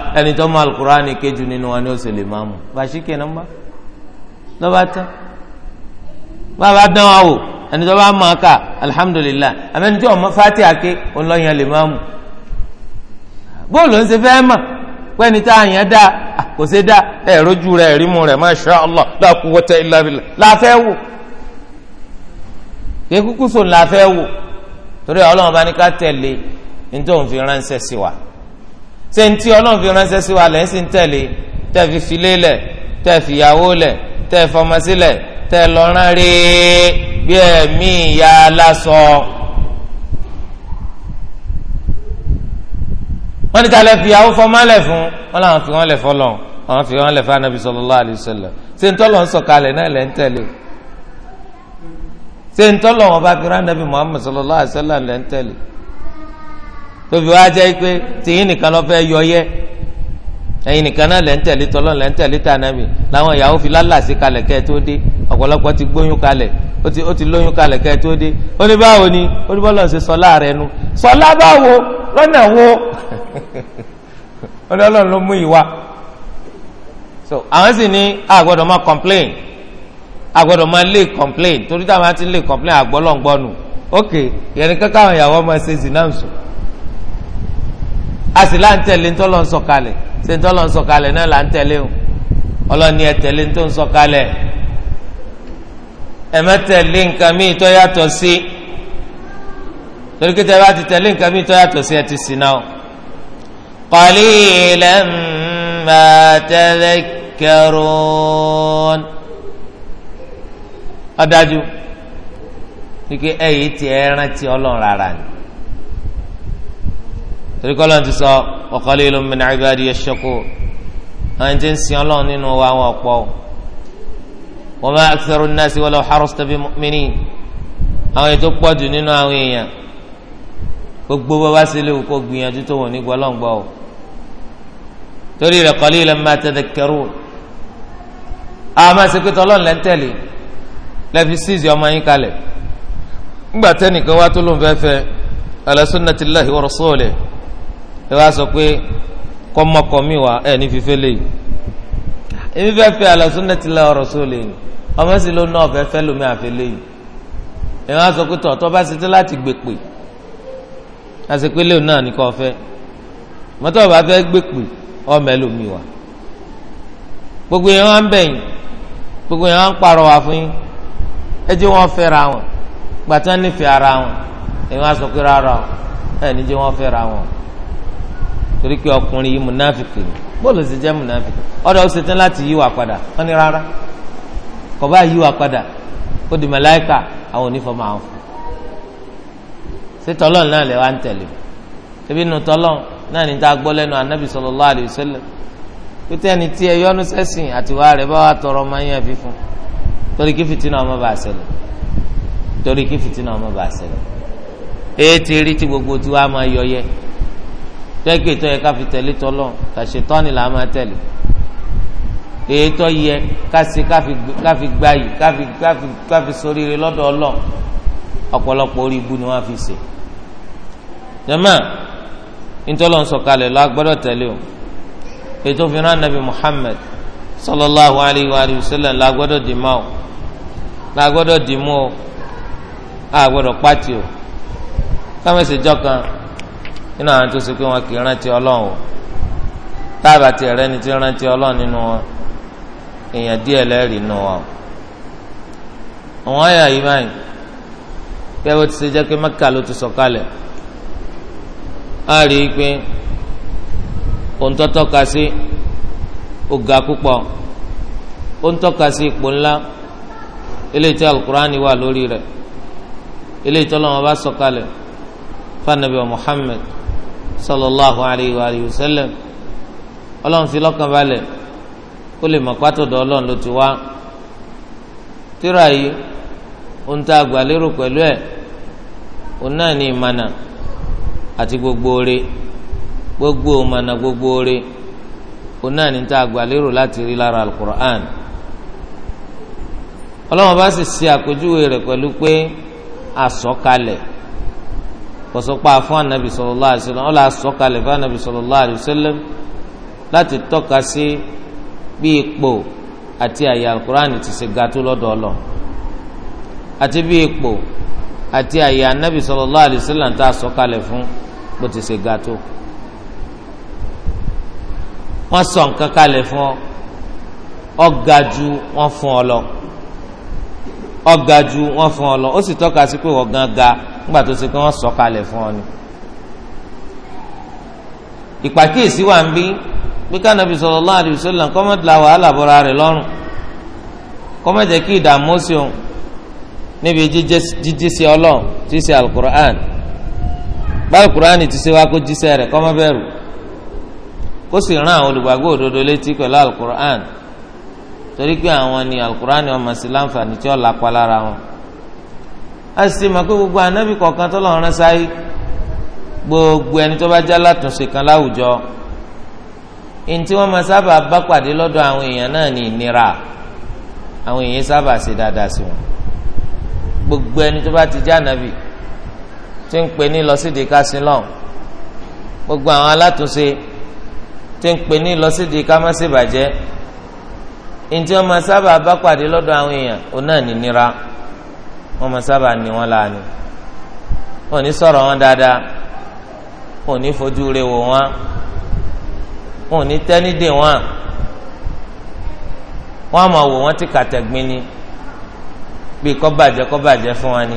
bá bá dán wa wò ẹni tó bá mọ̀ ọ́ kà alihamudulilayi àmẹ́ni tí ọmọ fati ake ọlọ́yìn lè máa mú bóòlù ń ṣe fẹ́ mọ̀ pé ẹni tá a yàn dá kò ṣe dá ẹ̀ rojú rẹ̀ rímú rẹ̀ masha allah la quwwata illa billah láfẹ́ wò kékuku sùn láfẹ́ wò torí ọlọ́run bá ní ká tẹ̀lé ní tó ń fi ránṣẹ́ sí wa ṣé ní tí ọlọ́run fi ránṣẹ́ sí wa lẹ́yìn sí ń tẹ̀lé tẹ́ fi filé lẹ̀ tẹ́ fi yàwó lẹ̀ tẹ́ fọmọ sílẹ̀ tẹ lọ́rán rí bí ẹ̀mí ìyá aláṣọ. wọ́n ní talẹ̀ fi àwọn fọmọ́lẹ̀ fún wọn làwọn fi wọ́n lẹ̀ fọlọ́ àwọn fi wọ́n lẹ̀ fún anabi sallallahu alaihi wasallam ṣé ń tọ́lọ̀ ń sọ̀kalẹ̀ náà lẹ́ ń tẹ̀lé ṣé ń tọ́lọ̀ wọn bá fi anabi muhammad sallallahu alaihi wasallam lẹ́ ń tẹ̀lé tóbi wá jẹ́ pé tìyín nìkan lọ́ fẹ́ yọ yẹ́ ẹ̀yin nìkan náà lẹ́ ń tẹ̀lé tọ́lọ́ lẹ́ ń tẹ̀lé tànàbì làwọn ìyàwó fi lálàsí kalẹ̀ kẹ́ ẹ tó dé ọ̀pọ̀lọpọ̀ ti gbóyún kalẹ̀ ó ti ó ti lóyún kalẹ̀ kẹ́ ẹ tó dé ó ní báwo ni ó ní bọ́lá sọlá rẹ nu sọlá báwo lọ́nà wo ó ní ọlọ́run ló mú ìwà so àwọn sì ní àgbọ̀dọ̀ máa complain àgbọ̀dọ̀ máa lè complain torí táwọn á ti lè complain àgbọ̀lọ́ngbọ́nù ok yẹnì kankan àwọn ìyàwó máa ṣe zinamsu a sì là ń tẹ̀lé ntọ́lọ́ ń sọ̀kalẹ̀ ṣe ntọ́lọ́ ń sọ̀kalẹ̀ náà là ń tẹ̀lé o ọlọ́ni ẹ tẹ̀lé ntọ́ ń sọ̀kalẹ̀ ẹ má tẹ̀lé nǹkan míì tó yàtọ̀ sí torí kí tẹ̀lé bá ti tẹ̀lé nǹkan míì tó yàtọ̀ sí ẹ ti sìn náà qalilan ma tadhakkarun ọ̀dájú ní kí ẹ̀yìn tiẹ̀ rántí ọlọ́run rárá ni torí kọ́ lọ́n ti sọ wa qalilun min ibadiya ash-shakur àwọn tí ń sin ọlọ́run nínú wa wọn ọ̀pọ̀ wa ma aktharu an-nasi walau harasta bi mu'minin àwọn ètò pọ̀jù nínú àwọn èèyàn gbogbo bó bá sílẹ̀ kó gbìyànjú tó wọn ní gbọ́lọ́ngbọ́ o torí rẹ̀ qalilan ma tadhakkarun àwọn máa ṣe pé tọ́lọ́run lẹ́ ń tẹ̀lé lẹ́fi síìsì ọmọ yín kalẹ̀ ńgbà tẹ́nìkan wá tó lóun fẹ́ fẹ́ ala ẹ wá sọ pé kọ́mọkọ mi wà ẹ ní fífẹ́ lè èmi fẹ́ fẹ́ ala sunnati la wa rasuli ni ọmọ sì ló ná ọ̀fẹ́ fẹ́ lómi àfẹ́ lè ẹ wá sọ pé tọ̀tọ̀ bá ṣe tẹ́ láti gbè pè àti pé léwu náà ní kò fẹ́ mọ́tò bá fẹ́ gbè pè ọmọ ẹ lómi wà gbogbo yẹn wá ń bẹ̀yìn gbogbo yẹn wá ń pàrọwà fún yín ẹ jẹ́ wọ́n fẹ́ ra wọn gbàtà nífẹ̀ẹ́ ara wọn ẹ wá sọ pé rárá ẹ ní jẹ́ wọ́n fẹ́ ra wọn torí pé ọkùnrin yìí múnáfìkì ni bóòlù sì jẹ́ múnáfìkì ọ̀dọ̀ ó ṣetán láti yíwà padà wọ́n ní rárá kò bá yíwà padà ó di màláíkà àwọn onífọ̀mọ́ àwọn fún ṣé tọ́lọ́ náà lè wá ń tẹ̀lé ṣébí inú tọ́lọ́ náà ní tá gbọ́ lẹ́nu anábì sallallahu alaihi wasallam pété ẹni tí ẹ yọ́nú sẹ́sìn àtiwá rẹ̀ bá wà tọrọ máa ń yàn fífún torí kí fìtínà ọmọ bá ṣẹlẹ̀ torí kí fìtínà ọmọ bá ṣẹlẹ̀ èyí rí tí gbogbo tí wàá máa yọ yẹ tẹ́kì tó yẹ ká fi tẹ̀lé tọ́lọ́ tàṣetọ́ni là á máa tẹ̀lé èyí yẹ ká ká fi gbayì ká fi ṣoríire lọ́dọ̀ ọlọ́ ọ̀pọ̀lọpọ̀ orí ibu ni wọ́n fi ṣe. jẹ́mà ntọ́lọ́ ń sọ̀kalẹ̀ lọ agbọ́dọ̀ tẹ̀lé o ètò ìfìràn nàbì Muhammad sallallahu alayhi wa sallam la agbọ́dọ̀ dì o la agbọ́dọ̀ dì a pàtì o kámẹ́sì jọ nínú àwọn tó ṣe pé wọn kì í rántí ọlọ́run o táàbà tí ẹ̀rẹ́ ni ti rántí ọlọ́run nínú wọn èèyàn díẹ̀ lẹ́rìí nù wọn. àwọn àyà yìí báyìí kẹ́ bó ti ṣe jẹ́ pé mẹ́kà ló ti sọ̀kalẹ̀ á rí i pé ohun tó tọ́ka sí ó púpọ̀ ó ń tọ́ka sí ipò ńlá eléyìí tí alukur'ani wà lórí rẹ̀ eléyìí tí Ọlọ́run bá sọ̀kalẹ̀ fanabi wa Muhammad sallallahu alayhi wa alihi wa sallam ọlọ́run fi lọ́kàn balẹ̀ kó lè mọ̀ pátó dọ̀ ọlọ́run ló gbogbo oore gbogbo ìmànà gbogbo oore òun náà ní tá láti rí lára alukur'an bá sì ṣe kọsọpá fún anabi sallallahu alaihi wasallam ọlọ asọkalẹ fún anabi sallallahu alaihi wasallam láti tọ́ka sí bí ipò àti àyè alukur'an ti ṣe ga tó lọ́dọ̀ ọlọ àti bí ipò àti àyè anabi sallallahu alaihi wasallam tá a sọ̀kalẹ̀ fún bó ti ṣe ga tó wọ́n sọ nǹkan kalẹ̀ fún ọ ọ ga ju wọ́n fún ọ lọ. ọ̀gá ju wọn fún ọ lọ ó sì tọ́ka sí pé wọ́n gan ga nígbà tó ṣe pé fún ọ ni. ìpàkíyèsí wà ń bí pé kánàbì sallallahu alaihi wasallam kọ́mọ̀tì la wàhálà bọ́ra rẹ̀ lọ́rùn kọ́mọ̀tì kí ìdààmú sí òun níbi jíjí sí ọlọ́run tí í ṣe alukur'an ti ṣe wá kó jíṣẹ́ rẹ̀ kó sì torí pé àwọn ni alukur'an ni wọn mọ̀ sí láǹfààní tí wọ́n lápá lára wọn. a sì mọ̀ pé gbogbo anábì kọ̀ọ̀kan tó lọ́ọ́ rán sáyé gbogbo ẹni tó bá já látúnṣe kan láwùjọ ẹni tí wọ́n máa sábà bá pàdé lọ́dọ̀ àwọn èèyàn náà ní ìnira àwọn èèyàn sábà ṣe dáadáa sí wọn gbogbo ẹni tó bá ti já nàbì tí ń pè ní lọ́sídìí kásílọ́n gbogbo àwọn alátúnṣe tí ń pè ní lọ́sídìí kámásìbàjẹ́ ntí wọn máa sábà bá pàdé lọ́dọ̀ àwọn èèyàn òun náà ní nira wọn máa sábà ní wọn láàánú wọn ní sọ̀rọ̀ wọn dáadáa wọn ní fojú rẹ̀ wò wọn wọn ní tẹ́ni dè wọn wọn máa wò wọn ti kàtẹ́gbin ni bí kọ́ bàjẹ́ kọ́ bàjẹ́ fún wọn ni.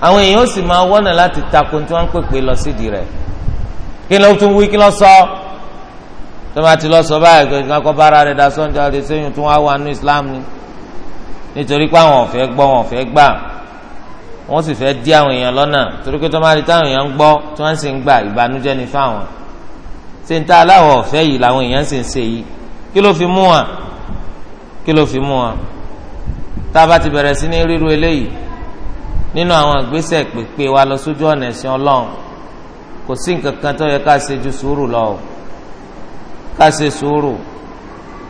àwọn èèyàn ó sì máa wọ́nà láti takò tí wọ́n ń pèpè lọ sídìí rẹ̀ kí ló tún wí kí ló sọ. So? tó bá ti lọ sọ báyìí pé kankan bára rẹ̀ da sọ́njà rẹ̀ sẹ́yìn tó wá wà nínú islam ni nítorí pé àwọn ọ̀fẹ́ gbọ́ wọn ọ̀fẹ́ gbà wọ́n sì fẹ́ dí àwọn èèyàn lọ́nà torí pé tó máa rí táwọn èèyàn ń gbọ́ tí wọ́n sì ń gbà ìbànújẹ́ ni fáwọn ṣe ń ta aláwọ̀ ọ̀fẹ́ yìí làwọn èèyàn sì ń ṣe yìí kí ló fi mú wa kí ló fi mú wa tá a bá ti bẹ̀rẹ̀ sí ní ríru eléyìí nínú àwọn ìgbésẹ̀ pèpè wa lọ sójú ọ̀nà ẹ̀sìn ọlọ́run kò sí nǹkan kan tó yẹ ká ṣe ju sùúrù lọ o ká ṣe sùúrù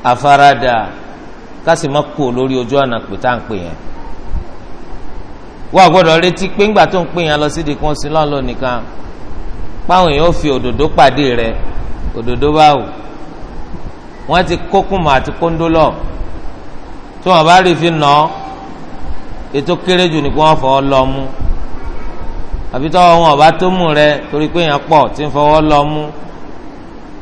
àfaradà ká sì má kú lórí ojú ọ̀nà pé tá à ń pè yẹn wọ́n gbọ́dọ̀ retí pé ńgbà tó ń pè yẹn lọ sí di kan sí lọ́nà nìkan páwọn èèyàn fi òdòdó pàdé rẹ òdòdó báwò wọ́n ti kókùnmọ̀ àti kóńdólọ̀ tí wọ́n bá rí fi nà ọ́ ètò kéré jù ní kí wọ́n fọwọ́ lọ mú àbí tọ́wọ́ wọn ọba tó mú rẹ torí pé èèyàn pọ̀ tí ń fọwọ́ lọ mú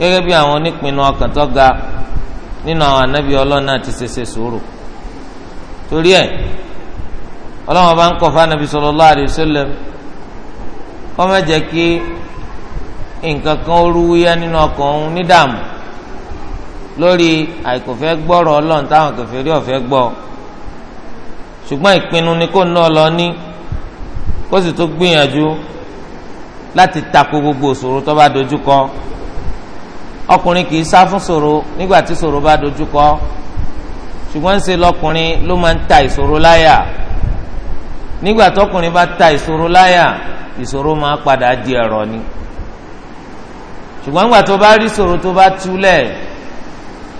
gẹ́gẹ́ bí àwọn onípinnu ọkàn tó ga nínú àwọn anábì ọlọ́run náà ti ṣe ṣe sùúrù torí ẹ̀ ọlọ́run bá ń kọ̀ fáànàbí sallallahu alaihi wasallam kọ́ má jẹ́ kí nǹkan kan ó rúwúyá nínú ọkàn òun ní dààmú lórí àìkòfẹ́ gbọ́rọ̀ ọlọ́run táwọn kẹfẹ́ rí ọ̀fẹ́ gbọ́ ṣùgbọ́n ìpinnu ni kó ná lọ ní kó sì tó gbìyànjú láti tako gbogbo òṣòro tó bá dojú kọ ọkùnrin kì í sá fún ṣòro nígbà tí ṣòro bá dojú kọ ṣùgbọ́n ṣe lọkùnrin ló máa ń ta ìṣòro láyà nígbà tọkùnrin bá ta ìṣòro láyà ìṣòro máa padà di ẹ̀rọ ni ṣùgbọ́n nígbà tó bá rí ṣòro tó bá túlẹ̀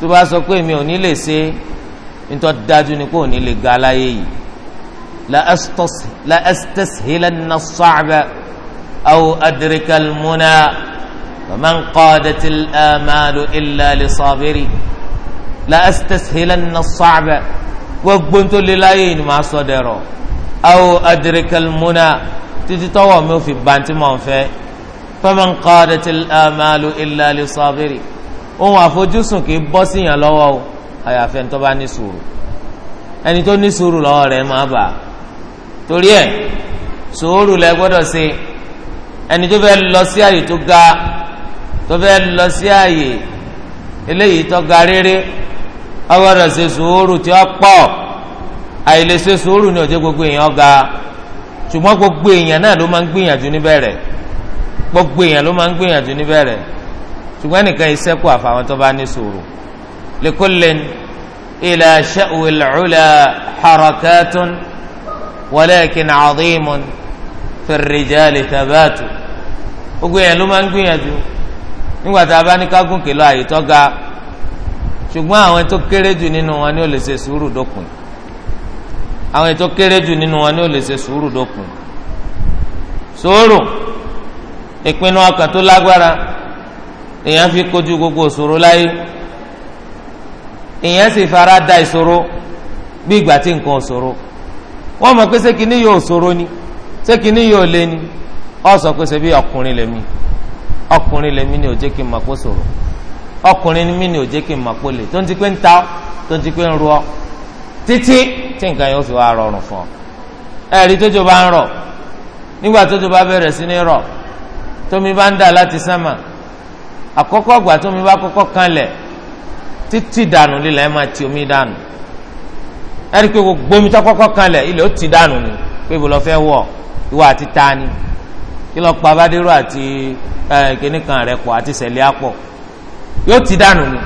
tó bá sọ pé mi ò ní lè ṣe nítorí dájú ni pé ò ní lè ga láyé yìí la astashila na sa'ba aw adrikal muna. ومن قادت الآمال إلا لصابري لا أستسهلن الصعب وقبنت للايين مع صدره أو أدرك المنى تتطوى مو في بانت منفى فمن قادت الآمال إلا لصابري òun àfojúsùn kì í bọ́ síyàn lọ́wọ́ o àyàfẹ́ ní tó bá ní sùúrù ẹni tó ní sùúrù lọ́wọ́ rẹ̀ máa bà á torí ẹ̀ sùúrù lẹ gbọ́dọ̀ ṣe ẹni tó fẹ́ lọ sí àyè tó ga tó fẹ́ lọ sí ààyè eléyìí tó ga rere ọgbọ́dọ̀ ṣe sùúrù tí ó pọ̀ àìlè ṣe sùúrù ni òjò gbogbo èèyàn ga ṣùgbọ́n gbogbo èèyàn náà ló máa ń gbìyànjú níbẹ̀rẹ̀ gbogbo èèyàn ló máa ń gbìyànjú níbẹ̀rẹ̀ ṣùgbọ́n nìkan iṣẹ́ kù àfàwọn tó bá ní sùúrù likullin ila sha'wil ula harakatun walakin adimun fi rijali thabatu gbogbo èèyàn ló máa ń gbìyànjú nígbà tá a bá ní ká gòkè lọ àyè tó ṣùgbọ́n àwọn tó kéré jù nínú wọn ni ó lè ṣe sùúrù dópin àwọn tó kéré jù nínú wọn ni ó lè ṣe sùúrù dópin sùúrù ìpinnu ọkàn tó lágbára èèyàn fi kojú gbogbo ìṣòro láyé èèyàn sì fara da ìṣòro bí ìgbà tí nǹkan ṣòro wọ́n mọ̀ pé ṣé kinní yóò ṣòro ni ṣé kinní yóò lé ni ọ sọ pé ṣe bí ọkùnrin lèmi ọkùnrin lèmi ni ò jẹ́ kí n mọ̀ kó sọ̀rọ̀ ọkùnrin mi ni ò jẹ́ kí n mọ̀ kó lè tó ń ti pé ń ta ọ́ tó ń ti pé ń ru ọ́ títí tí nǹkan yóò fi wá rọrùn fún ọ. ẹ̀rí tójò bá ń rọ̀ nígbà tójò bá bẹ̀rẹ̀ sí ní rọ̀ tómi bá ń dà láti sánmà àkọ́kọ́ ìgbà tómi bá kọ́kọ́ kanlẹ̀ títí dànù lílẹ̀ ẹ̀ máa ti omi dànù ẹ̀rí pé gbogbo tó kọ́kọ́ kanlẹ̀ ilẹ̀ ó ti dànù ni pé ibùdó fẹ́ wọ̀ ìwà àti tani kí lọ pa abádéró àti kìnnìkan rẹ pọ̀ àti sẹ̀lẹ̀ àpọ̀ yóò ti dànù ni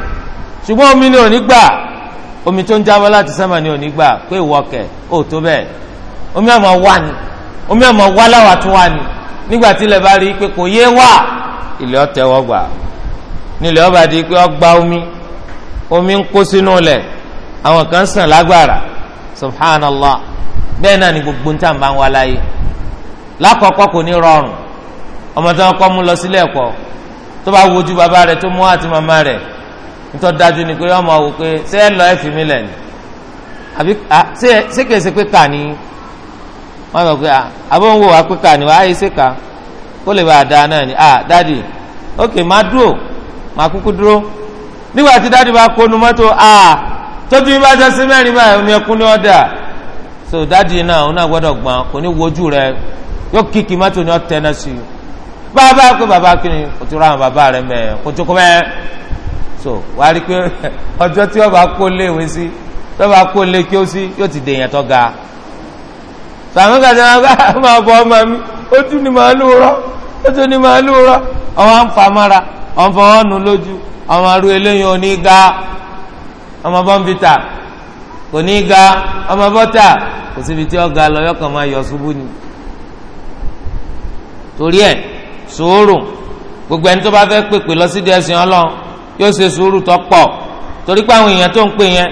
ṣùgbọ́n omi ni òní gbà omi tó ń jábọ́ láti sẹ́mà ni òní gbà pé ìwọ́kẹ̀ ó tó bẹ́ẹ̀ omi àmọ́ wà ní omi àmọ́ wà láwà tó wà ní nígbà tí ilẹ̀ bá rí pé kò yé wà ilé ọ̀tẹ̀ wọ́n gbà nílẹ̀ ọba di pé ọgbà omi omi ń kó sínú lẹ̀ àwọn kan sàn lágbára subhanallah bẹ́ẹ̀ náà ni gbogbo ń tàn bá ń wá láyé. lákọ̀ọ́kọ́ kò ní rọrùn ọmọ tí wọn kọ́ lọ sílé ẹ̀kọ́ tó bá wojú bàbá rẹ tó mú àti màmá rẹ̀ nítorí dájú ni pé ọmọ wò pé ṣé ẹ lọ ẹ fi mí ni àbí ṣé kìí ṣe pé kà ní wọn sọ pé àbọ̀ ń wò wá pé kà ní ṣe kà kó lè bàa náà ni ah dáàdì ok dúró kúkú dúró nígbà tí dáàdì bá kó nu mọ́tò ah tóbi bá sí mẹ́rin báyìí omi so dáàdì náà yóò kíkì mọ́tò ni ọ́ tẹ́ná sí i bàbá pé bàbá kí ni o ti rọ àwọn bàbá rẹ mẹ́ẹ̀ kó tó kó mẹ́ẹ̀ so wà á rí i pé ọjọ́ tí wọ́n bá kó léèwé sí wọ́n bá kó lé kí ó sí yóò ti dèèyàn tó ga sàmúlò kàtà máa bọ ọmọ mi ojú ni màá lù rọ ojú ni màá lù rọ ọmọ à ń fa mára ọmọ fọwọ́ nù lójú ọmọ arú eléyìí ò ga ọmọ bọ́ǹbìtà kò ní ga ọmọ bọ́tà kò síbi tí ọ̀gá lọ yọkàn máa yọ ṣubú ni torí ẹ̀ sùúrù gbogbo ẹni tó bá fẹ́ pèpè lọ sí ẹ̀sìn Ọlọ́run yóò ṣe sùúrù tó pọ̀ torí pé àwọn èèyàn tó ń pè yẹn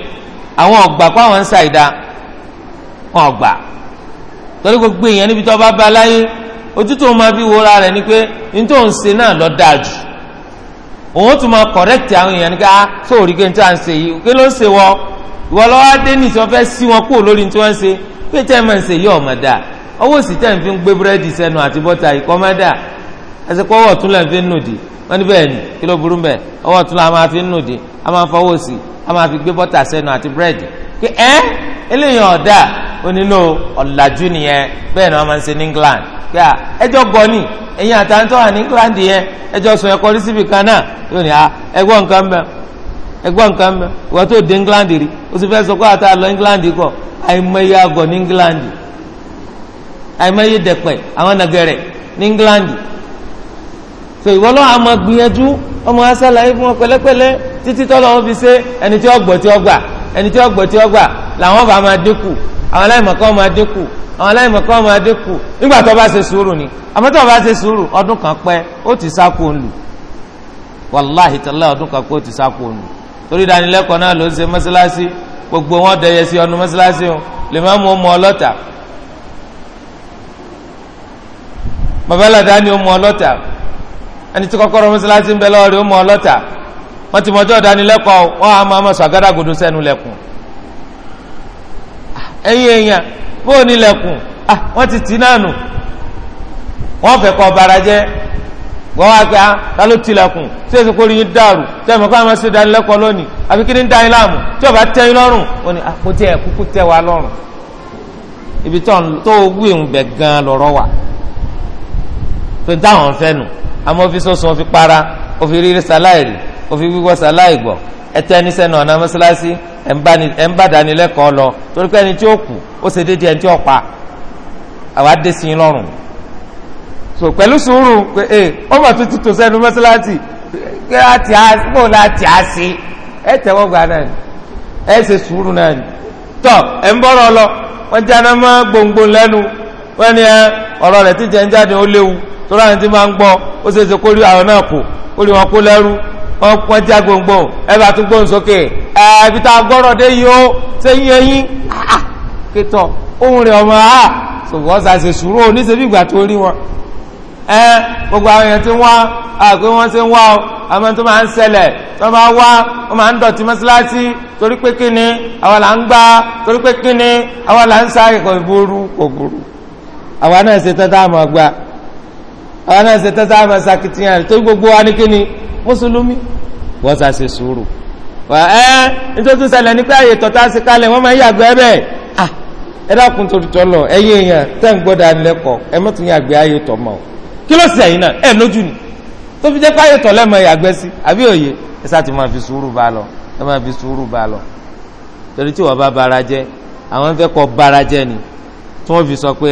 àwọn ọ̀gbà pé àwọn ń ṣàìdá wọn ọ̀gbà torí gbogbo èèyàn níbi tó bá ba láyé ojú tó máa fi wòra rẹ̀ ni pé n tó ṣe náà lọ dáa jù òun tún máa kọ̀rẹ́kìtì àwọn èèyàn ní ká sóòrí ah, pé n tó à ń ṣe yìí kí ló ń ṣe wọ ìwọ lọ́wọ́ adé nìtí wọ́n fẹ́ sí wọn kúrò lórí tí wọ́n ń ṣe pé tẹ́ ẹ máa ń ṣe yìí ọ̀mọ̀ dáa ọwọ́ sì tẹ̀ ń fi gbé búrẹ́dì sẹ́nu àti bọ́tà ìkọ́mẹ́dà ẹsẹ̀ kọ́ ọwọ́ tún lẹ̀ ń fi nùdì wọ́n ní kí ló burú ọwọ́ tún lẹ̀ a máa fi di a máa fọwọ́ sí a máa fi gbé bọ́tà sẹ́nu àti búrẹ́dì pé ẹ́ eléyìí ọ̀dà onílò ọ̀làjú nìyẹn bẹ́ẹ̀ ni wọ́n máa ń ní England ẹjọ́ ẹ̀yin àtàntọ́ wà ní England yẹn ẹjọ́ ẹ̀kọ́ rí síbi kan náà yóò ní ẹgbọ́n nǹkan ẹgbọ́n nǹkan tó England rí o sì fẹ́ sọ England kọ àìmọye àgọ́ ní England àìmọye dẹ̀pẹ̀ àwọn nàgẹ̀rẹ̀ ní England so ìwọ lọ́wọ́ àmọ́ gbìyànjú ọmọ asálàyé fún ọ pẹ̀lẹ́pẹ̀lẹ́ títí tọ́lọ́ wọn fi ṣe ẹni tí ó gbọ́ tí ó gbà ẹni tí ó gbọ́ tí ó gbà làwọn bá máa dínkù àwọn aláìmọ̀kọ́ máa dínkù àwọn aláìmọ̀kọ́ máa dínkù nígbà tó bá ṣe sùúrù ni àmọ́ tó bá ṣe sùúrù ọdún kan pẹ́ ó ti sáko òǹlù wàláhì tàlá ọdún kan pé ó ti sáko òǹlù torí ìdánilẹ́kọ̀ọ́ náà ló ń ṣe mọ́ṣáláṣí gbogbo wọn dẹyẹ sí ọdún mọ́ṣáláṣí o lè má mú ọmọ ọlọ́ta babalada ni ó mú ọlọ́tà ẹni tí kọ́kọ́rọ́ mọ́sálásí ń bẹ lọ́wọ́ rẹ̀ ó mú ọlọ́tà wọ́n ti mọjọ́ ìdánilẹ́kọ̀ọ́ wọ́n á máa sọ àgádágodo sẹ́nu lẹ́kùn ah, ẹ̀yin èèyàn bóò ní lẹ́kùn ah, wọ́n ti tì náà nù wọ́n fẹ́ kọ́ bara wá pé ah, ta ló tilẹ̀kùn tí èsì kórìí yín dàrú tẹ̀mọ̀ kọ́ àwọn ṣe ìdánilẹ́kọ̀ọ́ lónìí àfi kí ni ń da yín láàmú tí ó bá tẹ́ yín ó ní àkótí ẹ̀ kúkú tẹ́ wa lọ́rùn ibi tó wí ń bẹ̀ gan lọ́rọ̀ wà tó ń táwọn fẹ́ nù àmọ́ fi sọ́sùn fi para ó fi rírí sáláì rí ó fi wíwọ́ sáláì gbọ́ ẹ tẹ́ni sẹ́nu ọ̀nà mọ́sálásí ẹ̀ ń bá dánilẹ́kọ̀ọ́ lọ torí pé ẹni tí ó kù ó ṣe déédéé ẹni tí ó pa àwa dé sí i lọ́rùn so pẹ̀lú sùúrù pé ẹ wọ́n mọ̀ tuntun tó sẹ́nu mọ́sálásí pé àti àbò láti àṣì ẹ tẹ́wọ́ gbà náà ni ẹ ṣe sùúrù náà ni tọ́ ẹ̀ ń bọ́rọ̀ lọ wọ́n jáná mọ́ gbòǹgbò lẹ́nu wọ́n ní ẹ ọ̀rọ̀ rẹ̀ ti jẹ́ ń jáde ó léwu torí àwọn tí máa ń gbọ́ ó ṣe é ṣe àwọn náà kù wọn kó lẹ́rú wọ́n gbòǹgbò ẹ bá tún sókè ẹ ibi a gbọ́rọ̀ dé yìí ó yín ẹyin ah, ah, ohun rẹ̀ ọmọ a ah, ṣùgbọ́n ṣàṣe sùúrù ìgbà tó rí wọn ẹ gbogbo àwọn èèyàn ti wá ọ tó máa ń ṣẹlẹ̀ tó máa wá ó máa ń dọ̀tí mọ́ṣáláṣí torí pé kíni là ń gbá àwa náà ṣe tán tá a máa gba àwa náà ṣe tán tá a máa ṣàkìtìyàn rẹ̀ tó gbogbo wa ní kíni mùsùlùmí wọ́n ṣà ṣe sùúrù wà ẹ́ nítorí ṣẹlẹ̀ ní pé àyè tọ́ta ṣe kalẹ̀ wọ́n máa ń yàgbẹ́ bẹ́ẹ̀ à ẹ dákun torí tọ́ lọ ẹ̀yin èèyàn tẹ́ ń gbọ́dọ̀ ànilẹ́kọ̀ọ́ ẹ mọ́tò ń yàgbẹ́ àyè tọ́ mọ́ o kí ló ṣe ẹ̀yin náà ẹ̀ lójú ni tó fi jẹ́ pé àyè tọ́ lẹ́mọ̀ tí wọ́n fi sọ pé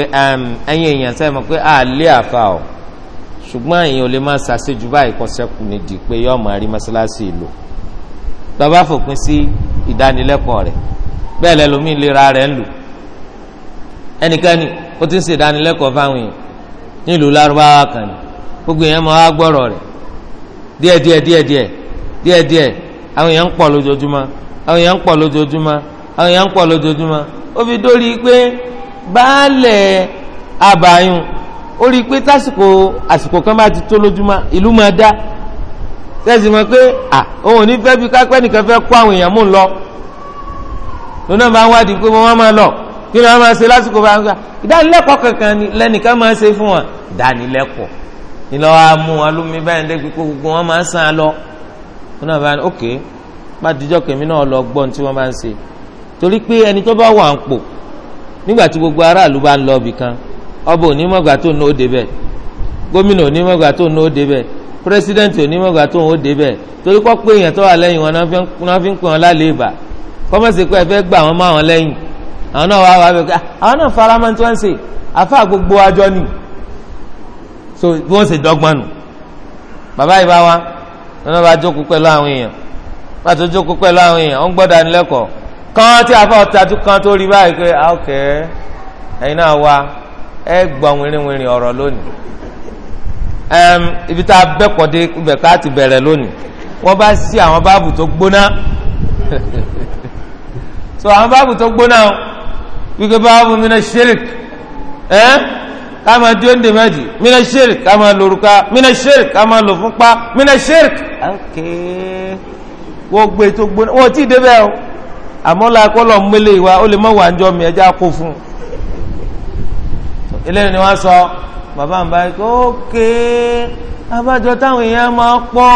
ẹ̀yin èèyàn sẹ́yìn mọ̀ pé àlẹ́ àfa ọ̀ ṣùgbọ́n èèyàn ò lè máa ṣàṣejù báyìí kọ́ sẹ́kù pé yọ́ máa rí mọ́ṣáláṣí ìlò tọ́ba fòpin sí ìdánilẹ́kọ̀ọ́ rẹ̀ bẹ́ẹ̀ lẹ́lòmí ìlera rẹ̀ ń lò ẹnikẹ́ni ó ti ń ṣe ìdánilẹ́kọ̀ọ́ fáwọn gbogbo èèyàn máa wá gbọ́rọ̀ rẹ̀ díẹ̀díẹ̀ baálẹ̀ abàyùn ó rí i pé tásìkò àsìkò kan bá ti tó lójúmọ́ ìlú máa dá tẹ́sí mọ́ pé à òun ò ní fẹ́ bí kápẹ́ nìkan fẹ́ kó àwọn èèyàn mú un lọ lónà máa ń wádìí pé wọ́n máa lọ kí ni wọ́n máa ṣe lásìkò bá ń gbà ìdánilẹ́kọ̀ọ́ kankan lẹ́nìkan máa ṣe fún wọn ìdánilẹ́kọ̀ọ́ ìlọ amú alómi báyìí dé gbogbo gbogbo wọn máa ń sàn án lọ lónà bá ní ok má kèmí náà lọ gbọ́n tí wọ́n máa ń ṣe torí pé ẹni tó bá wà ń pò nígbà tí gbogbo aráàlú bá ń lọ ibì kan ọba onímọ̀gbà tó ní ó débẹ̀ gómìnà onímọ̀gbà tó ní ó débẹ̀ pírẹsidẹ́ǹtì onímọ̀gbà tó ní ó débẹ̀ torí kọ́ pé èèyàn tó wà lẹ́yìn wọn náà fi ń pè wọn lálẹ́ ìbà kọ́mọ̀sí pé ẹ fẹ́ gbà wọ́n máa wọn lẹ́yìn àwọn náà wà wà bẹ́ẹ̀ pé ah, àwọn náà fara mọ́ tí wọ́n ń ṣe àfa gbogbo àjọ ni so bí wọ́n ṣe dọ́gbọ́n nù bàbá yìí bá wa wọn bá jókòó pẹ̀lú àwọn èèyàn bá jókòó pẹ̀lú àwọn èèyàn ó gbọ́dọ̀ ànilẹ́kọ̀ọ́ kan tí afa ọ̀tàtú kan tó rí báyìí pé ah, ok ẹ̀yin náà wá ẹ gbọ́ wìrìwìrì ọ̀rọ̀ lónìí ibi tá a bẹ́kọ̀ dé ibẹ̀ ká ti bẹ̀rẹ̀ lónìí wọ́n bá sí àwọn báàbù tó gbóná so àwọn báàbù tó gbóná wípé báàbù mi náà ṣẹlẹ̀ ẹ́ kama dúndé méjì mina ṣẹlẹ̀ kama lórúkà mina ṣẹlẹ̀ kama lò fúnpa mina ṣẹlẹ̀ ok wọ́n gbé tó gbóná wọ́n ti débẹ̀ o àmọ́ la kọ́lọ̀ mélé wa ó lè má wà ń jọ mi ẹja kó fún un eléyìí ni wọ́n sọ bàbá mi báyìí kó ké abájọ táwọn èèyàn máa pọ̀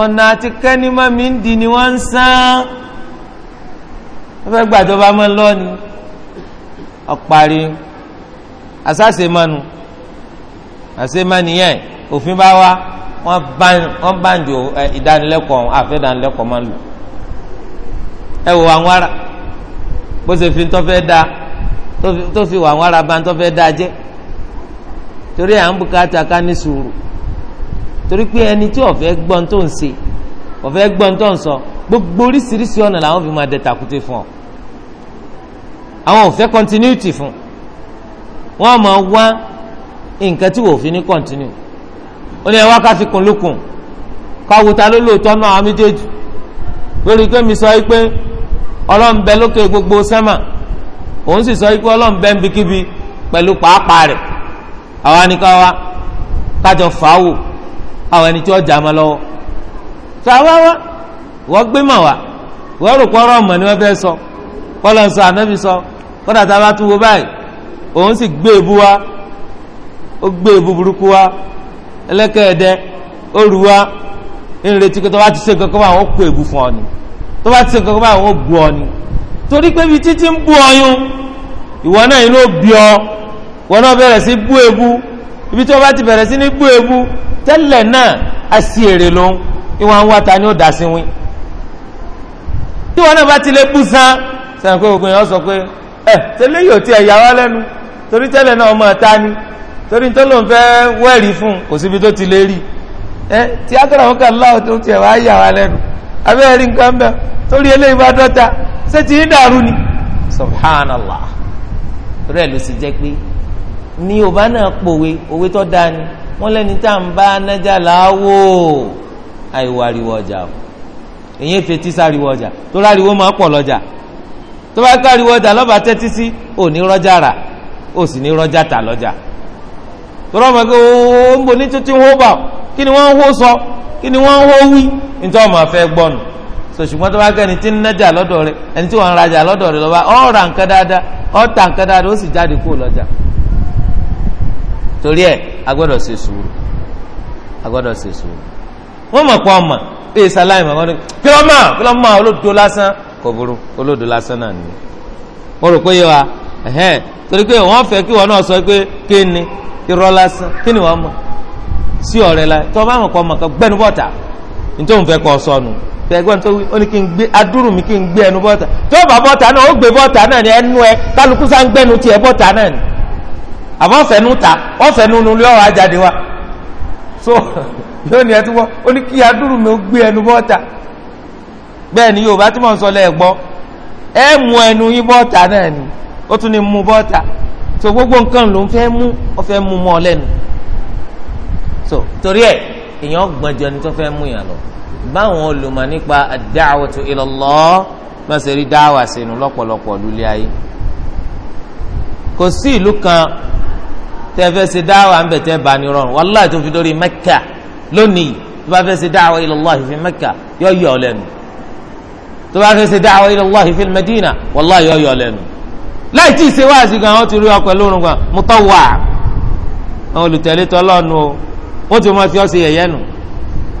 ọ̀nà àti kẹ́nìmọ́ mi ń di ni wọ́n ń sán wọ́n fẹ́ gbàjọba mọ́ lọ́ni ọ̀parí àsáṣe mọ́nu àṣemánu yẹn òfin bá wá wọ́n bá ìdánilẹ́kọ̀ọ́ àfẹ́dánilẹ́kọ̀ọ́ máa lò. ẹ wò wà wàrà bó ṣe fi ń da tó fi wà wàrà bá ń da jẹ́ torí à ń bùkátà ká ní sùúrù torí pé ẹni tí ọ̀fẹ́ gbọ́n tó ń se ọ̀fẹ́ gbọ́n tó ń sọ gbogbo oríṣiríṣi ọ̀nà làwọn fi máa fún ọ àwọn fún wọn máa wá nǹkan tí fi ní continue ó ní ẹ ká fi kún lókun káwùtà ló lóòótọ́ náà lórí pé ọlọ́run bẹ lókè gbogbo sẹ́mà òun sì sọ pé ọlọ́run bẹ níbikíbi pẹ̀lú pàápàá rẹ̀ àwọn anìkan wa kájọ fàáwò àwọn ẹni tí wọ́n jà á lọ́wọ́ tó àwa wa wọ́n gbé mà wá wọ́n rò pé ọ̀rọ̀ ọ̀mọ̀ ni wọ́n fẹ́ sọ kọ́lọ̀ sọ ànábì sọ kọ́dà tá a bá tún wo báyìí òun sì gbé ebu wa ó gbé ebu burúkú wa ẹlẹ́kẹ̀ẹ́dẹ́ ó rù wa ń retí kí tó bá ti ṣe kankan wọn àwọn kó ebu fún ọ ni tó bá ti ṣe kankan báyìí wọ́n bu ọ ni torí pé ibi títí ń bu ọyún ìwọ náà inú bí ọ ìwọ náà bẹ̀rẹ̀ sí bú ebu ibi tó bá ti bẹ̀rẹ̀ sí ní bú ebu tẹ́lẹ̀ náà a sì èrè ló ń ìwọ àwọn ata ni ó dà sí wín tí ìwọ náà bá ti lè bú san sẹ́yìn pé ògùn yẹn sọ pé ẹ tẹ́lẹ̀ yóò tiẹ̀ yà wá lẹ́nu torí tẹ́lẹ̀ náà ọmọ ọ̀tá ni torí tó ló fẹ́ wẹ́ẹ̀rí fún kò síbi tó ti lè rí ẹ tí agbára wọn kà láwùjọ tiẹ̀ wá yà wá lẹ́nu. abẹ́rẹ́ nǹkan bẹ́ẹ̀ torí eléyìí bá dọ́ta ṣé ti ń dàrú ni subhanallah rẹ ló sì pé ní náà pòwe òwe tó dáa ni wọ́n tá à ń bá nájà láwò ọjà o èyí fetí sáriwọ ọjà tó ráriwọ máa pọ̀ lọ́jà tó bá káriwọ ọjà lọ́ba tẹ́tí sí ò rọ́jà rà ò sì ní rọ́jà tà lọ́jà tó pé ó ń ní hó bà kí ni sọ kí ni wọ́n ń nítorí ọmọ afẹ́ gbọ́nù sòṣùgbọ́n tó bá gbé ẹni tí ń nájà rẹ ẹni tí wọ́n rajà lọ́dọ̀ rẹ ra nǹkan dáadáa ta nǹkan dáadáa ó sì jáde kúrò lọ́jà torí ẹ̀ agbọ́dọ̀ ṣe sùúrù agbọ́dọ̀ ṣe sùúrù wọ́n mọ̀ pé ọmọ bíi sáláì mọ̀ wọ́n ní kí ló olódo lásán kò burú olódo lásán náà ni mo rò pé wa torí pé kí wọn náà sọ pé kí ni lásán kí ni la tí bá ọmọ kan nítorí òun fẹ́ kọ́ sọnù tẹ̀gbọ́n tó ó ní kí n gbé adúrú mi kí n gbé ẹnu bọ́ta tó bá bọ́ta náà ó gbé bọ́ta náà ní ẹnu ẹ kálukú sá ń gbẹ́nu tiẹ̀ bọ́ta náà ni ta ọ̀fẹ́nu nulẹ̀ ọ̀rọ̀ ajáde wa so yóò ní ẹtí wọ́n ó ní kí adúrú mi ó gbé ẹnu bọ́ta bẹ́ẹ̀ ni Yorùbá tí mò ń sọ lẹ́ẹ̀gbọ́ ẹ mú ẹnu yín bọ́ta náà ni ó tún ní mú bọ́ta so gbogbo nǹkan ló ń fẹ́ mú ọ fẹ́ mú mọ́ ọ lẹ́nu so torí ẹ̀ èèyàn ọgbọ́n jọ ẹni tó fẹ́ mú yàn lọ báwọn olùmọ̀ nípa ad-da'watu bá ṣe rí dáwà sínú lọ́pọ̀lọpọ̀ lulẹ̀ ayé kò sí ìlú kan tẹ́ fẹ́ ṣe dáwà ń bẹ̀ tẹ́ bá ní rọrùn wàláì tó fi dórí Mẹ́kà lónìí tó bá fẹ́ ṣe dáwà ila Allah Mẹ́kà yọ yọ ọ lẹ́nu tó bá fẹ́ ṣe dáwà ila Allah Mẹ́dínà wàláì yọ yọ lẹ́nu láì tí ì ṣe wáàsí gan àwọn ti rí ọ pẹ̀lú orun gan mutawwa àwọn olùtẹ̀lé tọ́lọ́nu o wọ́n ti mọ ti ọ́ sí yẹ̀yẹ́ nù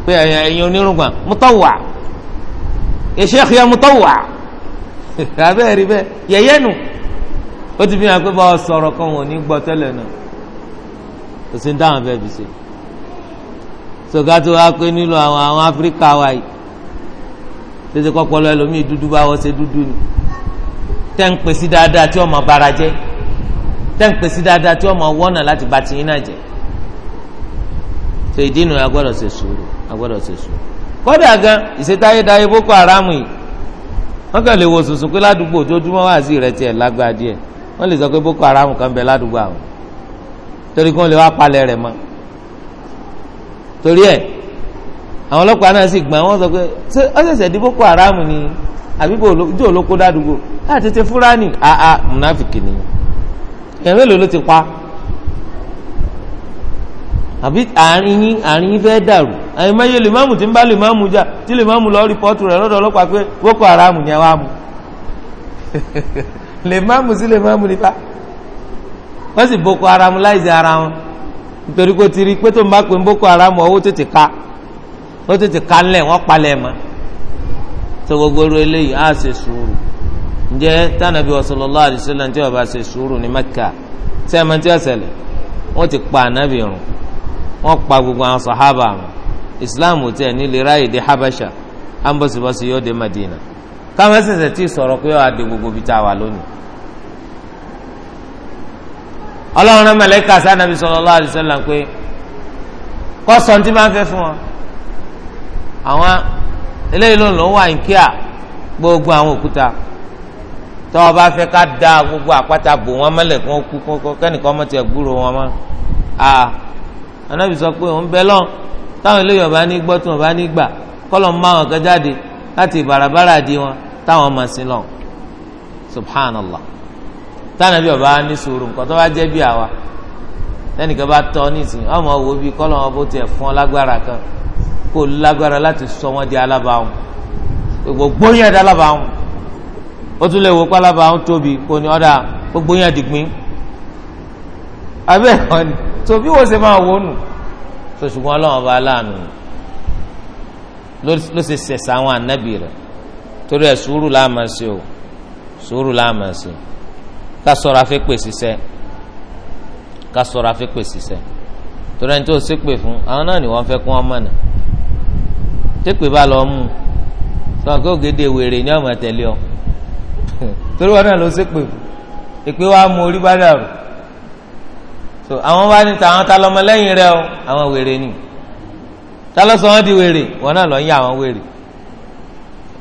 pé ẹ̀yin onírúgbọ̀n mutawwa sheikh ya mutawwa abẹ́ rí bẹ́ẹ̀ yẹ̀yẹ́ nù ó ti fi hàn pé bá ọ sọ̀rọ̀ kan wọn ní gbọ́ tẹ́lẹ̀ náà kò sí ní táwọn fẹ́ẹ́ fi ṣe sọ̀gá tó wá pé nílò àwọn àwọn áfíríkà wa yìí tètè kọ́pọ̀lọ́ ẹlòmíì dúdú bá wọ́n ṣe dúdú ni tẹ́ ń pèsè dáadáa tí ọmọ bara jẹ́ tẹ́ ń pèsè dáadáa tí ọmọ wọ́nà láti bàtìyín náà jẹ́ so ìdí nu agbọ́dọ̀ ṣe sùúrù agbọ́dọ̀ ṣe sùúrù kódà gan ìṣètayédayé boko haram yìí wọ́n kàn lè wo sùsùn pé ládùúgbò ojoojúmọ́ wà sí rẹ tiẹ̀ lágbá díẹ̀ wọ́n lè sọ pé boko haram kan bẹ ládùúgbò àwọn torí kí wọ́n lè wá palẹ̀ rẹ̀ mọ́ torí ẹ̀ àwọn ọlọ́pàá náà sì gbọ́n wọ́n sọ pé ṣé ó ṣẹ̀ṣẹ̀ di boko haram ni àbí ìjọ olóko ládùúgbò láti tètè fúlàní àà múnáfìkì nìyẹn ẹ̀rọ èlò ló ti pa àbí àárín yín àárín yín fẹ́ẹ́ dàrú àyìn mẹ́yẹ tí ń bá máàmù jà tí máàmù lọ rìpọ́tù rẹ̀ lọ́dọ̀ ọlọ́pàá pé Boko Haram ni wàá mu máàmù sí máàmù nípa wọ́n sì Boko Haram láìsí ara wọn nítorí Boko Haram ọwọ́ tètè ká tètè ká wọ́n palẹ̀ mọ́ tó gbogbo ru eléyìí á ṣe sùúrù ǹjẹ́ tànàbí tí wọ́n bá ṣe sùúrù ní Mẹ́kà wọ́n pa gbogbo àwọn sahaba àwọn islam ò habasha ambosibosi yóò dé madina káwọn ṣẹ̀ṣẹ̀ tí sọ̀rọ̀ pé wàá gbogbo bita wà lónìí. ọlọ́run rán màláíkà sí Ànábì sallallahu pé kọ́ sọ tí máa ń fẹ́ fún wọn. àwọn eléyìí ló ń gbogbo àwọn òkúta tọ́ ọ bá fẹ́ ká da gbogbo àpáta bò kẹ́nìkan mọ́ tiẹ̀ anabi sọ pé òun bẹ lọ táwọn eléyìí ọba ní gbọ́ tí wọn bá ní gbà kọ́lọ̀ ń bá wọn kan jáde láti bàràbàrà di wọn táwọn ọmọ sí lọ subhanallah táwọn eléyìí ọba ní sùúrù nǹkan tó bá jẹ́ bí àwa lẹ́nìkan bá tọ́ nísìnyí ọmọ wo bí kọ́lọ̀ wọn bó tiẹ̀ fún ọ lágbára kan kó o lágbára láti sọ wọn di alábàáhùn gbogbo yẹn di alábàáhùn ó tún lè wo pálábàáhùn tóbi kò ní ọ̀dà gbogbo yẹn dìgbín abẹ́ ẹ̀ kọ́ni tó bí wọ́n ṣe máa wò nù tó ṣùgbọ́n ọlọ́run ọba aláàánú ló ṣe ṣẹ̀ṣẹ̀ àwọn ànábì rẹ̀ torí ẹ̀ sùúrù láàmà sí o sùúrù láàmà sí o ká sọ̀rọ̀ afẹ́ pè ṣiṣẹ́ ká sọ̀rọ̀ afẹ́ pè ṣiṣẹ́ torí ẹni tó ṣe pè fún àwọn náà ni wọ́n fẹ́ kó wọ́n mọ̀nà tẹ́pẹ́ bá lọ mú sọ̀rọ̀ kó gédé wèrè ní ọ̀mọ̀ tẹ̀lé ọ torí wọn náà ló ṣe pè fún èpè wa mú orí bá dàrú so àwọn bá ní tàwọn ta lọmọ lẹ́yìn rẹ o àwọn wèrè ni ta ló sọ wọn di wèrè wọn náà lọ ń yá àwọn wèrè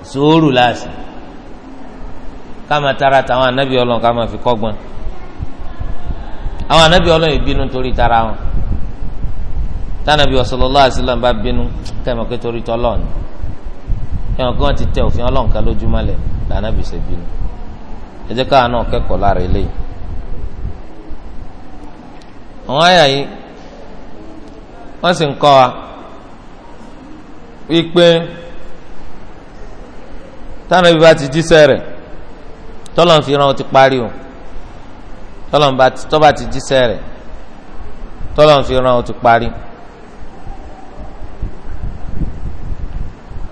sùúrù láàsì káma tara tàwọn anabi Ọlọ́run káma fi kọ́gbọ́n àwọn anabi Ọlọ́run ìbínú torí tara wọn tànàbí sallallahu alaihi bá bínú kẹmọ pé torí tọlọ́run kẹmọ pé wọn ti tẹ òfin Ọlọ́run kan lójúmọ́ lẹ tànàbí ṣe bínú ẹ jẹ́ káwọn náà kẹ́kọ̀ọ́ lára eléyìí àwọn àyà yìí wọ́n sì ń kọ́ wa wípé táwọn ibi bá ti jíṣẹ́ rẹ̀ tọ́lọ̀ ń fi ran o ti parí o tọ́lọ̀ ń bá tọ́ba ti jíṣẹ́ rẹ̀ tọ́lọ̀ ń fi ran o ti parí.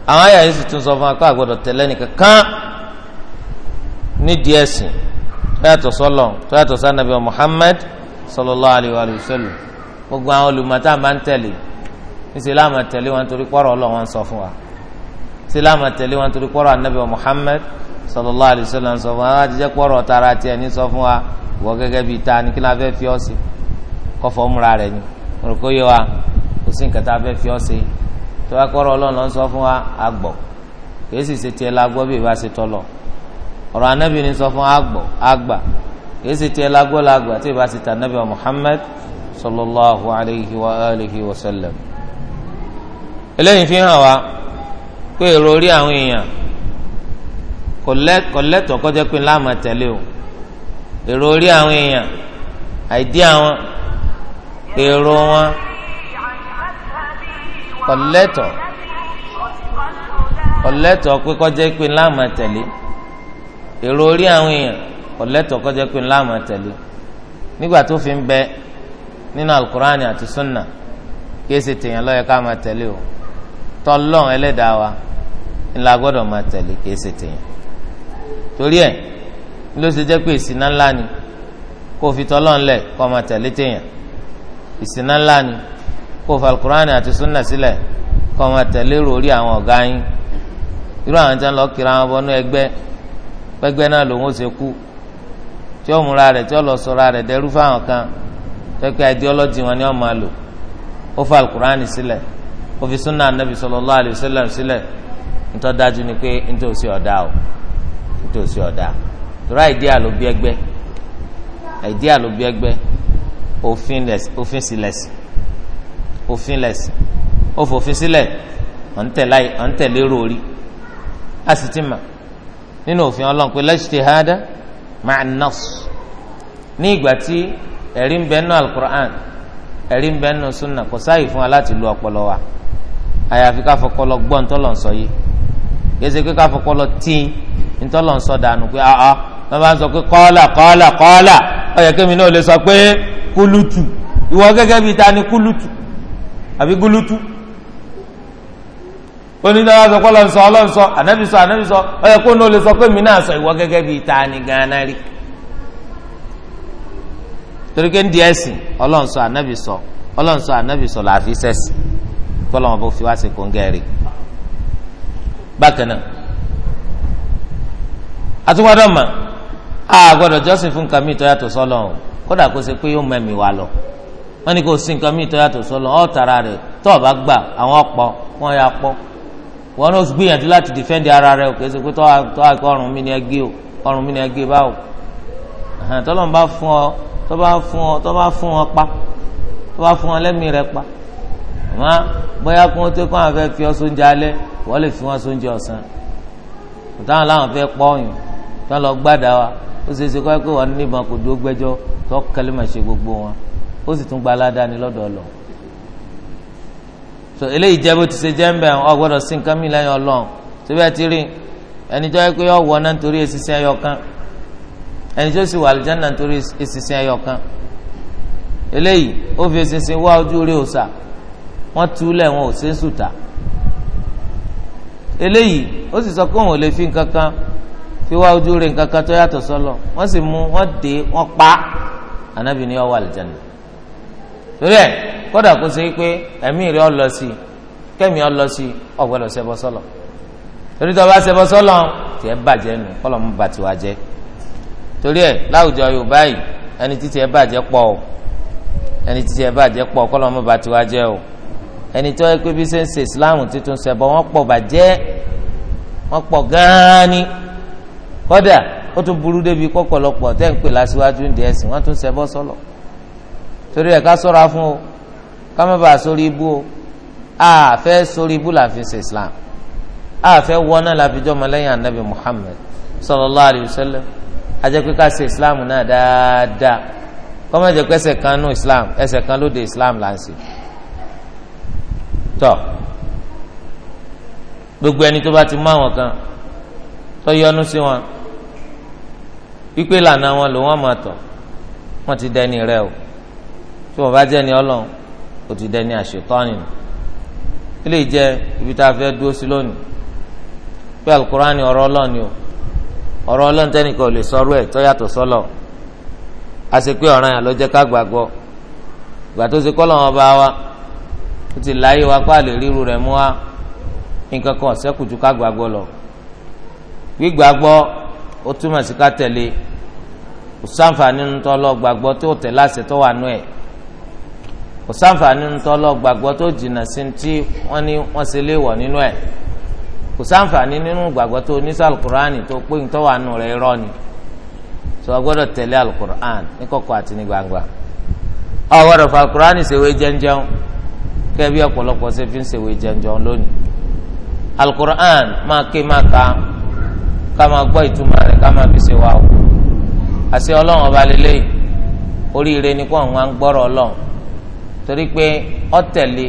àwọn àyà yìí sì tún sọ fún wa pé àgbọ̀dọ̀ tẹ̀lé nìkan kán nídìí ẹ̀sìn tó yàtọ̀ sọ́lọ̀ tó yàtọ̀ sànàbí Muhammad sallallahu alayhi wa sallam gbogbo àwọn olùmọ̀tá máa ń tẹ̀lé níṣẹ́ láàmà tẹ̀lé wọn torí pọ́rọ̀ ọlọ́wọ́n sọ fún wa níṣẹ́ láàmà wọn torí pọ́rọ̀ anabi muhammed sallallahu alayhi wa sallam sọ fún wa láti jẹ́ pọ́rọ̀ tara tiẹ̀ ní sọ fún wa wọ́n gẹ́gẹ́ bíi ta ni kí la fẹ́ fi ọ́ sí kọ́fọ́ múra rẹ̀ ni orúkọ yẹ wa kò sí nǹkan tá a fẹ́ fi ọ́ sí tó bá pọ́rọ̀ ọlọ́run sọ fún wa a gbọ́ kèésì ṣe tiẹ̀ la gbọ́ bí ìbá ṣe tọ́lọ̀ anabi ni sọ fún kìí ṣe tiẹ̀ lágbọ́lágbà tí ìbá ti ta nabi muhammad sallallahu alayhi wa alihi wa sallam. eléyìí fi hàn wá pé èrò orí àwọn èèyàn kò lẹ́tọ̀ọ́ kọjá pé láàmà tẹ̀lé o èrò orí àwọn èèyàn àìdí àwọn èrò wọn kò lẹ́tọ̀ọ́ kò lẹ́tọ̀ọ́ pé kọjá pé láàmà tẹ̀lé èrò orí àwọn èèyàn. ọ̀lẹ́tọ̀ kọjá pé ńlá tẹ̀lé nígbà tó fi ń bẹ nínú alukurani àti sunna kéésì tèèyàn lọ́yẹ ká máa tẹ̀lé o tọ́lọ́n ẹlẹ́dàá wa ńlá gbọ́dọ̀ máa tẹ̀lé kéésì tèèyàn torí ẹ̀ ló ṣe jẹ́ pé ńlá ni kó fi tọ́lọ́n lẹ̀ máa tẹ̀lé tèèyàn ńlá ni kó alukurani àti sunna sílẹ̀ máa rori àwọn ọ̀gá yín irú àwọn kiri àwọn ẹgbẹ́ pẹ́gbẹ́ tí ó múra rẹ̀ tí ó lọ sọra rẹ̀ dẹrú fáwọn kan tẹ́kẹ́ ideology wọn ni wọ́n máa lò ó fa alukur'ani sílẹ̀ ó fi sunna anabi sallallahu sílẹ̀ ntọ́ dájú ni pé ntòsí ọ̀dà o ntòsí ọ̀dà tura idea ló bí ẹgbẹ́ idea ló bí ẹgbẹ́ òfin òfin lẹ̀sì ó sílẹ̀ orí a sì ti mà nínú ma'a nas ní ìgbà tí ẹ̀rí ń bẹ nínú alukur'an ẹ̀rí ń bẹ nínú sunna kò sáàyè fún wa láti lu ọpọlọ wa àyàfi ká fọpọlọ gbọ́ ntọ́lọ̀ nsọ yìí yéésì pé ká fọpọlọ tíì ntọ́lọ̀ nsọ dànù pé àá wọ́n bá ń sọ pé kọ́ọ́là kọ́ọ́là kọ́ọ́là ó kémi náà lè sọ pé kúlùtù ìwọ gẹ́gẹ́ bíi ta ni kúlùtù àbí gúlùtù onídàá sọ kọ́lọ́ sọ ọlọ́run sọ ànábì sọ ànábì sọ ọyọ kó ní o lè sọ pé mi náà sọ ìwọ gẹ́gẹ́ bíi ta ni gánà rí torí pé ń di ẹ̀sìn ọlọ́run sọ ànábì sọ ọlọ́run sọ ànábì sọ làáfi sẹ́sì kọ́lọ́ wọn bó fi wá sí kóńgẹ́rì bákan náà àtúwádọ́ mà á gbọ́dọ̀ jọ́sìn fún nǹkan mi yàtọ̀ o kódà kó ṣe pé yóò lọ nǹkan yàtọ̀ ọ̀ tara rẹ̀ tó o wọn náà gbìyànjú láti dìfẹ́ǹdì ara rẹ o kì í ṣe pé tọ́ àìkọ́ ọrùn mi ni ẹ gé o ọrùn mi ni ẹ gé báwo tọ́lọ́n bá fún ọ tọ́ bá fún ọ tọ́ bá fún ọ pa tọ́ bá fún ọ lẹ́mìí rẹ pa àmọ́ bóyá kó tó kó àwọn fẹ́ fi ọ sóúnjẹ alẹ́ wọ́n lè fi wọ́n sóúnjẹ ọ̀sán táwọn làwọn fẹ́ pọ́ọ̀yìn tọ́ lọ gbàdá wa ó ṣe é ṣe kọ́ pé wọ́n níbọn kò dúró gbẹ́jọ́ tọ́ kẹlẹ́mọ̀ ṣe gbogbo wọn ó sì tún gba aládàáni lọ́dọ̀ ọlọ́run so eléyìí jẹ́ bó ti ṣe jẹ́ ń bẹ̀ ọ gbọ́dọ̀ sí nǹkan mi lẹ́yìn ọlọ́run síbẹ̀ ti rí ẹni tó yẹ pé yọ wọ náà nítorí esisi ẹyọ kan ẹni tó sì wà àlùjánnà nítorí esisi ẹyọ kan eléyìí ó fi esisi wá ojú rí òòsà wọ́n túlẹ̀ wọn ò sí sùtà eléyìí ó sì sọ pé òun ò lè fi nǹkan kan fi wá ojú rí nǹkan kan tó yàtọ̀ sọ́lọ̀ wọ́n sì mú wọ́n dé wọ́n pa ànábì ọwọ́ àlùjánnà torí ẹ̀ kódà kó ṣe pé ẹ̀mí rẹ̀ ọ lọ sí i kẹ́mi ọ lọ sí i ọ gbọ́dọ̀ ṣẹbọ sọ́lọ̀ torí tó bá ṣẹbọ sọ́lọ̀ tiẹ̀ bàjẹ́ nù kọ́lọ̀ mú bàtì wá jẹ́ torí ẹ̀ láwùjọ Yorùbá yìí ẹni títí ẹ bàjẹ́ pọ̀ o ẹni títí ẹ bàjẹ́ pọ̀ kọ́lọ̀ mú bàtì wá jẹ́ o ẹni tó yẹ pé bí ṣe ń Islam tuntun ṣẹbọ wọ́n pọ̀ bàjẹ́ wọ́n pọ̀ gan-an ni kódà ó tún burú débi kọ́pọ̀lọpọ̀ tẹ́ ń pè láṣíwájú ń dẹ́sìn wọ́n tún ṣẹbọ sọ́lọ̀ torí ẹ̀ ká sọ́ra fún o kámá bá a sórí ibú o a fẹ́ sórí ibú la fi ṣe islam a fẹ́ wọná la fi jọ ọmọlẹ́yìn anabi muhammed sallallahu alayhi wa sallam ajẹ́pẹ́ ká ṣe islam náà dáadáa kọ́má jẹ́ pé ẹsẹ̀ kan nú islam ẹsẹ̀ kan lóde islam là ń ṣe tọ́ gbogbo ẹni tó bá ti mú àwọn kan tó yọnu sí wọn wípé lànà wọn ló wọn máa wọn ti dẹni rẹ o tí wọn bá jẹ́ ni ọlọ́run otu ti dẹ́ni àṣetọ́ni ilé jẹ́ ibi tá a fẹ́ dúró sí lónìí pé alukurani ọ̀rọ̀ ọlọ́ọ̀ni o ọ̀rọ̀ ọlọ́ọ̀ni tẹ́nìkan lè sọ̀rọ̀ ẹ̀ a sì pé ọ̀ràn yẹn ló jẹ ká gbàgbọ́ ìgbà tó ṣe kọ́lọ́ wọn bá wa ó ti láyé wa pa àlè ríru mú wa nǹkan ju ká lọ kò sáǹfààní ńtọ́lọ́ gbàgbọ́ tó jìnnà sí tí wọ́n ní wọ́n ṣe léèwọ̀ nínú ẹ̀ kò sáǹfààní nínú gbàgbọ́ tó ní sí alukur'an tó pé ńtọ́wà nù rẹ̀ irọ́ ni sọ gbọ́dọ̀ tẹ̀lé alukur'an ní kọ̀kọ̀ àti ní gbangba ọ gbọ́dọ̀ fà alukur'an ṣèwé jẹ́njẹ́n kẹ́bí ọ̀pọ̀lọpọ̀ ṣe fi ń ṣèwé jẹ́njẹ́n lónìí alukur'an máa ké máa ka ká máa gbọ́ ìtumọ̀ ni kó àwọn gbọ́rọ̀ torí pé ọ tẹ̀lé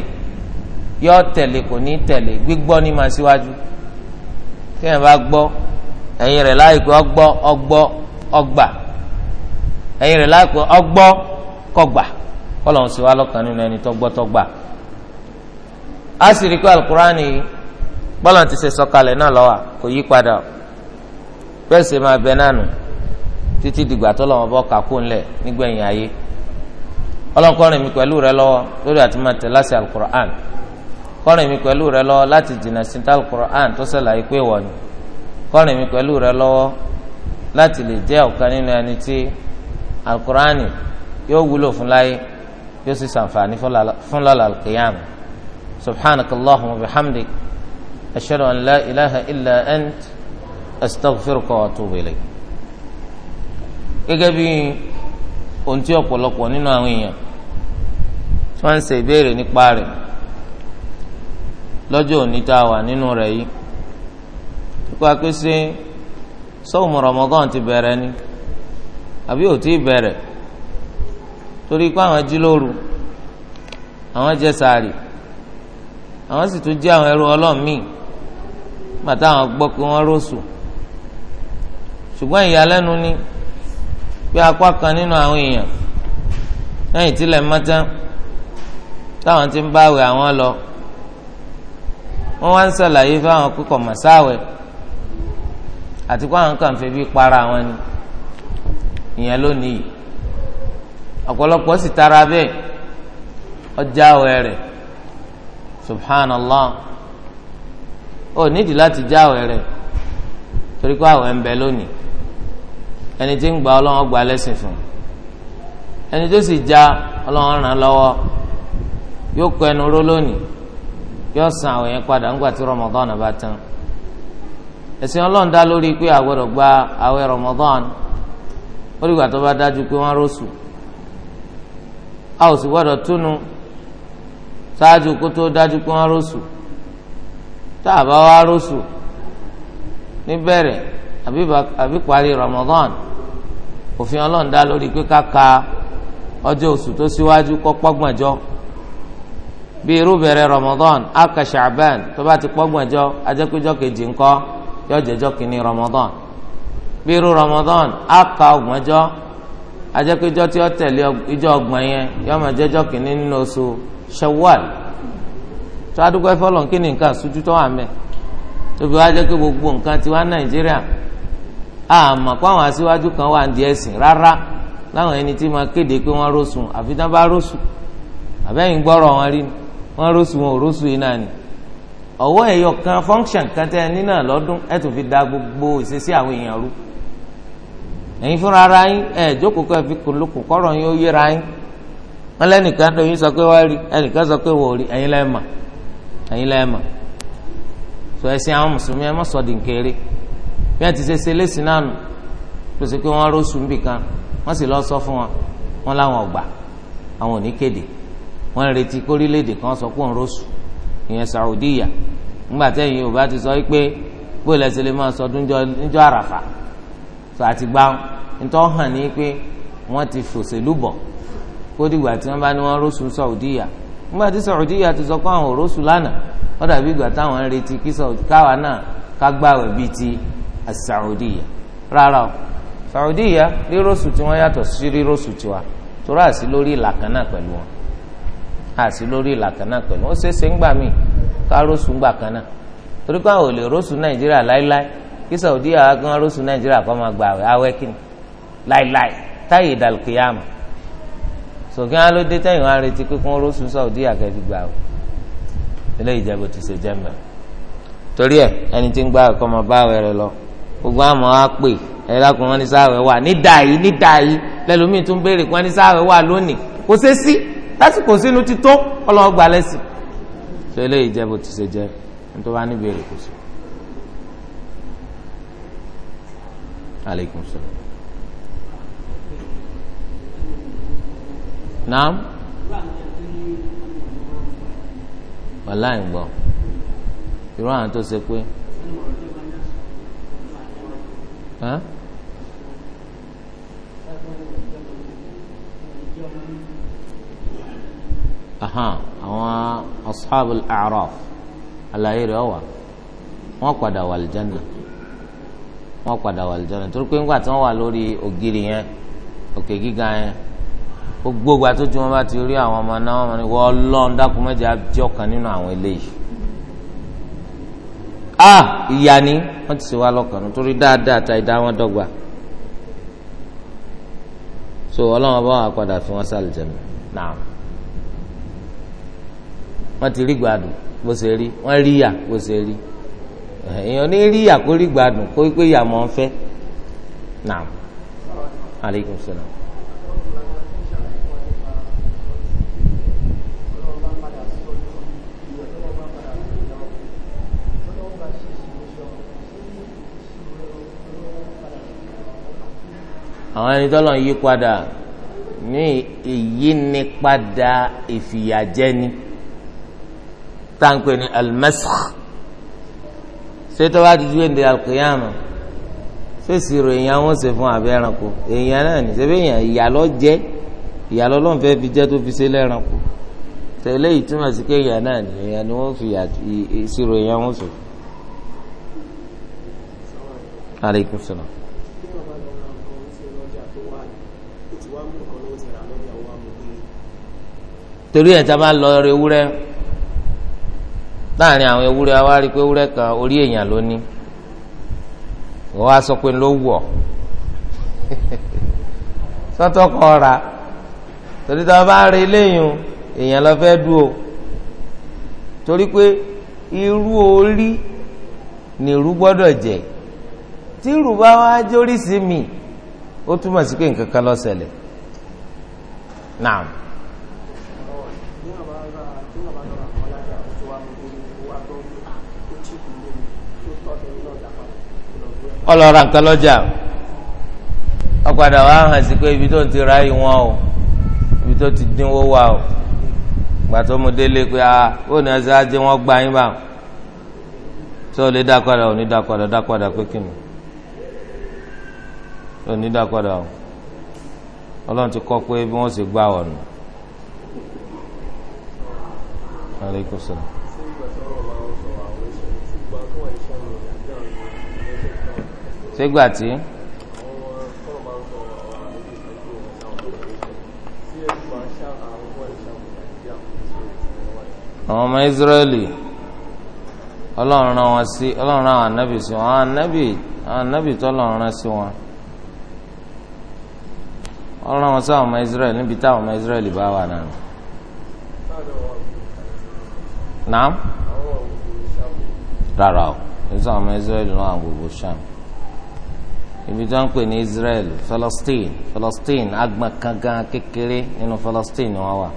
yọ tẹ̀lé kò ní tẹ̀lé gbígbọ́ ni ma síwájú tí yẹn bá gbọ́ ẹ̀yìn rẹ̀ láìpẹ́ ọgbọ́ ọgbọ́ ọgbà ẹ̀yìn rẹ̀ láìpẹ́ ọgbọ́ kọgbà kọlọ̀ ń siwá lọ́kàn nínú ẹni tọ́gbọ́ tọ́gbà a sì rí i pé alukurani bọ́lá ti ṣe sọ̀kalẹ̀ náà lọ́wọ́ kò yí padà bẹ́ẹ̀ sì máa bẹ náà nù títí dìgbà tó lọ́wọ́ bọ́ kàkó ńlẹ̀ nígbẹ̀yìn ayé. ọlọ́nkọ́rin mi pẹ̀lú rẹ lọ́wọ́ lórí àti máa tẹ̀ láti alukur'an kọ́rin mi pẹ̀lú rẹ lọ́wọ́ láti jìnnà sí alukur'an tó ṣàlàyé pé wọ̀ ni kọ́rin mi pẹ̀lú rẹ lọ́wọ́ láti lè jẹ́ ọ̀kan nínú ẹni tí alukur'an yóò wúlò fún láyé yóò sì ṣàǹfààní fún lọ́la alqiyam subhanakallahumma wa bihamdik ashhadu an la ilaha illa ant astaghfiruka wa atubu ilayk bíi ohun tí ọ̀pọ̀lọpọ̀ nínú àwọn èèyàn wọ́n ń ṣe ìbéèrè nípa rẹ̀ lọ́jọ́ òní tá a wà nínú rẹ̀ yìí nípa pé ṣé sọ́ọ̀mù Ramadan ti bẹ̀rẹ̀ ni àbí ò tí ì bẹ̀rẹ̀ torí pé àwọn jí lóru àwọn jẹ sàárì àwọn sì tún jẹ àwọn ẹrú ọlọ́mìn bàtà àwọn gbọ́ pé wọ́n rọ́ọ̀sù ṣùgbọ́n ìyàlẹ́nu ni pé apá kan nínú àwọn èèyàn lẹ́yìn tí ilẹ̀ táwọn ti ń báwẹ̀ àwọn lọ wọ́n wá ń ṣàlàyé fáwọn pípọ̀ mọ̀sáwẹ̀ àti kó àwọn kan fẹ́ bí para àwọn ni ìyẹn lónìí ọ̀pọ̀lọpọ̀ sì tara bẹ́ẹ̀ ọjà àwẹ̀ rẹ̀ subhanallah ó nídìí láti já àwẹ̀ rẹ̀ torí kó àwẹ̀ ń bẹ lónìí ẹni tí ń gba ọlọ́wọ́ gba lẹ́sìn fún ẹni tó sì já ọlọ́wọ́ ràn lọ́wọ́ yóò kọ ẹnu ró lónìí yóò san àwọn yẹn padà ńgbà tí Ramadan bá tán ẹ̀sìn Ọlọ́run dá lórí pé àgbọ́dọ̀ gba àwẹ̀ Ramadan ó dìgbà tó bá dájú pé wọ́n rọ́ọ̀sù a ò sì gbọ́dọ̀ túnu ṣáájú kó tó dájú pé wọ́n rọ́ọ̀sù tá a bá wá rọ́ọ̀sù níbẹ̀rẹ̀ bí irú bẹ̀rẹ̀ rọmọdán aka ṣàbán tó bá ti pọ́gbọ̀njọ́ ajẹ́pẹ́jọ́ kejì ńkọ́ yọ jẹjọ́ kìíní rọmọdán bí irú rọmọdán aka ọgbọ̀njọ́ ajẹ́pẹ́jọ́ tí ó tẹ̀lé ijọ́ ọgbọ̀n yẹn yọ máa jẹjọ́ kìíní nínú oṣù Shawwal tó adúgbò ẹ̀fọ́ lọ́n kí ni nǹkan sojú tó wà mẹ́ tóbi wá jẹ́ pé gbogbo nǹkan tiwa Nàìjíríà àmọ́ kó àwọn aṣíwájú kan wà ní ẹ̀sìn rárá láwọn ẹni tí máa kéde pé wọ́n rósùn àfi tán bá rósùn àbẹ́yìn gbọ́rọ̀ wọn rí ni wọn rọṣù wọn ò rọṣù yìí náà ni ọwọ́ ẹ̀yọ kan function kan lọ́dún ẹ tún fi da gbogbo ìṣesí àwọn èèyàn rú ẹ̀yin fúnra ara yín ẹ̀ jókòó kọ́ ẹ fi kòlókò kọ́rọ̀ yín ó yín wọn tó yín sọ pé rí ẹnìkan sọ pé rí mà nkéré bí ti ṣe náà nù tó ṣe pé níbìkan sì lọ sọ fún wọn wọ́n ń retí kórílẹ̀èdè kan sọ pé òun rọ́ọ̀sù ìyẹn Saudiya ńgbà tẹ́yìn Yorùbá ti sọ pé bóyá ẹsẹ̀ lè máa sọ ọdún níjọ́ àràfà tó àti gbá nítorí hàn ní pé wọ́n ti fòṣèlú bọ̀ kó dìgbà tí wọ́n bá ní wọ́n rọ́ọ̀sù Saudiya ńgbà tí Saudiya ti sọ pé àwọn ò rọ́ọ̀sù lánàá ó dàbí ìgbà táwọn ń retí káwa náà ká gbàwẹ̀ bíi ti Saudiya rárá o Saudiya rírọ́ọ̀sù tiwọn yàtọ̀ sí rírọ́ọ̀sù tiwa tó rà ìlà kan náà pẹ̀lú wọn àti lórí ìlà kan náà pẹ̀lú ó ṣeéṣe ń gbà mí ká róṣù ń gbà kan náà torí pé àwọn ò lè nàìjíríà láéláé kí Saudi àgán róṣù nàìjíríà kọ́ máa gba àwẹ̀ kíni láéláé táyé ìdàlùkìyàmù sòkè á ló dé tẹ́yìn wá retí pé kún róṣù Saudi àkẹ́fì gbà o eléyìí jẹ́ bó ti ṣe jẹ́ mẹ́rin torí ẹ ẹni tí ń gbà kọ́ máa bá àwẹ̀ rẹ lọ gbogbo àmọ́ á pè ẹ lákùnrin wọn ní sáwẹ̀ wà ní dàáyí ní dàáyí lẹ́lòmíì tún béèrè kí wọ́n ní sáwẹ̀ wà lónìí kò ṣeé lásìkò sínú tító ọlọ́wọ́ lẹ́sìn tó eléyìí jẹ́ bó ti ṣe jẹ́ nítorí wọn níbi èrè kò sí. naam ahan àwọn ashabul a'raf alaye rẹ wà wọn padà wà lìjánà wọn padà wà lìjánà torí pé ńgbà tí wọn wà lórí ògiri yẹn òkè gíga yẹn gbogbo ìgbà tó ju wọn bá ti rí àwọn ọmọ náà wọn ni wọn lọ ń dákun mẹjẹ abijọ kan nínú àwọn eléyìí a ah, ìyá ni wọn ti ṣe wá lọkàn torí dáadáa ta ìdá wọn dọ́gba so Ọlọ́run bá wọn padà fi wọn sálì jẹun náà wọ́n ti rí gbádùn bó ṣe rí wọ́n rí yà bó ṣe rí èèyàn ní rí yà kó rí gbádùn kó pé yà mọ́ ń fẹ́ naam aleykum salaam. àwọn ẹni tọ́lọ̀ ń yí padà ní ìyínipadà ìfìyàjẹni. E táǹpẹ̀ ní almasakh ṣètò wa ti ju èdè alqiyama fèsì rò se wọn ṣe fún abẹ ẹranko èèyàn náà ní ṣebí èèyàn ìyàlọ́ jẹ́ ìyàlọ́ ló ń fẹ́ fi jẹ́ tó fi ṣe lẹ́ranko tẹ̀lé yìí túmọ̀ sí pé èèyàn náà ní èèyàn ni wọ́n fi ìṣirò èèyàn wọn ṣe. aleykum salaam. torí ẹ̀ tá a bá lọ rewúrẹ́. láàrin àwọn ewúrẹ́ wa rí i pé ewúrẹ́ kan orí èèyàn ló ní wọ́n wá sọ pé ló wọ̀ sọ́tọ̀ kọ́ ra torí tá a bá rí eléyìí èèyàn lọ fẹ́ dú o torí pé irú orí irú gbọ́dọ̀ jẹ́ tí irú bá wá jórí sí mi ó túmọ̀ sí pé nǹkan kan ló náà. ọlọ́ra nǹkan lọ́jà ọ̀padà wa hàn sí pé ibi tó ń ti ra yìí o ibi tó ti dínwó wà o mo délé pé a ah, ó ní ẹsẹ̀ ajé wọ́n gbà yín bá tó lè dá ò ní dá pé kí ni ò ní o ọlọ́run ti kọ́ ṣégbà tí. àwọn ọmọ Israẹli Ọlọ́run rán wọn sí Ọlọ́run àwọn sí wọn àwọn àwọn tó rán sí wọn Ọlọ́run wọn ọmọ Israẹli níbi ọmọ Israẹli bá ibi tí wọ́n ń pè ní Israel Palestine Palestine agbọn kankan kékeré nínú Palestine wọ́n wà.